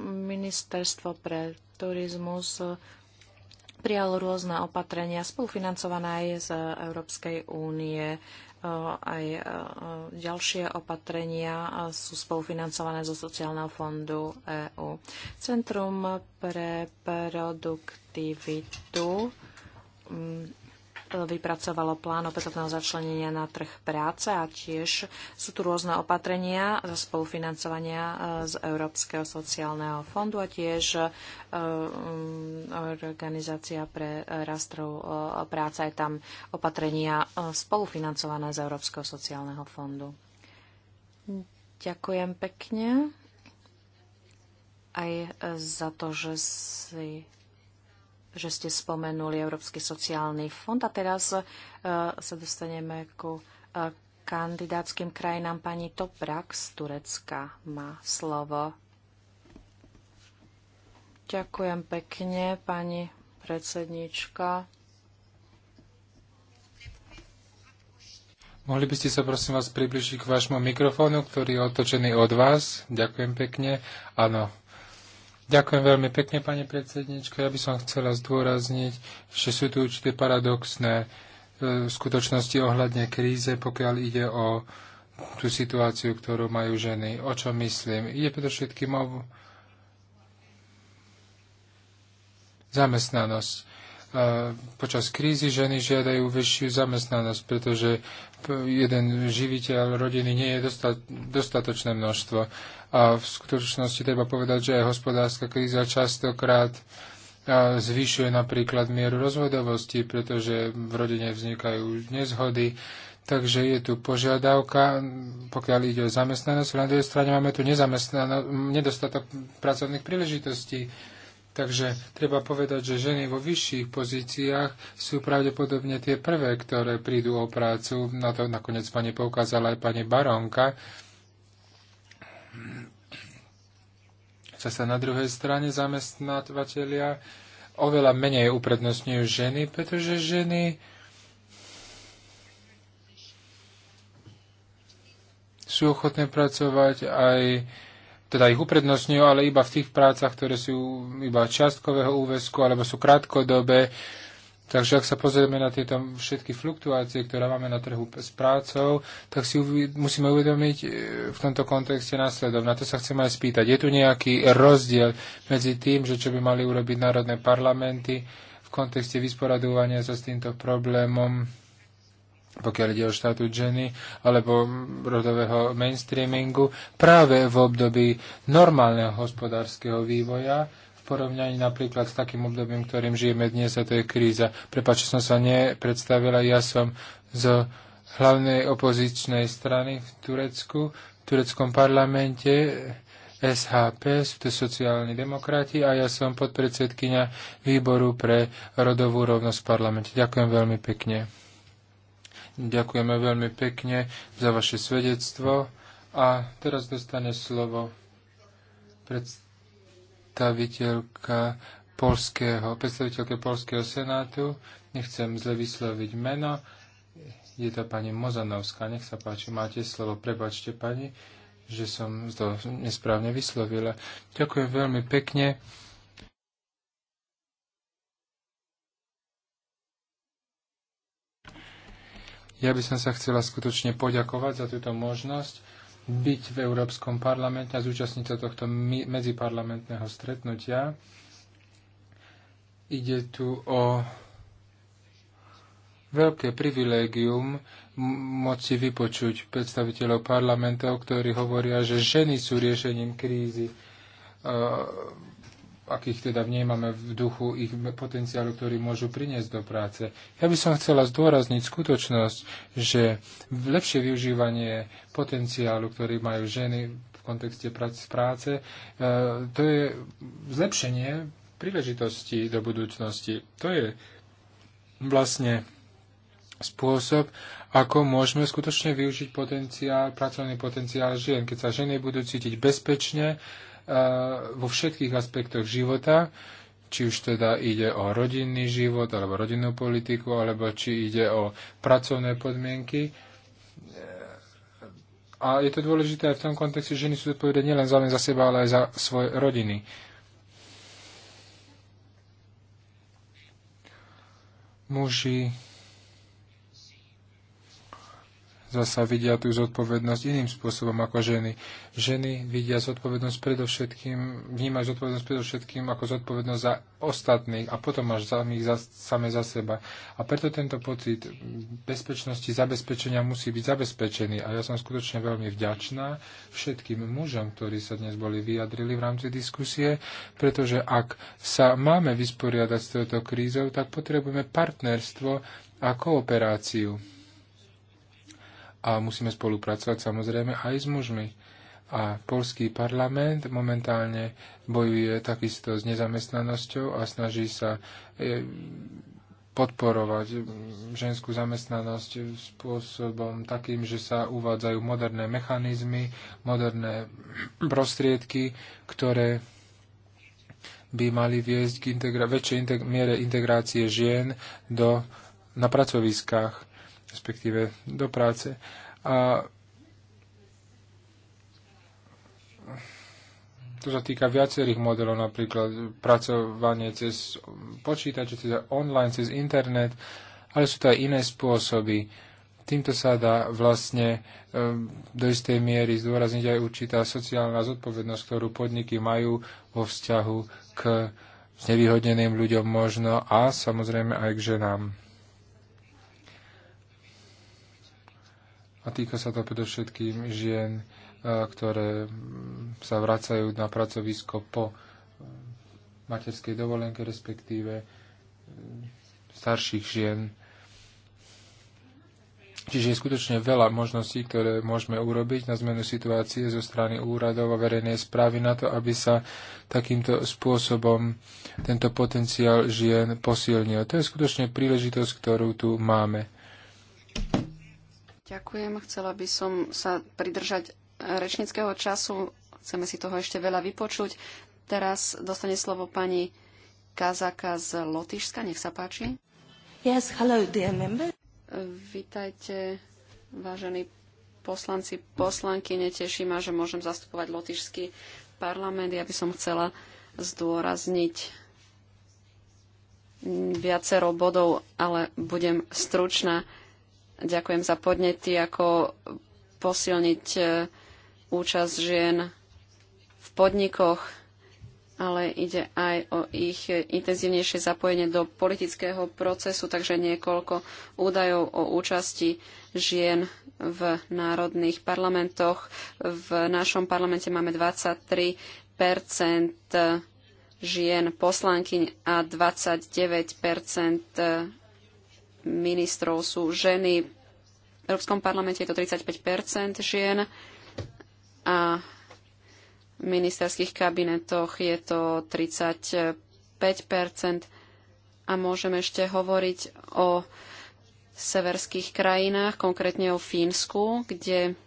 Ministerstvo pre turizmus prijalo rôzne opatrenia spolufinancované aj z Európskej únie. Eh, aj eh, ďalšie opatrenia eh, sú spolufinancované zo sociálneho fondu EÚ. Centrum pre produktivitu mm, vypracovalo plán opätovného začlenenia na trh práce a tiež sú tu rôzne opatrenia za spolufinancovania e, z Európskeho sociálneho fondu a tiež e, mm, organizácia pre rastrov e, práca je tam opatrenia spolufinancované z Európskeho sociálneho fondu. Ďakujem pekne aj za to, že si že ste spomenuli Európsky sociálny fond. A teraz e, sa dostaneme ku e, kandidátským krajinám. Pani Toprak z Turecka má slovo. Ďakujem pekne, pani predsednička. Mohli by ste sa prosím vás približiť k vášmu mikrofónu, ktorý je otočený od vás. Ďakujem pekne. Áno, Ďakujem veľmi pekne, pani predsednička. Ja by som chcela zdôrazniť, že sú tu určité paradoxné v e, skutočnosti ohľadne kríze, pokiaľ ide o tú situáciu, ktorú majú ženy. O čo myslím? Ide predovšetkým o zamestnanosť počas krízy ženy žiadajú väčšiu zamestnanosť, pretože jeden živiteľ rodiny nie je dosta- dostatočné množstvo. A v skutočnosti treba povedať, že aj hospodárska kríza častokrát zvyšuje napríklad mieru rozvodovosti, pretože v rodine vznikajú nezhody. Takže je tu požiadavka, pokiaľ ide o zamestnanosť. Na druhej strane máme tu nedostatok pracovných príležitostí Takže treba povedať, že ženy vo vyšších pozíciách sú pravdepodobne tie prvé, ktoré prídu o prácu. Na to nakoniec pani poukázala aj pani Baronka. Zase na druhej strane zamestnávateľia oveľa menej uprednostňujú ženy, pretože ženy sú ochotné pracovať aj teda ich uprednostňujú, ale iba v tých prácach, ktoré sú iba čiastkového úvesku alebo sú krátkodobé. Takže ak sa pozrieme na tieto všetky fluktuácie, ktoré máme na trhu s prácou, tak si uvi- musíme uvedomiť e, v tomto kontexte následov. Na to sa chceme aj spýtať. Je tu nejaký rozdiel medzi tým, že čo by mali urobiť národné parlamenty v kontexte vysporadovania sa s týmto problémom pokiaľ ide o štátu ženy, alebo rodového mainstreamingu, práve v období normálneho hospodárskeho vývoja, v porovnaní napríklad s takým obdobím, ktorým žijeme dnes, a to je kríza. Prepač, som sa nepredstavila, ja som z hlavnej opozičnej strany v Turecku, v tureckom parlamente, SHP, sú to sociálni demokrati a ja som podpredsedkynia výboru pre rodovú rovnosť v parlamente. Ďakujem veľmi pekne. Ďakujeme veľmi pekne za vaše svedectvo a teraz dostane slovo predstaviteľka polského, predstaviteľke Polského senátu. Nechcem zle vysloviť meno. Je to pani Mozanovská. Nech sa páči, máte slovo. Prebačte pani, že som to nesprávne vyslovila. Ďakujem veľmi pekne. Ja by som sa chcela skutočne poďakovať za túto možnosť byť v Európskom parlamente a zúčastniť sa tohto medziparlamentného stretnutia. Ide tu o veľké privilégium moci vypočuť predstaviteľov parlamentov, ktorí hovoria, že ženy sú riešením krízy. E, akých teda vnímame v duchu ich potenciálu, ktorý môžu priniesť do práce. Ja by som chcela zdôrazniť skutočnosť, že lepšie využívanie potenciálu, ktorý majú ženy v kontekste práce, e, to je zlepšenie príležitosti do budúcnosti. To je vlastne spôsob, ako môžeme skutočne využiť potenciál, pracovný potenciál žien. Keď sa ženy budú cítiť bezpečne, vo všetkých aspektoch života, či už teda ide o rodinný život alebo rodinnú politiku, alebo či ide o pracovné podmienky. A je to dôležité aj v tom kontexte, že ženy sú zodpovedné nielen za za seba, ale aj za svoje rodiny. Muži zasa vidia tú zodpovednosť iným spôsobom ako ženy. Ženy vidia zodpovednosť predovšetkým, vnímajú zodpovednosť predovšetkým ako zodpovednosť za ostatných a potom až za za, same za seba. A preto tento pocit bezpečnosti, zabezpečenia musí byť zabezpečený. A ja som skutočne veľmi vďačná všetkým mužom, ktorí sa dnes boli vyjadrili v rámci diskusie, pretože ak sa máme vysporiadať s touto krízou, tak potrebujeme partnerstvo a kooperáciu a musíme spolupracovať samozrejme aj s mužmi. A polský parlament momentálne bojuje takisto s nezamestnanosťou a snaží sa e, podporovať ženskú zamestnanosť spôsobom takým, že sa uvádzajú moderné mechanizmy, moderné prostriedky, ktoré by mali viesť k integra- väčšej integ- miere integrácie žien do, na pracoviskách respektíve do práce. A to sa týka viacerých modelov, napríklad pracovanie cez počítače, cez online, cez internet, ale sú to aj iné spôsoby. Týmto sa dá vlastne ehm, do istej miery zdôrazniť aj určitá sociálna zodpovednosť, ktorú podniky majú vo vzťahu k znevýhodneným ľuďom možno a samozrejme aj k ženám. A týka sa to predovšetkým žien, e, ktoré mm, sa vracajú na pracovisko po e, materskej dovolenke, respektíve e, starších žien. Čiže je skutočne veľa možností, ktoré môžeme urobiť na zmenu situácie zo strany úradov a verejnej správy na to, aby sa takýmto spôsobom tento potenciál žien posilnil. To je skutočne príležitosť, ktorú tu máme. Ďakujem. Chcela by som sa pridržať eh, rečnického času. Chceme si toho ešte veľa vypočuť. Teraz dostane slovo pani Kazaka z Lotyšska. Nech sa páči. Yes, hello, dear member. Vítajte, vážení poslanci, poslanky. Neteší ma, že môžem zastupovať Lotyšský parlament. Ja by som chcela zdôrazniť viacero bodov, ale budem stručná. Ďakujem za podnety, ako posilniť e, účasť žien v podnikoch, ale ide aj o ich intenzívnejšie zapojenie do politického procesu, takže niekoľko údajov o účasti žien v národných parlamentoch. V našom parlamente máme 23 žien poslankyň a 29 ministrov sú ženy. V Európskom parlamente je to 35 žien a v ministerských kabinetoch je to 35 a môžeme ešte hovoriť o severských krajinách, konkrétne o Fínsku, kde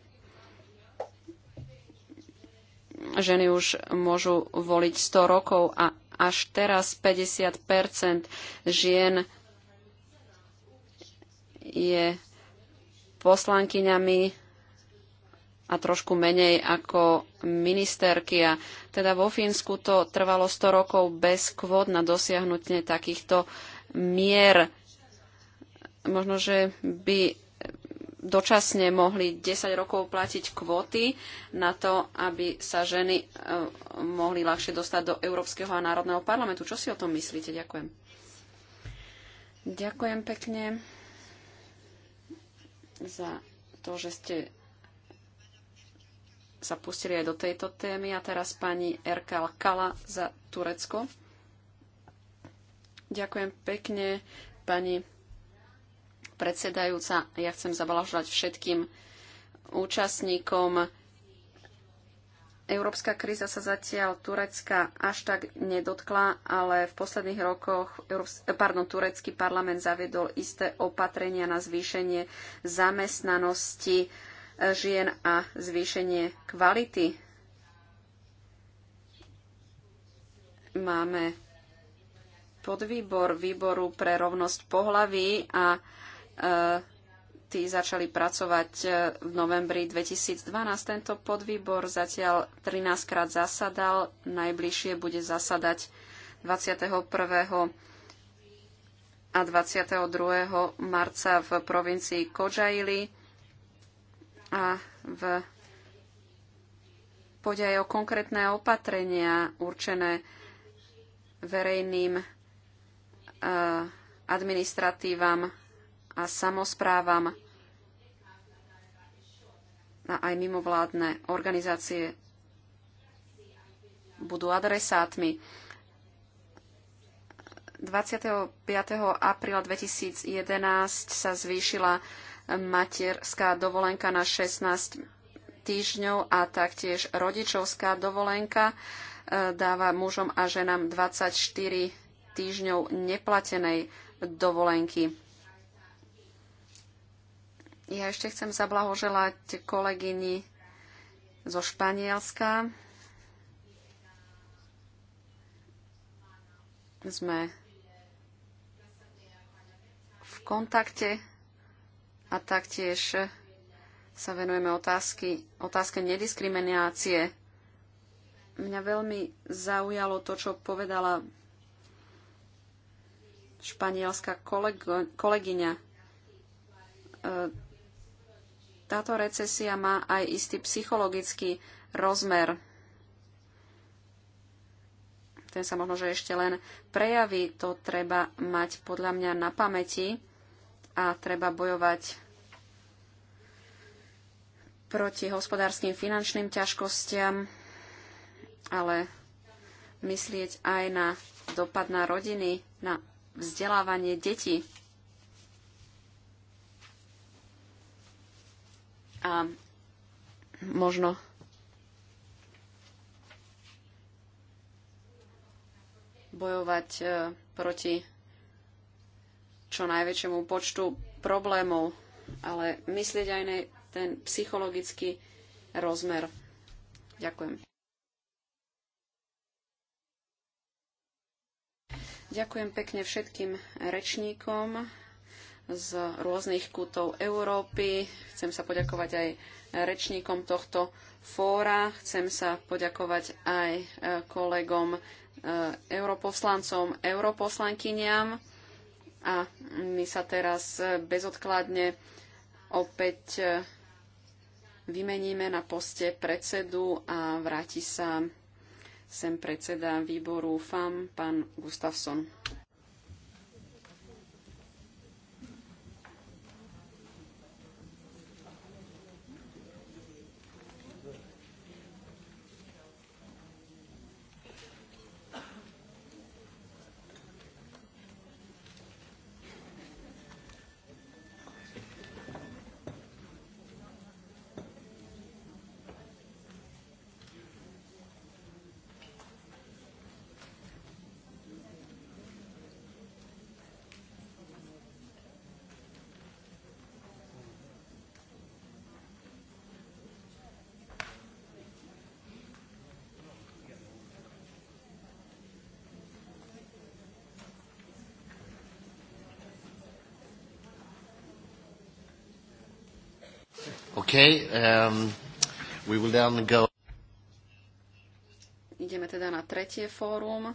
ženy už môžu voliť 100 rokov a až teraz 50 žien je poslankyňami a trošku menej ako ministerky. A teda vo Fínsku to trvalo 100 rokov bez kvót na dosiahnutie takýchto mier. Možno, že by dočasne mohli 10 rokov platiť kvóty na to, aby sa ženy e, mohli ľahšie dostať do Európskeho a Národného parlamentu. Čo si o tom myslíte? Ďakujem. Ďakujem pekne za to, že ste sa pustili aj do tejto témy. A teraz pani Erkal Kala za Turecko. Ďakujem pekne, pani predsedajúca. Ja chcem zablahoželať všetkým účastníkom Európska kríza sa zatiaľ Turecka až tak nedotkla, ale v posledných rokoch pardon, turecký parlament zaviedol isté opatrenia na zvýšenie zamestnanosti e, žien a zvýšenie kvality. Máme podvýbor výboru pre rovnosť pohlaví a e, tí začali pracovať e, v novembri 2012. Tento podvýbor zatiaľ 13 krát zasadal, najbližšie bude zasadať 21. a 22. marca v provincii Kojaili a v pôjde aj o konkrétne opatrenia určené verejným e, administratívam a samozprávam a aj mimovládne organizácie budú adresátmi. 25. apríla 2011 sa zvýšila materská dovolenka na 16 týždňov a taktiež rodičovská dovolenka e, dáva mužom a ženám 24 týždňov neplatenej dovolenky. Ja ešte chcem zablahoželať kolegyni zo Španielska. Sme v kontakte a taktiež sa venujeme otázky, otázke nediskriminácie. Mňa veľmi zaujalo to, čo povedala španielská kolego, kolegyňa e, táto recesia má aj istý psychologický rozmer. Ten sa možno, že ešte len prejaví, to treba mať podľa mňa na pamäti a treba bojovať proti hospodárskym finančným ťažkostiam, ale myslieť aj na dopad na rodiny, na vzdelávanie detí. A možno bojovať e, proti čo najväčšiemu počtu problémov, ale myslieť aj na ten psychologický rozmer. Ďakujem. Ďakujem pekne všetkým rečníkom z rôznych kútov Európy. Chcem sa poďakovať aj rečníkom tohto fóra. Chcem sa poďakovať aj e, kolegom e, europoslancom, europoslankyniam. A my sa teraz e, bezodkladne opäť vymeníme na poste predsedu a vráti sa sem predseda výboru FAM, pán Gustafsson. Okay, um, we will then go. Ideme teda na tretie fórum.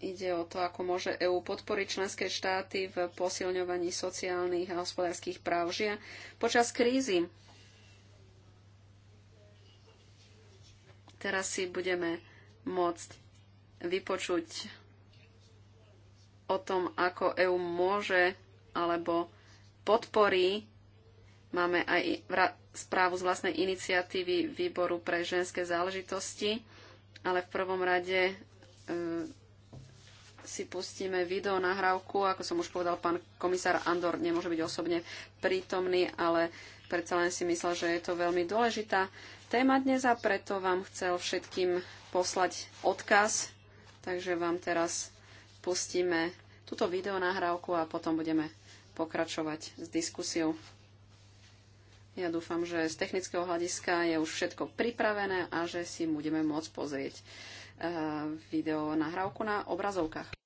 Ide o to, ako môže EÚ podporiť členské štáty v posilňovaní sociálnych a hospodárskych práv žia. počas krízy. Teraz si budeme môcť vypočuť o tom, ako EÚ môže alebo podporí. Máme aj správu z vlastnej iniciatívy Výboru pre ženské záležitosti, ale v prvom rade e, si pustíme video nahrávku. Ako som už povedal, pán komisár Andor nemôže byť osobne prítomný, ale predsa len si myslel, že je to veľmi dôležitá téma dnes a preto vám chcel všetkým poslať odkaz. Takže vám teraz pustíme túto videonahrávku a potom budeme pokračovať s diskusiou. Ja dúfam, že z technického hľadiska je už všetko pripravené a že si budeme môcť pozrieť eh, video nahrávku na obrazovkách.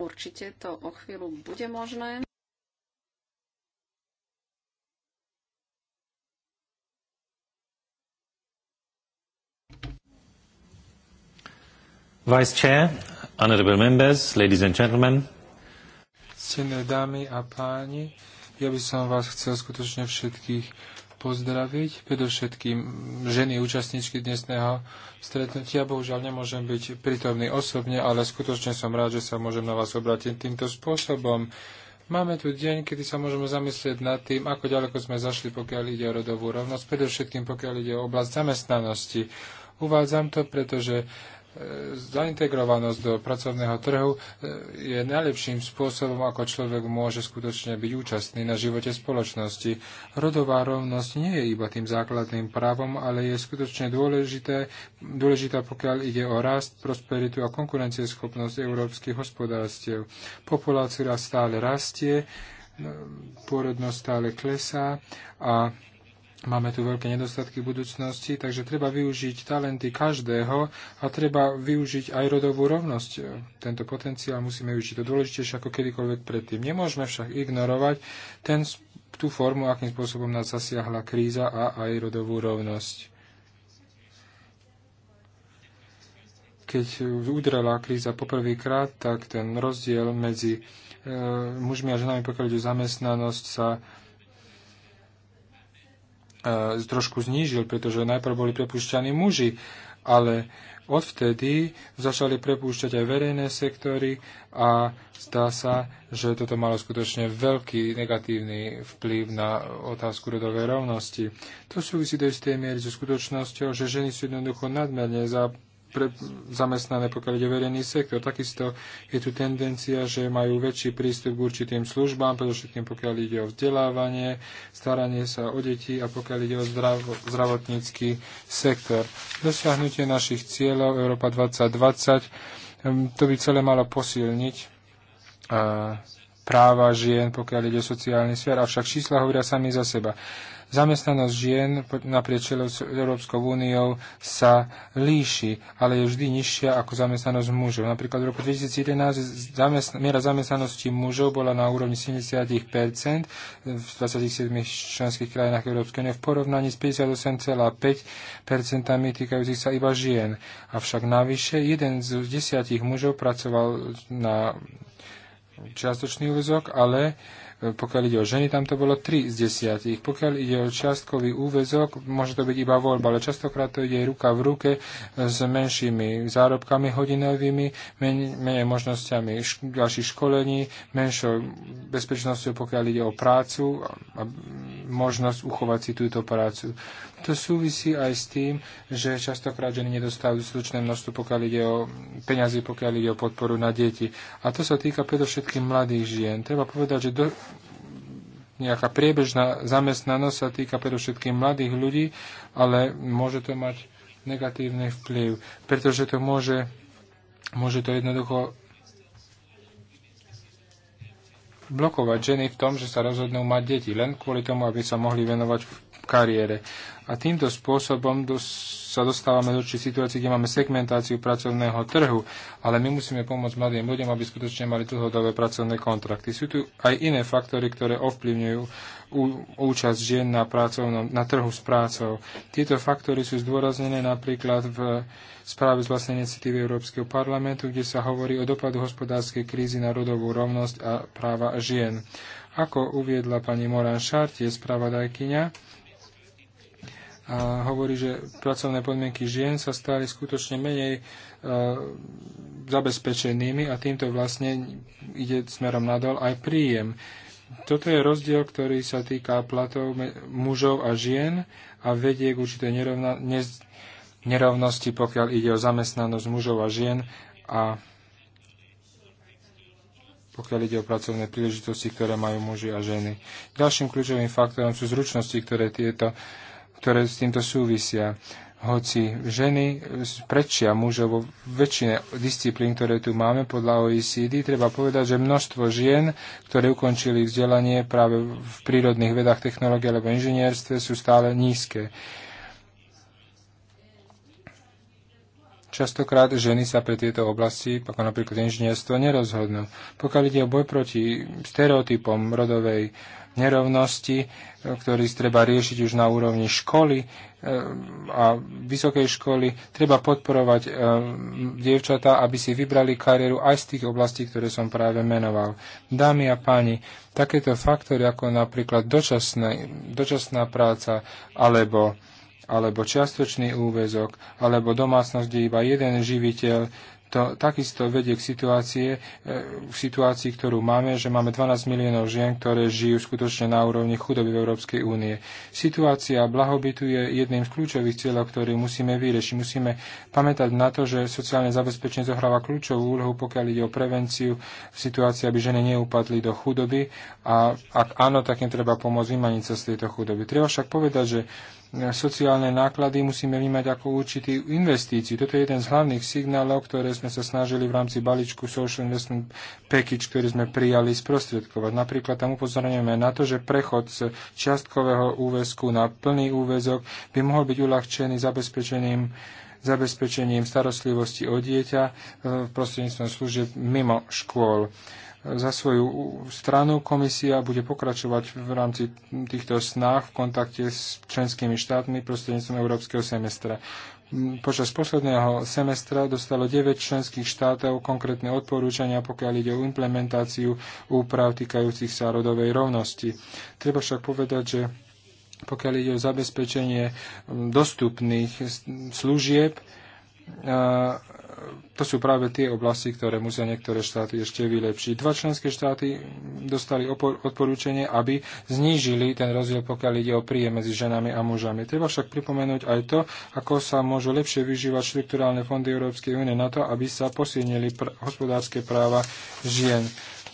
Určite to o chvíľu bude možné. Vice Chair, honorable members, ladies and gentlemen. Cine dámy a páni, ja by som vás chcel skutočne všetkých pozdraviť, predovšetkým ženy účastníčky dnesného stretnutia. Bohužiaľ nemôžem byť prítomný osobne, ale skutočne som rád, že sa môžem na vás obrátiť týmto spôsobom. Máme tu deň, kedy sa môžeme zamyslieť nad tým, ako ďaleko sme zašli, pokiaľ ide o rodovú rovnosť, predovšetkým pokiaľ ide o oblasť zamestnanosti. Uvádzam to, pretože E, zaintegrovanosť do pracovného trhu e, je najlepším spôsobom, ako človek môže skutočne byť účastný na živote spoločnosti. Rodová rovnosť nie je iba tým základným právom, ale je skutočne dôležité, dôležitá, pokiaľ ide o rast, prosperitu a konkurencieschopnosť európskych hospodárstiev. Populácia stále rastie, e, pôrodnosť stále klesá a Máme tu veľké nedostatky v budúcnosti, takže treba využiť talenty každého a treba využiť aj rodovú rovnosť. Tento potenciál musíme využiť. To dôležitejšie ako kedykoľvek predtým. Nemôžeme však ignorovať ten, tú formu, akým spôsobom nás zasiahla kríza a aj rodovú rovnosť. keď udrela kríza poprvýkrát, tak ten rozdiel medzi e, mužmi a ženami, pokiaľ ide zamestnanosť, sa trošku znížil, pretože najprv boli prepušťaní muži, ale odvtedy začali prepúšťať aj verejné sektory a zdá sa, že toto malo skutočne veľký negatívny vplyv na otázku rodovej rovnosti. To súvisí do istej miery so skutočnosťou, že ženy sú jednoducho nadmerne za pre, zamestnané, pokiaľ ide verejný sektor. Takisto je tu tendencia, že majú väčší prístup k určitým službám, predovšetkým pokiaľ ide o vzdelávanie, staranie sa o deti a pokiaľ ide o zdrav, zdravotnícky sektor. Dosiahnutie našich cieľov Európa 2020, hm, to by celé malo posilniť eh, práva žien, pokiaľ ide o sociálny sfér, avšak čísla hovoria sami za seba. Zamestnanosť žien naprieč Európskou úniou sa líši, ale je vždy nižšia ako zamestnanosť mužov. Napríklad v roku 2011 zamestn- miera zamestnanosti mužov bola na úrovni 70 v 27 členských krajinách Európskej únie v porovnaní s 58,5 týkajúcich sa iba žien. Avšak navyše jeden z desiatich mužov pracoval na čiastočný úvezok, ale pokiaľ ide o ženy, tam to bolo 3 z 10. Pokiaľ ide o čiastkový úvezok, môže to byť iba voľba, ale častokrát to ide ruka v ruke e, s menšími zárobkami hodinovými, men- menej možnosťami š- ďalších školení, menšou bezpečnosťou, pokiaľ ide o prácu a možnosť uchovať si túto prácu. To súvisí aj s tým, že častokrát ženy nedostávajú slučné množstvo, pokiaľ ide o peniazy, pokiaľ ide o podporu na deti. A to sa týka predovšetkým mladých žien. Treba povedať, že do, nejaká priebežná zamestnanosť sa týka predovšetkým mladých ľudí, ale môže to mať negatívny vplyv, pretože to môže, môže to jednoducho blokovať ženy v tom, že sa rozhodnú mať deti, len kvôli tomu, aby sa mohli venovať v kariére. A týmto spôsobom dos- sa dostávame do určitej situácie, kde máme segmentáciu pracovného trhu, ale my musíme pomôcť mladým ľuďom, aby skutočne mali dlhodobé pracovné kontrakty. Sú tu aj iné faktory, ktoré ovplyvňujú účasť žien na, pracovnom, na trhu s prácou. Tieto faktory sú zdôraznené napríklad v správe z vlastnej iniciatívy Európskeho parlamentu, kde sa hovorí o dopadu hospodárskej krízy na rodovú rovnosť a práva žien. Ako uviedla pani Moran Šartie, dajkyňa, a hovorí, že pracovné podmienky žien sa stali skutočne menej e, zabezpečenými a týmto vlastne ide smerom nadol aj príjem. Toto je rozdiel, ktorý sa týka platov mužov a žien a vedie k určitej nerovna, ne, nerovnosti, pokiaľ ide o zamestnanosť mužov a žien a pokiaľ ide o pracovné príležitosti, ktoré majú muži a ženy. Ďalším kľúčovým faktorom sú zručnosti, ktoré tieto uh, ktoré s týmto súvisia. Hoci ženy prečia mužov vo väčšine disciplín, ktoré tu máme podľa OECD, treba povedať, že množstvo žien, ktoré ukončili vzdelanie práve v prírodných vedách, technológie alebo inžinierstve, sú stále nízke. Častokrát ženy sa pre tieto oblasti, ako napríklad inžinierstvo, nerozhodnú. Pokiaľ ide o boj proti stereotypom rodovej nerovnosti, e, ktorý treba riešiť už na úrovni školy e, a vysokej školy. Treba podporovať e, dievčatá, aby si vybrali kariéru aj z tých oblastí, ktoré som práve menoval. Dámy a páni, takéto faktory ako napríklad dočasné, dočasná práca alebo alebo čiastočný úvezok, alebo domácnosť, kde iba jeden živiteľ to takisto vedie k situácie, e, v situácii, ktorú máme, že máme 12 miliónov žien, ktoré žijú skutočne na úrovni chudoby v Európskej únie. Situácia blahobytu je jedným z kľúčových cieľov, ktorý musíme vyriešiť. Musíme pamätať na to, že sociálne zabezpečenie zohráva kľúčovú úlohu, pokiaľ ide o prevenciu v situácii, aby ženy neupadli do chudoby a ak áno, tak im treba pomôcť vymaniť sa z tejto chudoby. Treba však povedať, že sociálne náklady musíme vnímať ako určitý investíciu. Toto je jeden z hlavných signálov, ktoré sme sa snažili v rámci balíčku Social Investment Package, ktorý sme prijali sprostredkovať. Napríklad tam upozorňujeme na to, že prechod z čiastkového úväzku na plný úväzok by mohol byť uľahčený zabezpečením zabezpečením starostlivosti o dieťa eh, prostredníctvom služieb mimo škôl za svoju stranu. Komisia bude pokračovať v rámci týchto snách v kontakte s členskými štátmi prostredníctvom Európskeho semestra. Počas posledného semestra dostalo 9 členských štátov konkrétne odporúčania, pokiaľ ide o implementáciu úprav týkajúcich sa rodovej rovnosti. Treba však povedať, že pokiaľ ide o zabezpečenie dostupných služieb, to sú práve tie oblasti, ktoré musia niektoré štáty ešte vylepšiť. Dva členské štáty dostali odporúčanie, aby znížili ten rozdiel, pokiaľ ide o príjem medzi ženami a mužami. Treba však pripomenúť aj to, ako sa môžu lepšie vyžívať štrukturálne fondy Európskej únie na to, aby sa posilnili pr- hospodárske práva žien.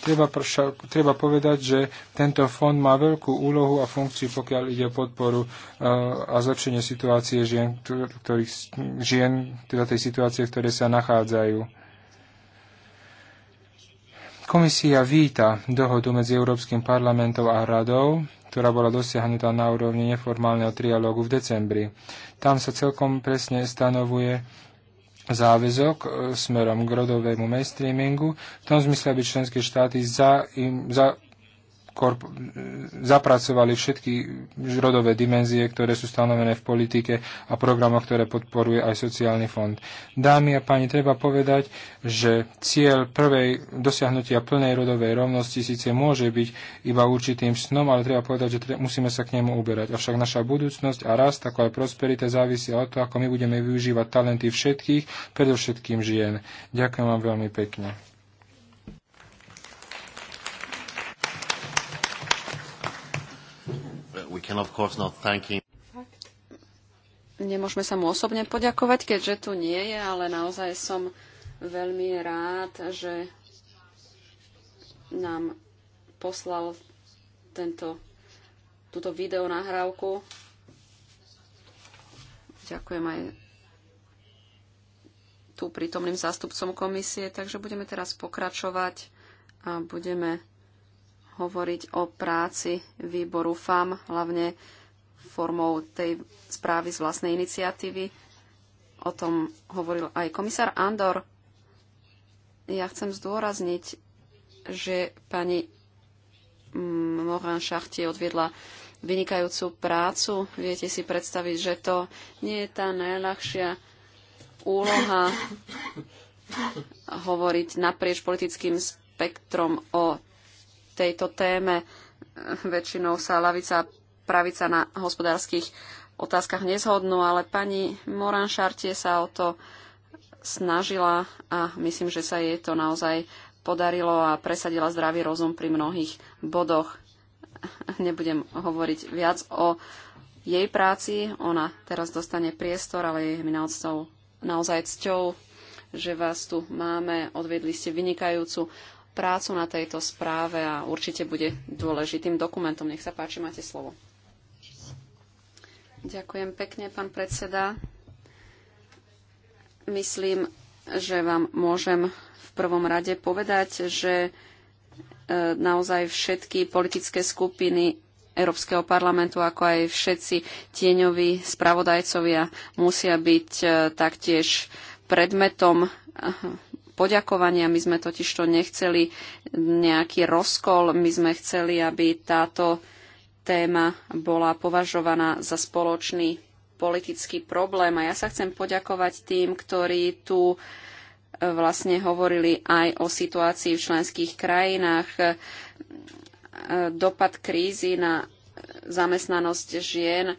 Treba, však, treba povedať, že tento fond má veľkú úlohu a funkciu, pokiaľ ide o podporu uh, a zlepšenie situácie žien, ktorých, žien, teda tej situácie, v ktorej sa nachádzajú. Komisia víta dohodu medzi Európskym parlamentom a radou, ktorá bola dosiahnutá na úrovni neformálneho trialógu v decembri. Tam sa celkom presne stanovuje, záväzok e, smerom k rodovému mainstreamingu, v tom zmysle, aby členské štáty za, im, za, zapracovali všetky rodové dimenzie, ktoré sú stanovené v politike a programoch, ktoré podporuje aj sociálny fond. Dámy a páni, treba povedať, že cieľ prvej dosiahnutia plnej rodovej rovnosti síce môže byť iba určitým snom, ale treba povedať, že musíme sa k nemu uberať. Avšak naša budúcnosť a rast, ako aj prosperita závisia od toho, ako my budeme využívať talenty všetkých, predovšetkým žien. Ďakujem vám veľmi pekne. Nemôžeme sa mu osobne poďakovať, keďže tu nie je, ale naozaj som veľmi rád, že nám poslal tento, túto videonahrávku. Ďakujem aj tu prítomným zástupcom komisie, takže budeme teraz pokračovať a budeme hovoriť o práci výboru FAM, hlavne formou tej správy z vlastnej iniciatívy. O tom hovoril aj komisár Andor. Ja chcem zdôrazniť, že pani Morán Šachtie odviedla vynikajúcu prácu. Viete si predstaviť, že to nie je tá najľahšia úloha hovoriť naprieč politickým spektrom o tejto téme. Väčšinou sa lavica a pravica na hospodárskych otázkach nezhodnú, ale pani Moran Šartie sa o to snažila a myslím, že sa jej to naozaj podarilo a presadila zdravý rozum pri mnohých bodoch. Nebudem hovoriť viac o jej práci. Ona teraz dostane priestor, ale je mi naozaj cťou, že vás tu máme. Odvedli ste vynikajúcu prácu na tejto správe a určite bude dôležitým dokumentom. Nech sa páči, máte slovo. Ďakujem pekne, pán predseda. Myslím, že vám môžem v prvom rade povedať, že e, naozaj všetky politické skupiny Európskeho parlamentu, ako aj všetci tieňoví spravodajcovia musia byť e, taktiež predmetom poďakovania. My sme totiž to nechceli nejaký rozkol, my sme chceli, aby táto téma bola považovaná za spoločný politický problém. A ja sa chcem poďakovať tým, ktorí tu e, vlastne hovorili aj o situácii v členských krajinách, e, dopad krízy na zamestnanosť žien,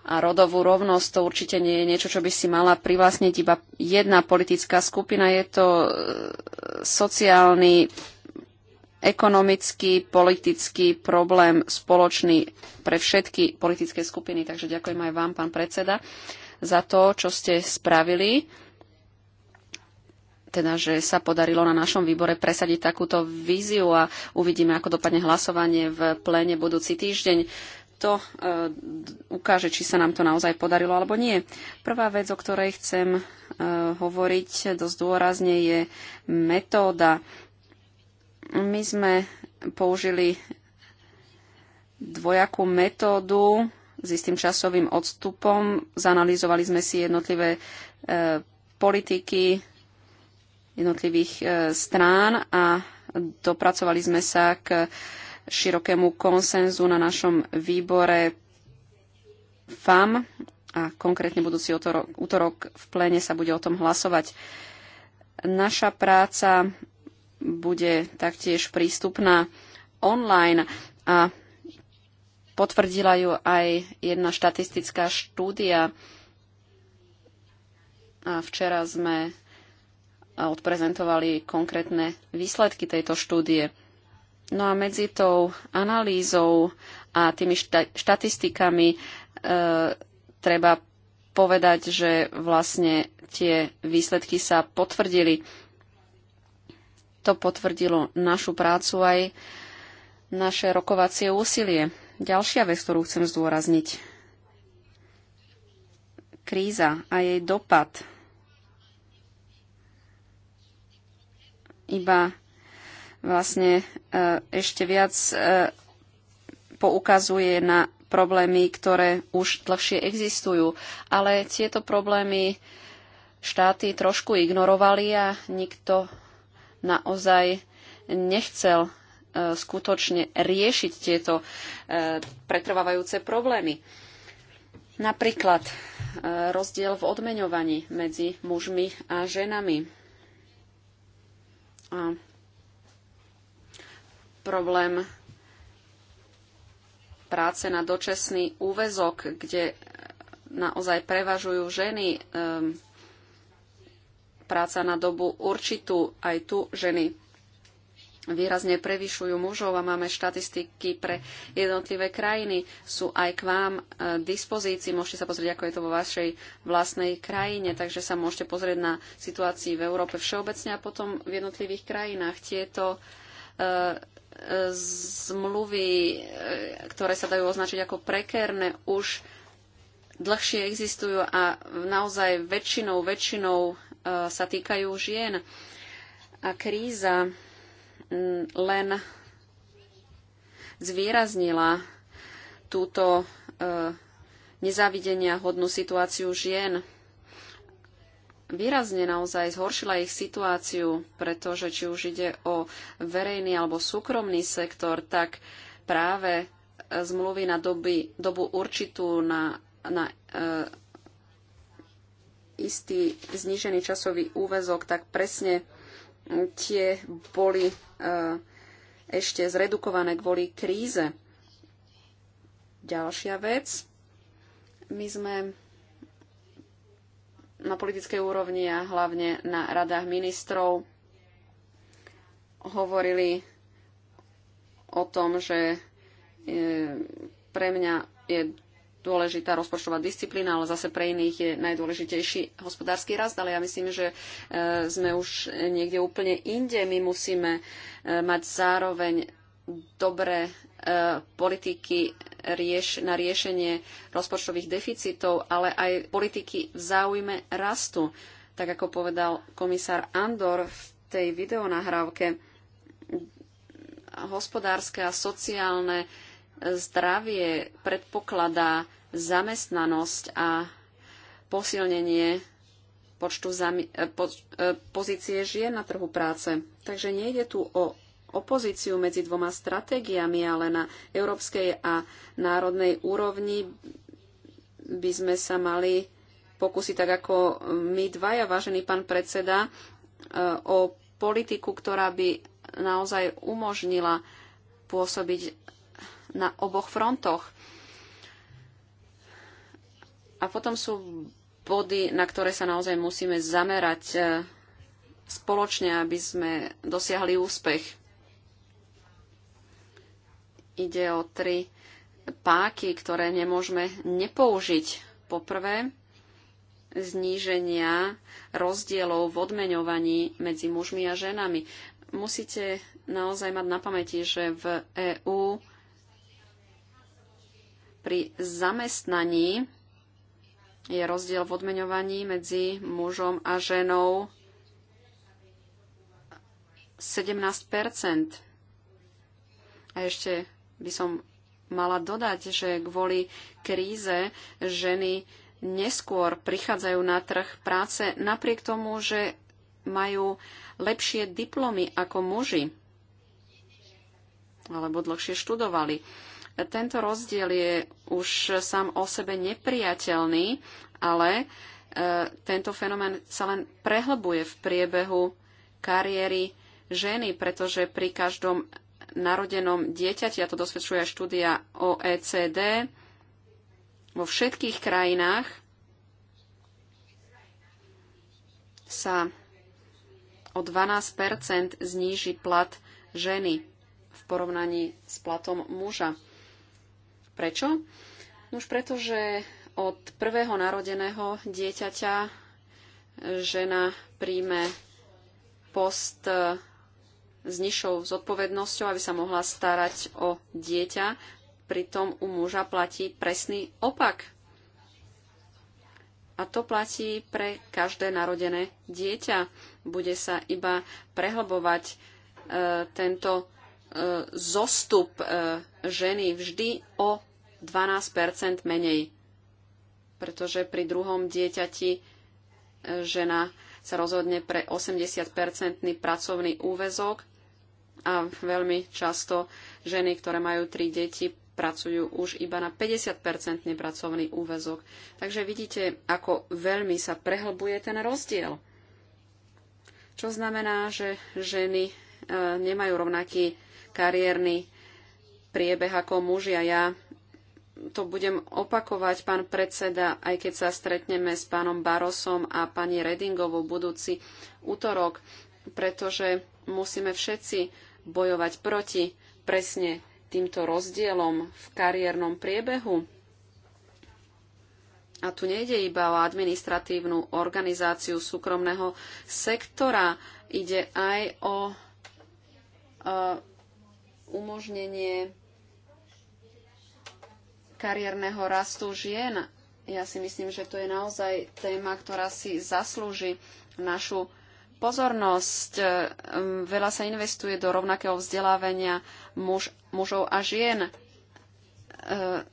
a rodovú rovnosť to určite nie je niečo, čo by si mala privlastniť iba jedna politická skupina. Je to e, sociálny, ekonomický, politický problém spoločný pre všetky politické skupiny. Takže ďakujem aj vám, pán predseda, za to, čo ste spravili teda, že sa podarilo na našom výbore presadiť takúto víziu a uvidíme, ako dopadne hlasovanie v pléne budúci týždeň to e, ukáže, či sa nám to naozaj podarilo alebo nie. Prvá vec, o ktorej chcem e, hovoriť dosť dôrazne, je metóda. My sme použili dvojakú metódu s istým časovým odstupom. Zanalizovali sme si jednotlivé e, politiky jednotlivých e, strán a dopracovali sme sa k širokému konsenzu na našom výbore FAM a konkrétne budúci útorok, útorok v pléne sa bude o tom hlasovať. Naša práca bude taktiež prístupná online a potvrdila ju aj jedna štatistická štúdia. A včera sme odprezentovali konkrétne výsledky tejto štúdie. No a medzi tou analýzou a tými šta- štatistikami e, treba povedať, že vlastne tie výsledky sa potvrdili. To potvrdilo našu prácu aj naše rokovacie úsilie. Ďalšia vec, ktorú chcem zdôrazniť. Kríza a jej dopad iba vlastne e, ešte viac e, poukazuje na problémy, ktoré už dlhšie existujú. Ale tieto problémy štáty trošku ignorovali a nikto naozaj nechcel e, skutočne riešiť tieto pretrvávajúce problémy. Napríklad rozdiel v odmeňovaní medzi mužmi a ženami. A problém práce na dočasný úvezok, kde naozaj prevažujú ženy. Ehm, práca na dobu určitú, aj tu ženy výrazne prevyšujú mužov a máme štatistiky pre jednotlivé krajiny. Sú aj k vám e, dispozícii, môžete sa pozrieť, ako je to vo vašej vlastnej krajine, takže sa môžete pozrieť na situácii v Európe všeobecne a potom v jednotlivých krajinách. Tieto e, zmluvy, e, ktoré sa dajú označiť ako prekérne, už dlhšie existujú a naozaj väčšinou, väčšinou e, sa týkajú žien. A kríza len zvýraznila túto e, nezávidenia hodnú situáciu žien výrazne naozaj zhoršila ich situáciu, pretože či už ide o verejný alebo súkromný sektor, tak práve e, zmluvy na doby, dobu určitú na, na e, istý znížený časový úvezok, tak presne tie boli e, ešte zredukované kvôli kríze. Ďalšia vec. My sme na politickej úrovni a hlavne na radách ministrov hovorili o tom, že e, pre mňa je dôležitá rozpočtová disciplína, ale zase pre iných je najdôležitejší hospodársky rast, ale ja myslím, že e, sme už niekde úplne inde. My musíme e, mať zároveň dobré e, politiky rieš, na riešenie rozpočtových deficitov, ale aj politiky v záujme rastu. Tak ako povedal komisár Andor v tej videonahrávke, hospodárske a sociálne zdravie predpokladá zamestnanosť a posilnenie počtu zami- e, po- e, pozície žien na trhu práce. Takže nejde tu o opozíciu medzi dvoma stratégiami, ale na európskej a národnej úrovni by sme sa mali pokúsiť, tak ako my dvaja, vážený pán predseda, e, o politiku, ktorá by naozaj umožnila pôsobiť na oboch frontoch. A potom sú body, na ktoré sa naozaj musíme zamerať e, spoločne, aby sme dosiahli úspech. Ide o tri páky, ktoré nemôžeme nepoužiť. Poprvé, zníženia rozdielov v odmeňovaní medzi mužmi a ženami. Musíte naozaj mať na pamäti, že v EÚ pri zamestnaní je rozdiel v odmeňovaní medzi mužom a ženou 17 A ešte by som mala dodať, že kvôli kríze ženy neskôr prichádzajú na trh práce napriek tomu, že majú lepšie diplomy ako muži alebo dlhšie študovali. Tento rozdiel je už sám o sebe nepriateľný, ale e, tento fenomén sa len prehlbuje v priebehu kariéry ženy, pretože pri každom narodenom dieťati, a to dosvedčuje štúdia OECD, vo všetkých krajinách sa o 12 zníži plat ženy v porovnaní s platom muža. Prečo? No už preto, že od prvého narodeného dieťaťa žena príjme post s nižšou zodpovednosťou, aby sa mohla starať o dieťa, pritom u muža platí presný opak. A to platí pre každé narodené dieťa. Bude sa iba prehlbovať e, tento e, zostup e, ženy vždy o 12 menej. Pretože pri druhom dieťati e, žena sa rozhodne pre 80-percentný pracovný úvezok a veľmi často ženy, ktoré majú tri deti, pracujú už iba na 50-percentný pracovný úvezok. Takže vidíte, ako veľmi sa prehlbuje ten rozdiel. Čo znamená, že ženy e, nemajú rovnaký kariérny priebeh ako muži a ja to budem opakovať, pán predseda, aj keď sa stretneme s pánom Barosom a pani Redingovou budúci útorok, pretože musíme všetci bojovať proti presne týmto rozdielom v kariérnom priebehu. A tu nejde iba o administratívnu organizáciu súkromného sektora, ide aj o e, umožnenie kariérneho rastu žien. Ja si myslím, že to je naozaj téma, ktorá si zaslúži našu pozornosť. Ehm, veľa sa investuje do rovnakého vzdelávania muž, mužov a žien. Ehm,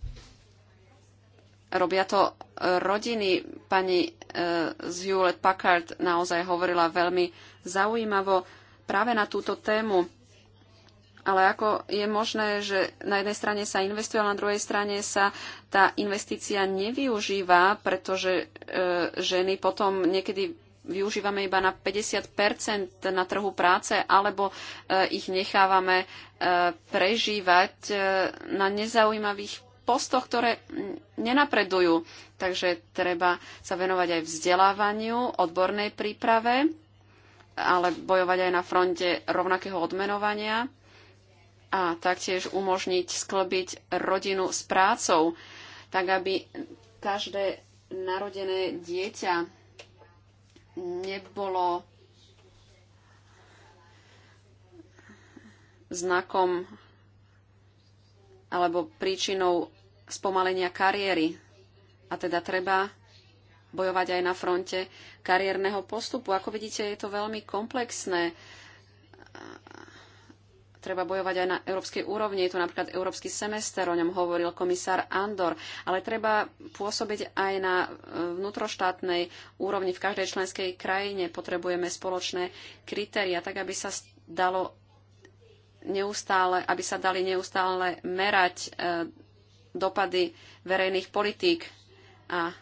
robia to rodiny. Pani ehm, z Hewlett Packard naozaj hovorila veľmi zaujímavo práve na túto tému. Ale ako je možné, že na jednej strane sa investuje, ale na druhej strane sa tá investícia nevyužíva, pretože e, ženy potom niekedy využívame iba na 50 na trhu práce, alebo e, ich nechávame e, prežívať e, na nezaujímavých postoch, ktoré nenapredujú. Takže treba sa venovať aj vzdelávaniu, odbornej príprave ale bojovať aj na fronte rovnakého odmenovania a taktiež umožniť sklbiť rodinu s prácou, tak aby každé narodené dieťa nebolo znakom alebo príčinou spomalenia kariéry. A teda treba bojovať aj na fronte kariérneho postupu. Ako vidíte, je to veľmi komplexné treba bojovať aj na európskej úrovni. Je tu napríklad európsky semester, o ňom hovoril komisár Andor, ale treba pôsobiť aj na e, vnútroštátnej úrovni v každej členskej krajine. Potrebujeme spoločné kritéria, tak aby sa dalo neustále, aby sa dali neustále merať e, dopady verejných politík a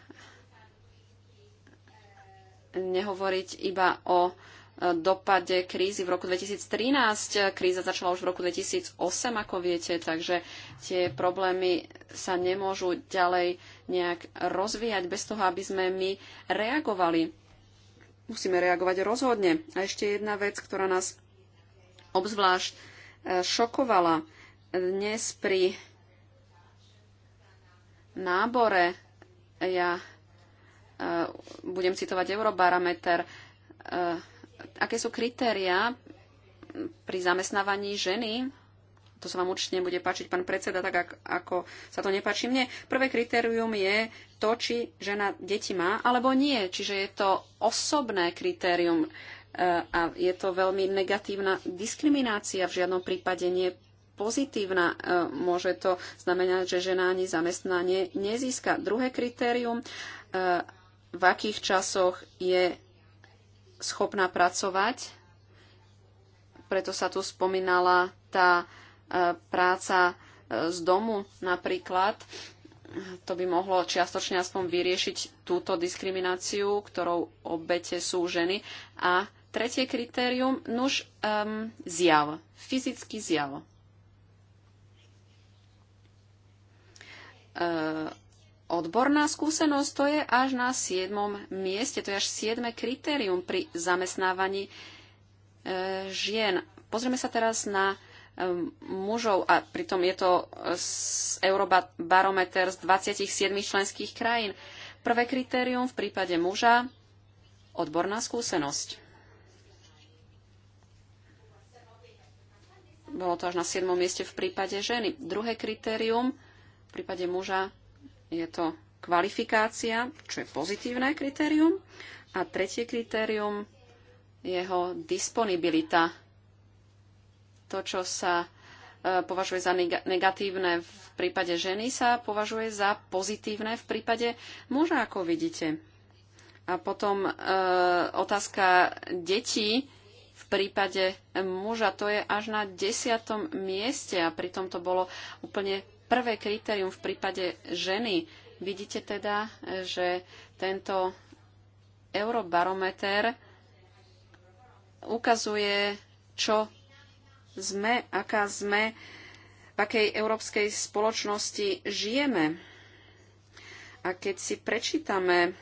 nehovoriť iba o dopade krízy v roku 2013. Kríza začala už v roku 2008, ako viete, takže tie problémy sa nemôžu ďalej nejak rozvíjať bez toho, aby sme my reagovali. Musíme reagovať rozhodne. A ešte jedna vec, ktorá nás obzvlášť e, šokovala dnes pri nábore. Ja e, budem citovať Eurobarometer e, aké sú kritéria pri zamestnávaní ženy to sa vám určite nebude páčiť, pán predseda, tak ako sa to nepáči mne. Prvé kritérium je to, či žena deti má alebo nie. Čiže je to osobné kritérium e, a je to veľmi negatívna diskriminácia, v žiadnom prípade nie pozitívna. E, môže to znamenať, že žena ani zamestnanie nezíska. Druhé kritérium, e, v akých časoch je schopná pracovať. Preto sa tu spomínala tá e, práca e, z domu napríklad. To by mohlo čiastočne aspoň vyriešiť túto diskrimináciu, ktorou obete sú ženy. A tretie kritérium, nuž um, zjav, fyzický zjav. Uh, Odborná skúsenosť to je až na 7. mieste, to je až 7. kritérium pri zamestnávaní e, žien. Pozrieme sa teraz na e, mužov a pritom je to z e, Eurobarometer z 27 členských krajín. Prvé kritérium v prípade muža odborná skúsenosť. Bolo to až na 7. mieste v prípade ženy. Druhé kritérium v prípade muža je to kvalifikácia, čo je pozitívne kritérium. A tretie kritérium, jeho disponibilita. To, čo sa e, považuje za negatívne v prípade ženy, sa považuje za pozitívne v prípade muža, ako vidíte. A potom e, otázka detí v prípade muža, to je až na desiatom mieste a pritom to bolo úplne prvé kritérium v prípade ženy. Vidíte teda, že tento eurobarometer ukazuje, čo sme, aká sme, v akej európskej spoločnosti žijeme. A keď si prečítame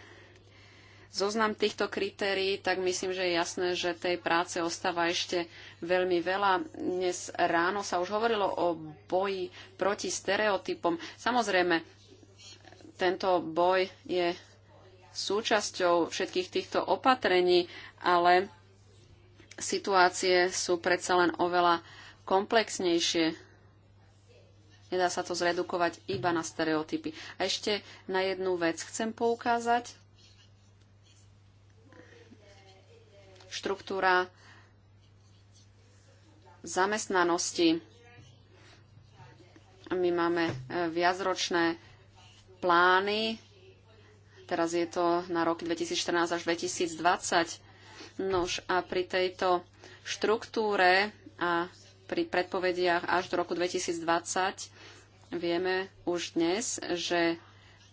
zoznam týchto kritérií, tak myslím, že je jasné, že tej práce ostáva ešte veľmi veľa. Dnes ráno sa už hovorilo o boji proti stereotypom. Samozrejme, tento boj je súčasťou všetkých týchto opatrení, ale situácie sú predsa len oveľa komplexnejšie. Nedá sa to zredukovať iba na stereotypy. A ešte na jednu vec chcem poukázať. štruktúra zamestnanosti. My máme e, viacročné plány. Teraz je to na rok 2014 až 2020. Nož a pri tejto štruktúre a pri predpovediach až do roku 2020 vieme už dnes, že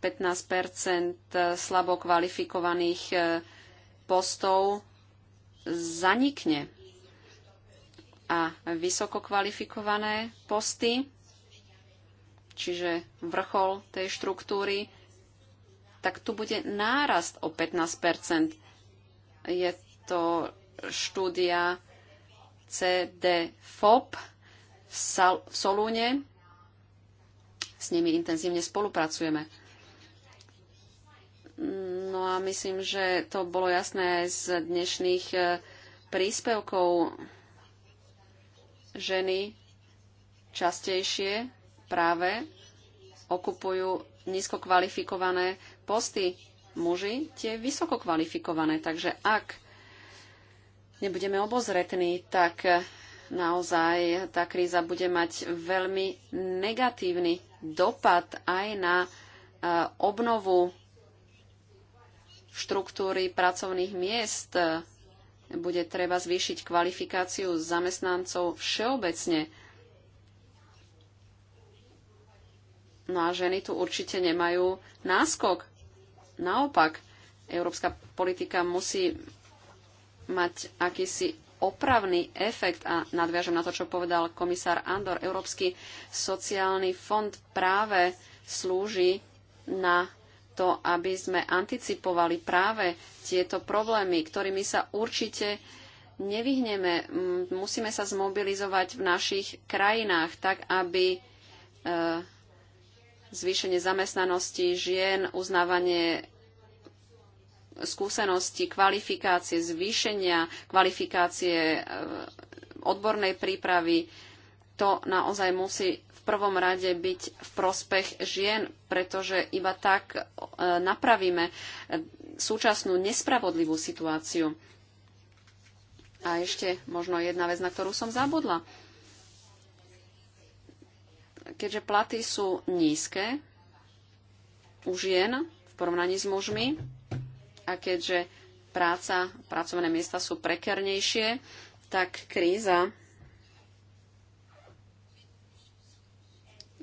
15 slabo kvalifikovaných e, postov zanikne. A vysoko kvalifikované posty, čiže vrchol tej štruktúry, tak tu bude nárast o 15 Je to štúdia CDFOP v Solúne. S nimi intenzívne spolupracujeme. No a myslím, že to bolo jasné aj z dnešných e, príspevkov ženy častejšie práve okupujú nízko kvalifikované posty, muži tie vysoko kvalifikované. Takže ak nebudeme obozretní, tak naozaj tá kríza bude mať veľmi negatívny dopad aj na e, obnovu štruktúry pracovných miest. Bude treba zvýšiť kvalifikáciu zamestnancov všeobecne. No a ženy tu určite nemajú náskok. Naopak, európska politika musí mať akýsi opravný efekt a nadviažem na to, čo povedal komisár Andor. Európsky sociálny fond práve slúži na to, aby sme anticipovali práve tieto problémy, ktorými sa určite nevyhneme. Musíme sa zmobilizovať v našich krajinách tak, aby e, zvýšenie zamestnanosti žien, uznávanie skúsenosti, kvalifikácie, zvýšenia kvalifikácie e, odbornej prípravy, to naozaj musí prvom rade byť v prospech žien, pretože iba tak e, napravíme e, súčasnú nespravodlivú situáciu. A ešte možno jedna vec, na ktorú som zabudla. Keďže platy sú nízke u žien v porovnaní s mužmi a keďže práca, pracovné miesta sú prekernejšie, tak kríza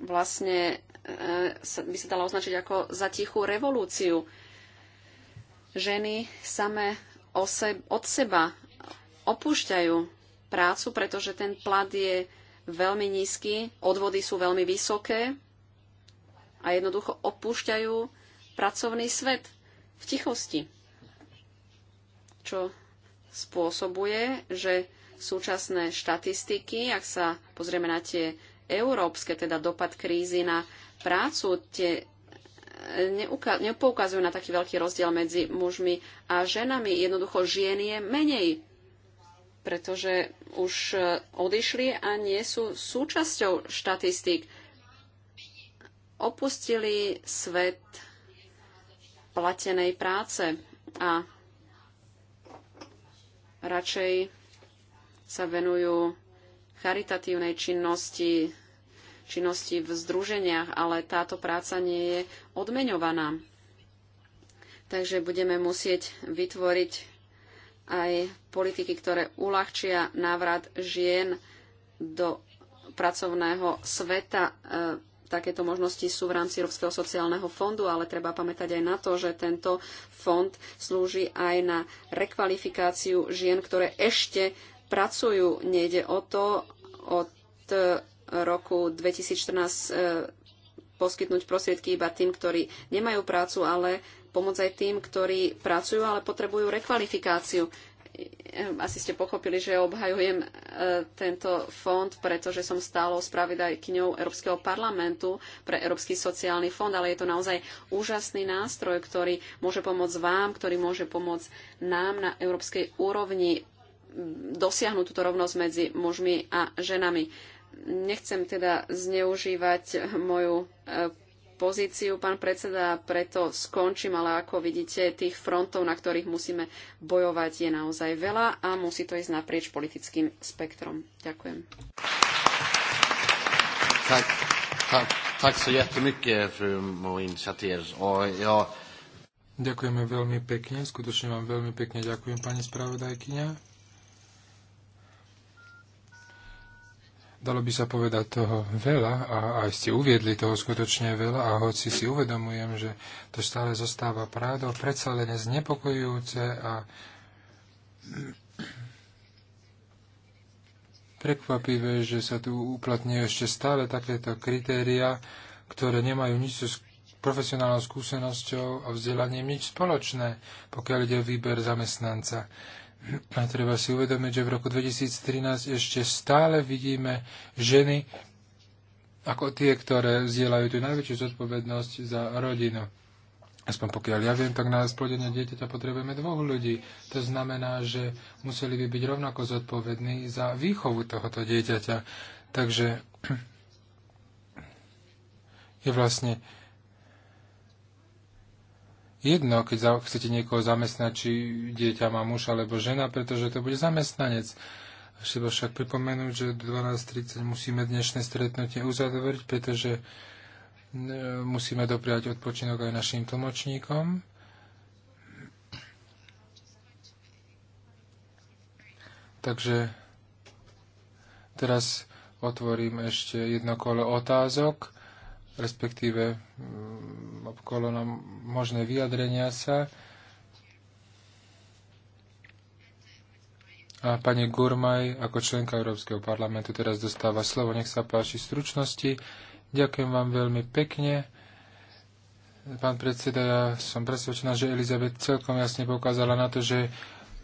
vlastne e, by sa dala označiť ako za tichú revolúciu. Ženy same od seba opúšťajú prácu, pretože ten plat je veľmi nízky, odvody sú veľmi vysoké a jednoducho opúšťajú pracovný svet v tichosti. Čo spôsobuje, že súčasné štatistiky, ak sa pozrieme na tie európske, teda dopad krízy na prácu, tie e, nepoukazujú na taký veľký rozdiel medzi mužmi a ženami. Jednoducho žien je menej, pretože už e, odišli a nie sú súčasťou štatistík. Opustili svet platenej práce a radšej sa venujú charitatívnej činnosti, činnosti v združeniach, ale táto práca nie je odmeňovaná. Takže budeme musieť vytvoriť aj politiky, ktoré uľahčia návrat žien do pracovného sveta. E, takéto možnosti sú v rámci Európskeho sociálneho fondu, ale treba pamätať aj na to, že tento fond slúži aj na rekvalifikáciu žien, ktoré ešte pracujú. Nejde o to od e, roku 2014 e, poskytnúť prostriedky iba tým, ktorí nemajú prácu, ale pomôcť aj tým, ktorí pracujú, ale potrebujú rekvalifikáciu. E, asi ste pochopili, že obhajujem tento fond, pretože som stálou spravodajkyňou Európskeho parlamentu pre Európsky sociálny fond, ale je to naozaj úžasný nástroj, ktorý môže pomôcť vám, ktorý môže pomôcť nám na európskej úrovni dosiahnuť túto rovnosť medzi mužmi a ženami. Nechcem teda zneužívať moju e, pozíciu, pán predseda, preto skončím, ale ako vidíte, tých frontov, na ktorých musíme bojovať, je naozaj veľa a musí to ísť naprieč politickým spektrom. Ďakujem. Tak, tak, tak so Ďakujeme veľmi pekne, skutočne vám veľmi pekne ďakujem, pani spravodajkyňa. Dalo by sa povedať toho veľa a aj ste uviedli toho skutočne veľa a hoci si uvedomujem, že to stále zostáva pravdou, predsa len znepokojujúce a prekvapivé, že sa tu uplatňujú ešte stále takéto kritéria, ktoré nemajú nič so profesionálnou skúsenosťou a vzdelaním nič spoločné, pokiaľ ide o výber zamestnanca. A treba si uvedomiť, že v roku 2013 ešte stále vidíme ženy ako tie, ktoré vzdielajú tú najväčšiu zodpovednosť za rodinu. Aspoň pokiaľ ja viem, tak na splodenie dieťaťa potrebujeme dvoch ľudí. To znamená, že museli by byť rovnako zodpovední za výchovu tohoto dieťaťa. Takže je vlastne jedno, keď chcete niekoho zamestnať, či dieťa má muž alebo žena, pretože to bude zamestnanec. Treba však pripomenúť, že do 12.30 musíme dnešné stretnutie uzatvoriť, pretože e, musíme dopriať odpočinok aj našim tlmočníkom. Takže teraz otvorím ešte jedno kolo otázok respektíve mm, obkolo nám možné vyjadrenia sa. A pani Gurmaj ako členka Európskeho parlamentu teraz dostáva slovo. Nech sa páči stručnosti. Ďakujem vám veľmi pekne. Pán predseda, ja som presvedčená, že Elizabet celkom jasne pokázala na to, že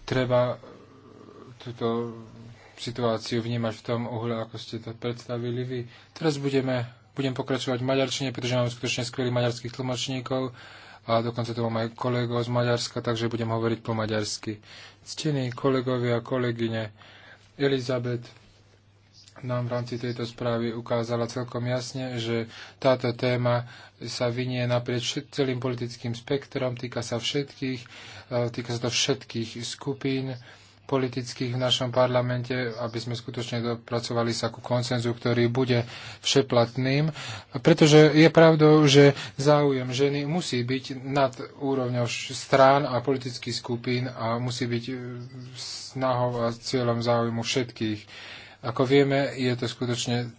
treba túto situáciu vnímať v tom uhle, ako ste to predstavili vy. Teraz budeme budem pokračovať v maďarčine, pretože mám skutočne skvelých maďarských tlmočníkov a dokonca tu mám aj kolegov z Maďarska, takže budem hovoriť po maďarsky. Ctení kolegovia a kolegyne, Elizabet nám v rámci tejto správy ukázala celkom jasne, že táto téma sa vynie naprieč celým politickým spektrom, týka sa všetkých, e, týka sa to všetkých skupín politických v našom parlamente, aby sme skutočne dopracovali sa ku koncenzu, ktorý bude všeplatným. Pretože je pravdou, že záujem ženy musí byť nad úrovňou strán a politických skupín a musí byť e, snahou a cieľom záujmu všetkých. Ako vieme, je to skutočne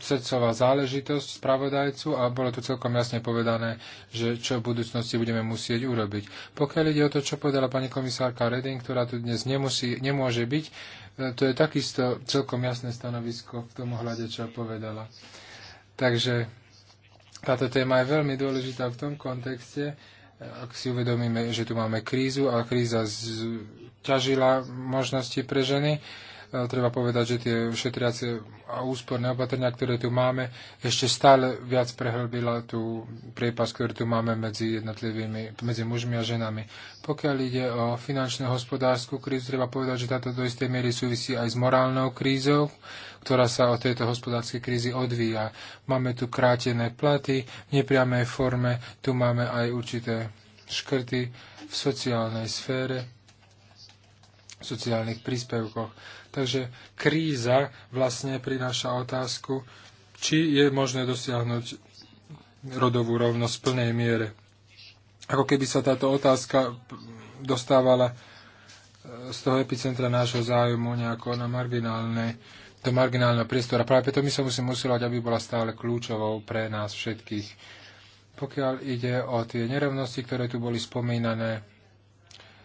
srdcová záležitosť spravodajcu a bolo tu celkom jasne povedané, že čo v budúcnosti budeme musieť urobiť. Pokiaľ ide o to, čo povedala pani komisárka Reding, ktorá tu dnes nemusí, nemôže byť, e, to je takisto celkom jasné stanovisko v tom hľade, čo povedala. Takže táto téma je veľmi dôležitá v tom kontexte, ak si uvedomíme, že tu máme krízu a kríza ťažila možnosti pre ženy, treba povedať, že tie šetriace a úsporné opatrenia, ktoré tu máme, ešte stále viac prehlbila tú priepas, ktorú tu máme medzi jednotlivými, medzi mužmi a ženami. Pokiaľ ide o finančnú hospodárskú krízu, treba povedať, že táto do istej miery súvisí aj s morálnou krízou, ktorá sa od tejto hospodárskej krízy odvíja. Máme tu krátené platy v nepriamej forme, tu máme aj určité škrty v sociálnej sfére, v sociálnych príspevkoch Takže kríza vlastne prináša otázku, či je možné dosiahnuť rodovú rovnosť v plnej miere. Ako keby sa táto otázka dostávala e, z toho epicentra nášho zájmu, nejako na marginálne, do marginálneho priestora. Práve preto my sa musíme usilovať, aby bola stále kľúčovou pre nás všetkých. Pokiaľ ide o tie nerovnosti, ktoré tu boli spomínané,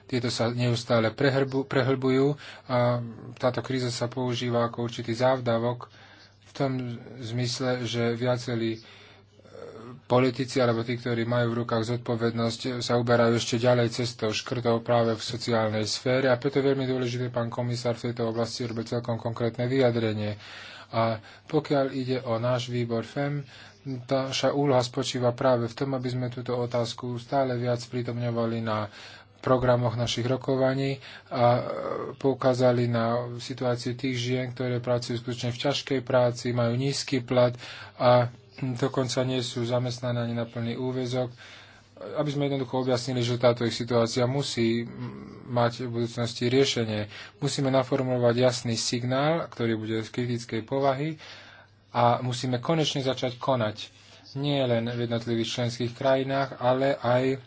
tieto sa neustále prehlbujú a táto kríza sa používa ako určitý závdavok v tom zmysle, že viacerí e, politici alebo tí, ktorí majú v rukách zodpovednosť, sa uberajú ešte ďalej cestou škrtov práve v sociálnej sfére a preto je veľmi dôležité, pán komisár, v tejto oblasti robí celkom konkrétne vyjadrenie. A pokiaľ ide o náš výbor FEM, tá úloha spočíva práve v tom, aby sme túto otázku stále viac prítomňovali na programoch našich rokovaní a e, poukázali na situáciu tých žien, ktoré pracujú skutočne v ťažkej práci, majú nízky plat a dokonca nie sú zamestnané ani na plný úvezok aby sme jednoducho objasnili, že táto ich situácia musí mať v budúcnosti riešenie. Musíme naformulovať jasný signál, ktorý bude z kritickej povahy a musíme konečne začať konať. Nie len v jednotlivých členských krajinách, ale aj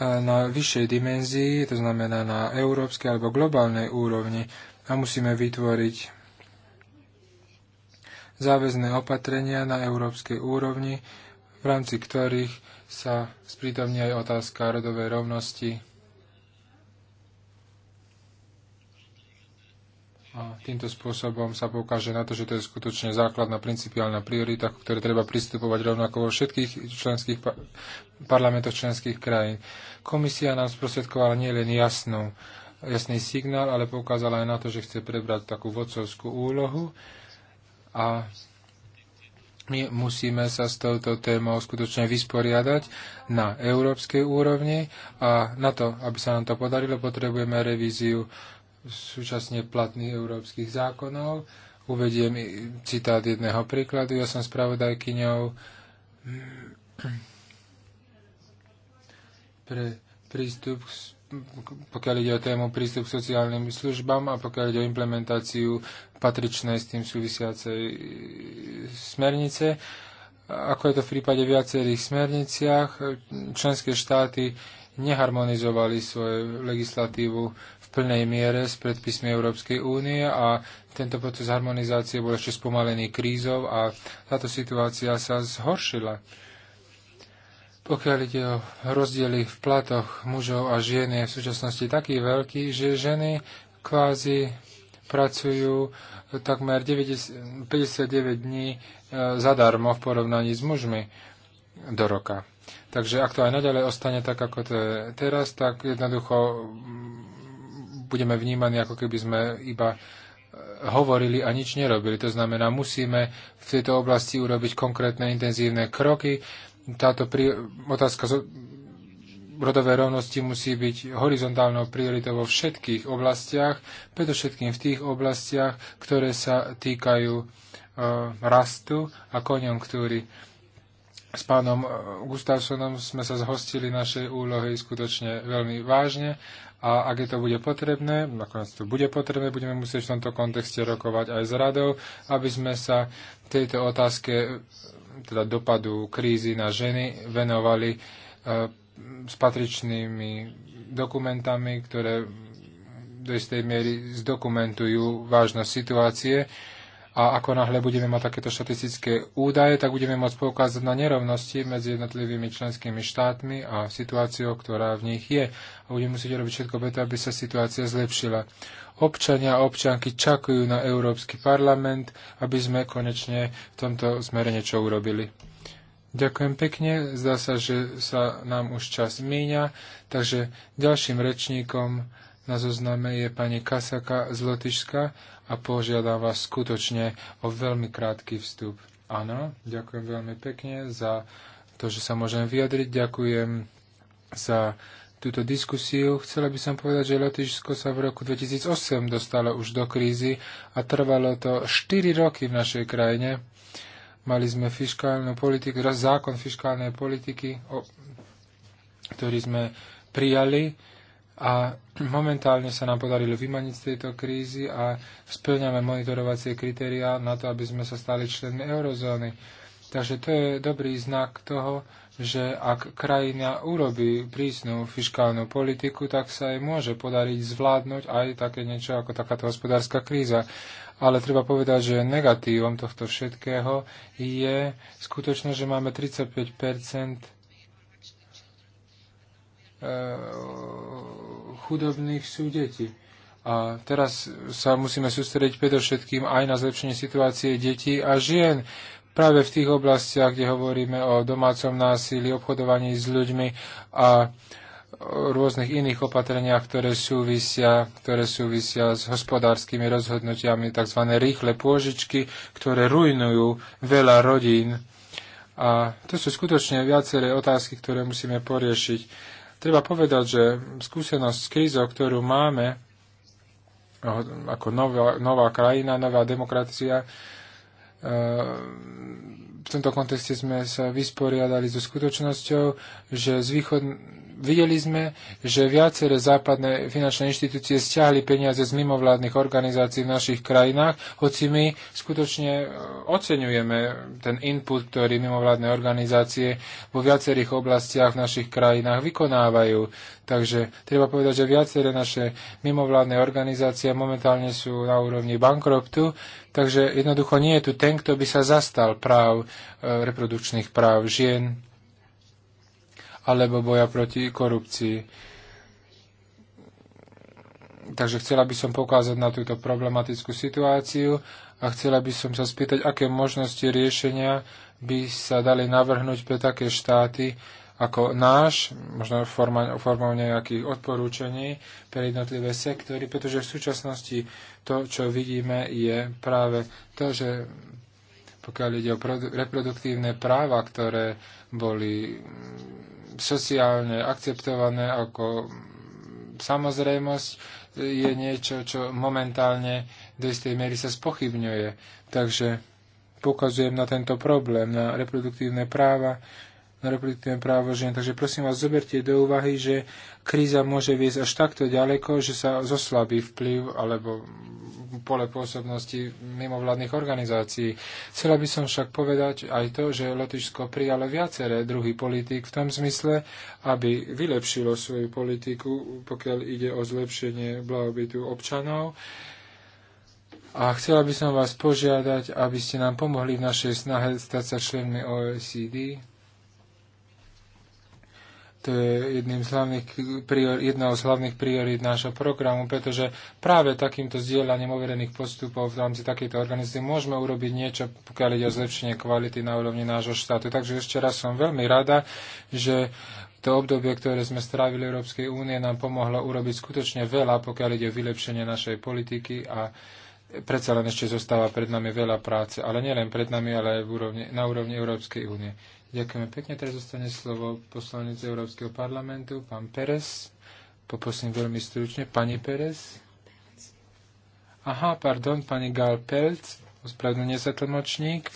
na vyššej dimenzii, to znamená na európskej alebo globálnej úrovni a musíme vytvoriť záväzné opatrenia na európskej úrovni, v rámci ktorých sa sprítomní aj otázka rodovej rovnosti A týmto spôsobom sa poukáže na to, že to je skutočne základná principiálna priorita, ktoré treba pristupovať rovnako vo všetkých členských pa- parlamentoch členských krajín. Komisia nám sprostredkovala nielen jasnú, jasný signál, ale poukázala aj na to, že chce prebrať takú vodcovskú úlohu a my musíme sa s touto témou skutočne vysporiadať na európskej úrovni a na to, aby sa nám to podarilo, potrebujeme revíziu súčasne platných európskych zákonov. Uvediem citát jedného príkladu. Ja som spravodajkyňou pre prístup, pokiaľ ide o tému prístup k sociálnym službám a pokiaľ ide o implementáciu patričnej s tým súvisiacej smernice. Ako je to v prípade viacerých smerniciach, členské štáty neharmonizovali svoju legislatívu plnej miere s predpismi Európskej únie a tento proces harmonizácie bol ešte spomalený krízov a táto situácia sa zhoršila. Pokiaľ ide o rozdiely v platoch mužov a žien, je v súčasnosti taký veľký, že ženy kvázi pracujú takmer 90, 59 dní e, zadarmo v porovnaní s mužmi do roka. Takže ak to aj naďalej ostane tak, ako to je teraz, tak jednoducho budeme vnímaní, ako keby sme iba e, hovorili a nič nerobili. To znamená, musíme v tejto oblasti urobiť konkrétne intenzívne kroky. Táto pri... otázka z... rodovej rovnosti musí byť horizontálnou prioritou vo všetkých oblastiach, predovšetkým v tých oblastiach, ktoré sa týkajú e, rastu a konjunktúry. S pánom e, Gustavsonom sme sa zhostili našej úlohy skutočne veľmi vážne a ak je to bude potrebné, nakoniec to bude potrebné, budeme musieť v tomto kontexte rokovať aj s radou, aby sme sa tejto otázke teda dopadu krízy na ženy venovali e, s patričnými dokumentami, ktoré do istej miery zdokumentujú vážnosť situácie a ako náhle budeme mať takéto štatistické údaje, tak budeme môcť poukázať na nerovnosti medzi jednotlivými členskými štátmi a situáciou, ktorá v nich je. A budeme musieť robiť všetko preto, aby sa situácia zlepšila. Občania a občanky čakujú na Európsky parlament, aby sme konečne v tomto smere niečo urobili. Ďakujem pekne. Zdá sa, že sa nám už čas míňa, takže ďalším rečníkom na zozname je pani Kasaka z Lotyšska, a požiadam vás skutočne o veľmi krátky vstup. Áno, ďakujem veľmi pekne za to, že sa môžem vyjadriť. Ďakujem za túto diskusiu. Chcela by som povedať, že Lotyšsko sa v roku 2008 dostalo už do krízy a trvalo to 4 roky v našej krajine. Mali sme fiskálnu politiku, zákon fiskálnej politiky, o, ktorý sme prijali a momentálne sa nám podarilo vymaniť z tejto krízy a splňame monitorovacie kritériá na to, aby sme sa stali členmi eurozóny. Takže to je dobrý znak toho, že ak krajina urobí prísnu fiskálnu politiku, tak sa jej môže podariť zvládnuť aj také niečo ako takáto hospodárska kríza. Ale treba povedať, že negatívom tohto všetkého je skutočnosť, že máme 35 chudobných sú deti. A teraz sa musíme sústrediť predovšetkým aj na zlepšenie situácie detí a žien. Práve v tých oblastiach, kde hovoríme o domácom násilí, obchodovaní s ľuďmi a rôznych iných opatreniach, ktoré súvisia, ktoré súvisia s hospodárskymi rozhodnutiami, tzv. rýchle pôžičky, ktoré rujnujú veľa rodín. A to sú skutočne viaceré otázky, ktoré musíme poriešiť. Treba povedať, že skúsenosť s krízou, ktorú máme, ako nová, nová krajina, nová demokracia, e, v tomto kontexte sme sa vysporiadali so skutočnosťou, že z východ, Videli sme, že viaceré západné finančné inštitúcie stiahli peniaze z mimovládnych organizácií v našich krajinách, hoci my skutočne e, oceňujeme ten input, ktorý mimovládne organizácie vo viacerých oblastiach v našich krajinách vykonávajú. Takže treba povedať, že viaceré naše mimovládne organizácie momentálne sú na úrovni bankruptu, takže jednoducho nie je tu ten, kto by sa zastal práv, e, reprodukčných práv žien alebo boja proti korupcii. Takže chcela by som pokázať na túto problematickú situáciu a chcela by som sa spýtať, aké možnosti riešenia by sa dali navrhnúť pre také štáty ako náš, možno formou nejakých odporúčení pre jednotlivé sektory, pretože v súčasnosti to, čo vidíme, je práve to, že pokiaľ ide o reproduktívne práva, ktoré boli sociálne akceptované ako samozrejmosť, je niečo, čo momentálne do istej miery sa spochybňuje. Takže poukazujem na tento problém, na reproduktívne práva, na reproduktívne právo žien. Takže prosím vás, zoberte do úvahy, že kríza môže viesť až takto ďaleko, že sa zoslabí vplyv alebo pole pôsobnosti mimovládnych organizácií. Chcela by som však povedať aj to, že Lotyšsko prijalo viaceré druhý politik v tom zmysle, aby vylepšilo svoju politiku, pokiaľ ide o zlepšenie blahobytu občanov. A chcela by som vás požiadať, aby ste nám pomohli v našej snahe stať sa členmi OECD. To je jedným z hlavných prior, jednou z hlavných priorít nášho programu, pretože práve takýmto zdieľaním overených postupov v rámci takejto organizácie môžeme urobiť niečo, pokiaľ ide o zlepšenie kvality na úrovni nášho štátu. Takže ešte raz som veľmi rada, že to obdobie, ktoré sme strávili Európskej únie, nám pomohlo urobiť skutočne veľa, pokiaľ ide o vylepšenie našej politiky a predsa len ešte zostáva pred nami veľa práce, ale nielen pred nami, ale aj úrovni, na úrovni Európskej únie. Ďakujeme pekne. Teraz zostane slovo poslanec Európskeho parlamentu, pán Pérez. Poprosím veľmi stručne, pani Pérez. Aha, pardon, pani Gal Pelc. Ospravedlňuje sa tlmočník.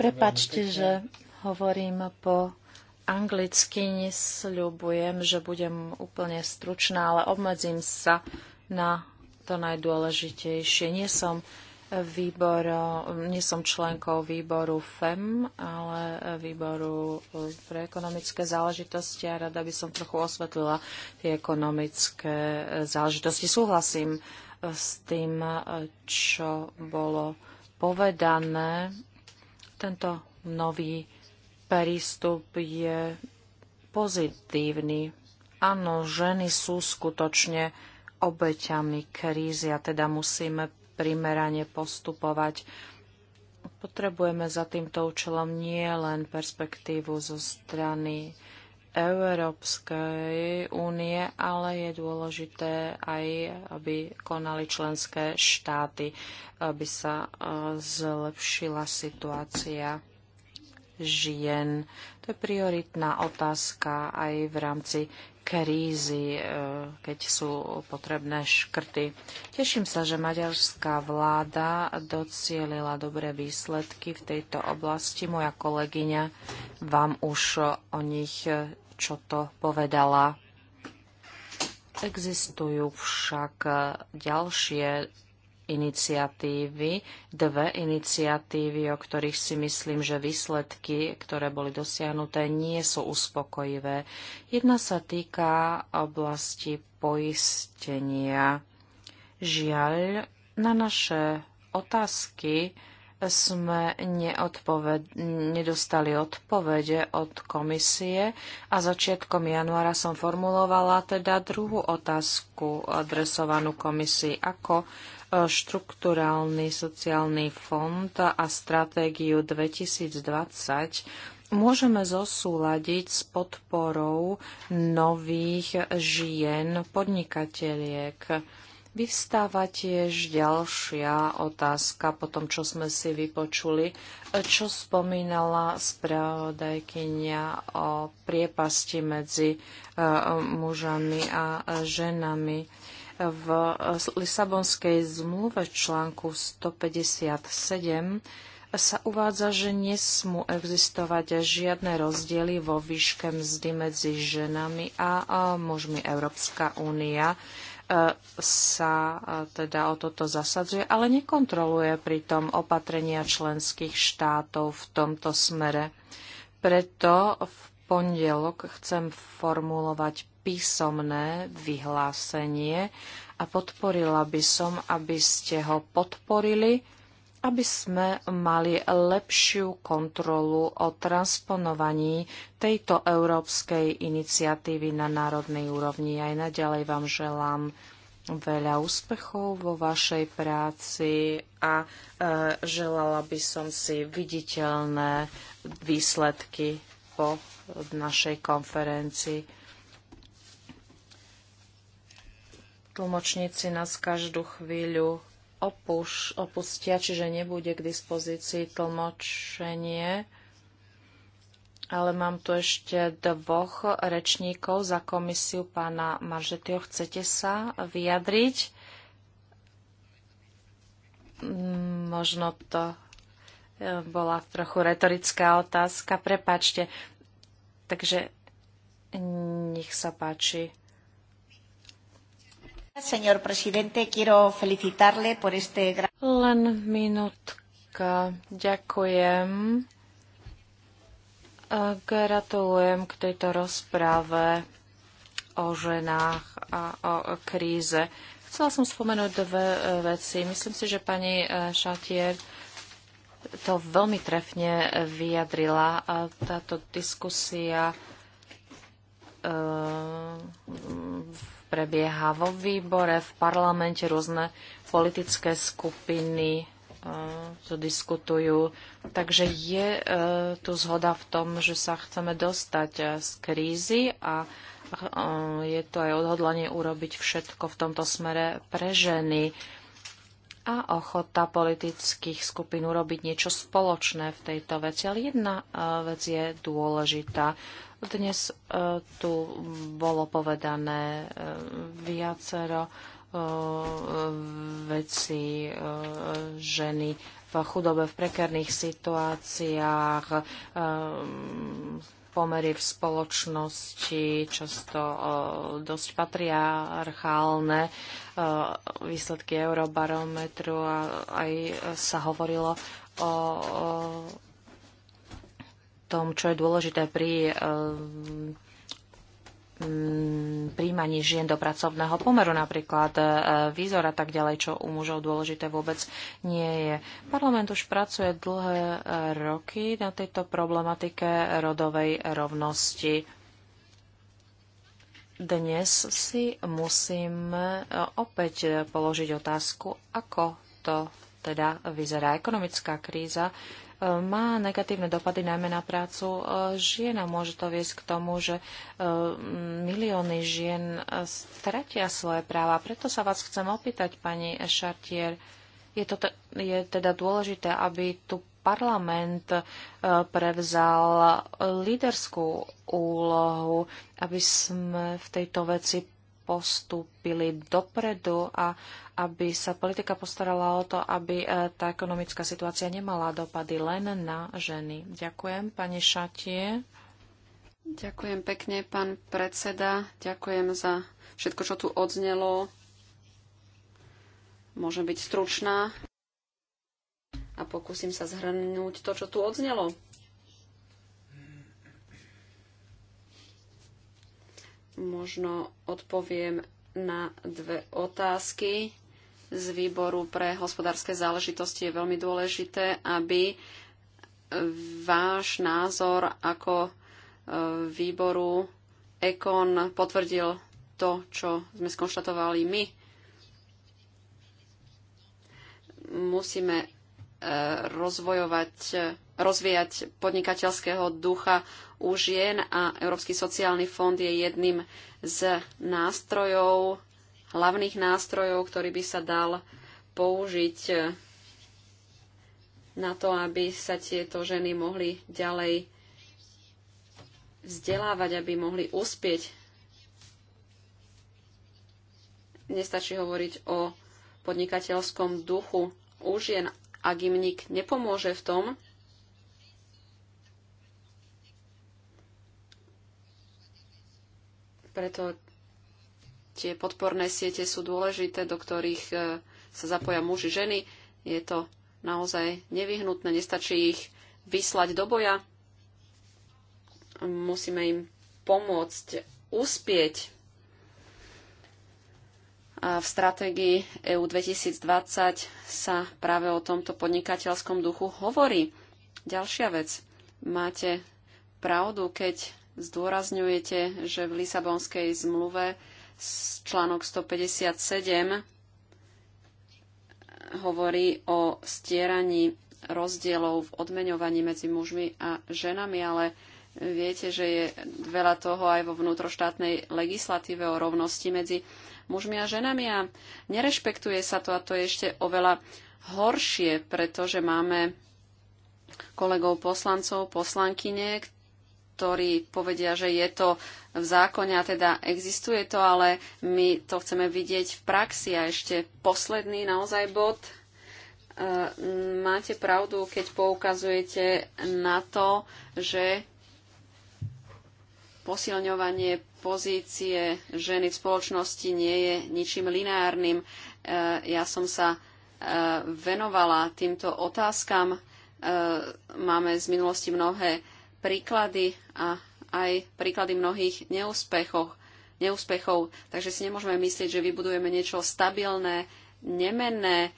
Prepačte, že hovorím po anglicky. Nesľubujem, že budem úplne stručná, ale obmedzím sa na to najdôležitejšie. Nie som Výbor, nie som členkou výboru FEM, ale výboru pre ekonomické záležitosti a rada by som trochu osvetlila tie ekonomické záležitosti. Súhlasím s tým, čo bolo povedané. Tento nový prístup je pozitívny. Áno, ženy sú skutočne obeťami krízy a teda musíme primerane postupovať. Potrebujeme za týmto účelom nie len perspektívu zo strany Európskej únie, ale je dôležité aj, aby konali členské štáty, aby sa e, zlepšila situácia žien. To je prioritná otázka aj v rámci krízy, e, keď sú potrebné škrty. Teším sa, že maďarská vláda docielila dobré výsledky v tejto oblasti. Moja kolegyňa vám už o nich e, čo to povedala. Existujú však e, ďalšie iniciatívy, dve iniciatívy, o ktorých si myslím, že výsledky, ktoré boli dosiahnuté, nie sú uspokojivé. Jedna sa týka oblasti poistenia. Žiaľ, na naše otázky sme neodpoved- nedostali odpovede od komisie a začiatkom januára som formulovala teda druhú otázku adresovanú komisii, ako štrukturálny sociálny fond a stratégiu 2020 môžeme zosúľadiť s podporou nových žien podnikateliek. Vyvstáva tiež ďalšia otázka po tom, čo sme si vypočuli, čo spomínala spravodajkynia o priepasti medzi eh, mužami a ženami v Lisabonskej zmluve článku 157 sa uvádza, že nesmú existovať žiadne rozdiely vo výške mzdy medzi ženami a mužmi. Európska únia e, sa e, teda o toto zasadzuje, ale nekontroluje pritom opatrenia členských štátov v tomto smere. Preto v pondelok chcem formulovať písomné vyhlásenie a podporila by som, aby ste ho podporili, aby sme mali lepšiu kontrolu o transponovaní tejto európskej iniciatívy na národnej úrovni. Aj naďalej vám želám veľa úspechov vo vašej práci a e, želala by som si viditeľné výsledky po našej konferencii. tlmočníci nás každú chvíľu opuš, opustia, čiže nebude k dispozícii tlmočenie. Ale mám tu ešte dvoch rečníkov za komisiu pána Maržetio. Chcete sa vyjadriť? Možno to e, bola trochu retorická otázka. Prepačte. Takže nech sa páči. Señor presidente, quiero felicitarle por este... Len minútka. Ďakujem. Gratulujem k tejto rozprave o ženách a o kríze. Chcela som spomenúť dve e, veci. Myslím si, že pani Šatier e, to veľmi trefne e, vyjadrila. Táto diskusia prebieha vo výbore, v parlamente rôzne politické skupiny e, to diskutujú. Takže je e, tu zhoda v tom, že sa chceme dostať e, z krízy a je to aj odhodlanie urobiť všetko v tomto smere pre ženy a ochota politických skupín urobiť niečo spoločné v tejto veci. Ale jedna vec je dôležitá. Dnes e, tu bolo povedané e, viacero e, veci, ženy v chudobe, v prekerných situáciách, pomery v spoločnosti často dosť patriarchálne, výsledky Eurobarometru a aj sa hovorilo o tom, čo je dôležité pri eh, mm, mm, príjmaní žien do pracovného pomeru, napríklad eh, výzor a tak ďalej, čo u mužov dôležité vôbec nie je. Parlament už pracuje dlhé eh, roky na tejto problematike rodovej rovnosti. Dnes si musím opäť položiť otázku, ako to teda vyzerá ekonomická kríza, má negatívne dopady najmä na prácu e, žien a môže to viesť k tomu, že e, milióny žien e, stratia svoje práva. Preto sa vás chcem opýtať, pani Šartier, je, to je teda dôležité, aby tu parlament prevzal líderskú úlohu, aby sme v tejto veci postúpili dopredu a aby sa politika postarala o to, aby e, tá ekonomická situácia nemala dopady len na ženy. Ďakujem, pani Šatie. Ďakujem pekne, pán predseda. Ďakujem za všetko, čo tu odznelo. Môžem byť stručná a pokúsim sa zhrnúť to, čo tu odznelo. Možno odpoviem na dve otázky z výboru pre hospodárske záležitosti. Je veľmi dôležité, aby váš názor ako e, výboru Ekon potvrdil to, čo sme skonštatovali my. Musíme e, rozvojovať, rozvíjať podnikateľského ducha u žien a Európsky sociálny fond je jedným z nástrojov, hlavných nástrojov, ktorý by sa dal použiť na to, aby sa tieto ženy mohli ďalej vzdelávať, aby mohli uspieť. Nestačí hovoriť o podnikateľskom duchu u žien, ak im nik nepomôže v tom, Preto tie podporné siete sú dôležité, do ktorých e, sa zapoja muži, ženy. Je to naozaj nevyhnutné, nestačí ich vyslať do boja. Musíme im pomôcť uspieť a v stratégii EU 2020 sa práve o tomto podnikateľskom duchu hovorí. Ďalšia vec. Máte pravdu, keď zdôrazňujete, že v Lisabonskej zmluve článok 157 hovorí o stieraní rozdielov v odmeňovaní medzi mužmi a ženami, ale viete, že je veľa toho aj vo vnútroštátnej legislatíve o rovnosti medzi mužmi a ženami a nerešpektuje sa to a to je ešte oveľa horšie, pretože máme kolegov poslancov, poslankyne, ktorí povedia, že je to v zákone a teda existuje to, ale my to chceme vidieť v praxi. A ešte posledný naozaj bod. E, máte pravdu, keď poukazujete na to, že posilňovanie pozície ženy v spoločnosti nie je ničím lineárnym. E, ja som sa e, venovala týmto otázkam. Máme z minulosti mnohé príklady a aj príklady mnohých neúspechov. neúspechov. Takže si nemôžeme myslieť, že vybudujeme niečo stabilné, nemenné.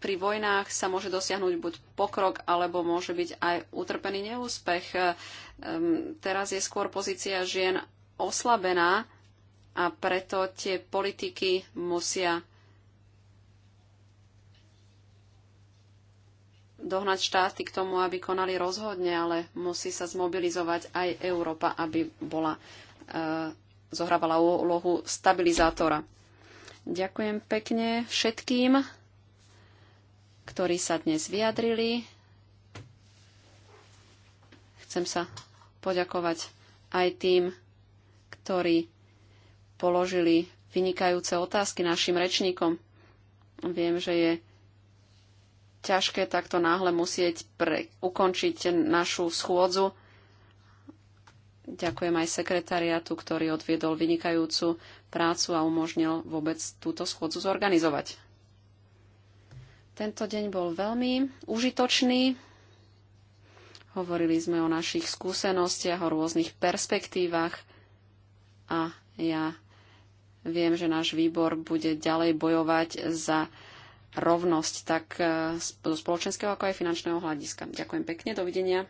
Pri vojnách sa môže dosiahnuť buď pokrok, alebo môže byť aj utrpený neúspech. Ehm, teraz je skôr pozícia žien oslabená a preto tie politiky musia dohnať štáty k tomu, aby konali rozhodne, ale musí sa zmobilizovať aj Európa, aby bola, e, zohrávala úlohu stabilizátora. Ďakujem pekne všetkým, ktorí sa dnes vyjadrili. Chcem sa poďakovať aj tým, ktorí položili vynikajúce otázky našim rečníkom. Viem, že je ťažké takto náhle musieť pre, ukončiť našu schôdzu. Ďakujem aj sekretariatu, ktorý odviedol vynikajúcu prácu a umožnil vôbec túto schôdzu zorganizovať. Tento deň bol veľmi užitočný. Hovorili sme o našich skúsenostiach, o rôznych perspektívach a ja viem, že náš výbor bude ďalej bojovať za rovnosť tak eh, zo spoločenského ako aj finančného hľadiska. Ďakujem pekne, dovidenia.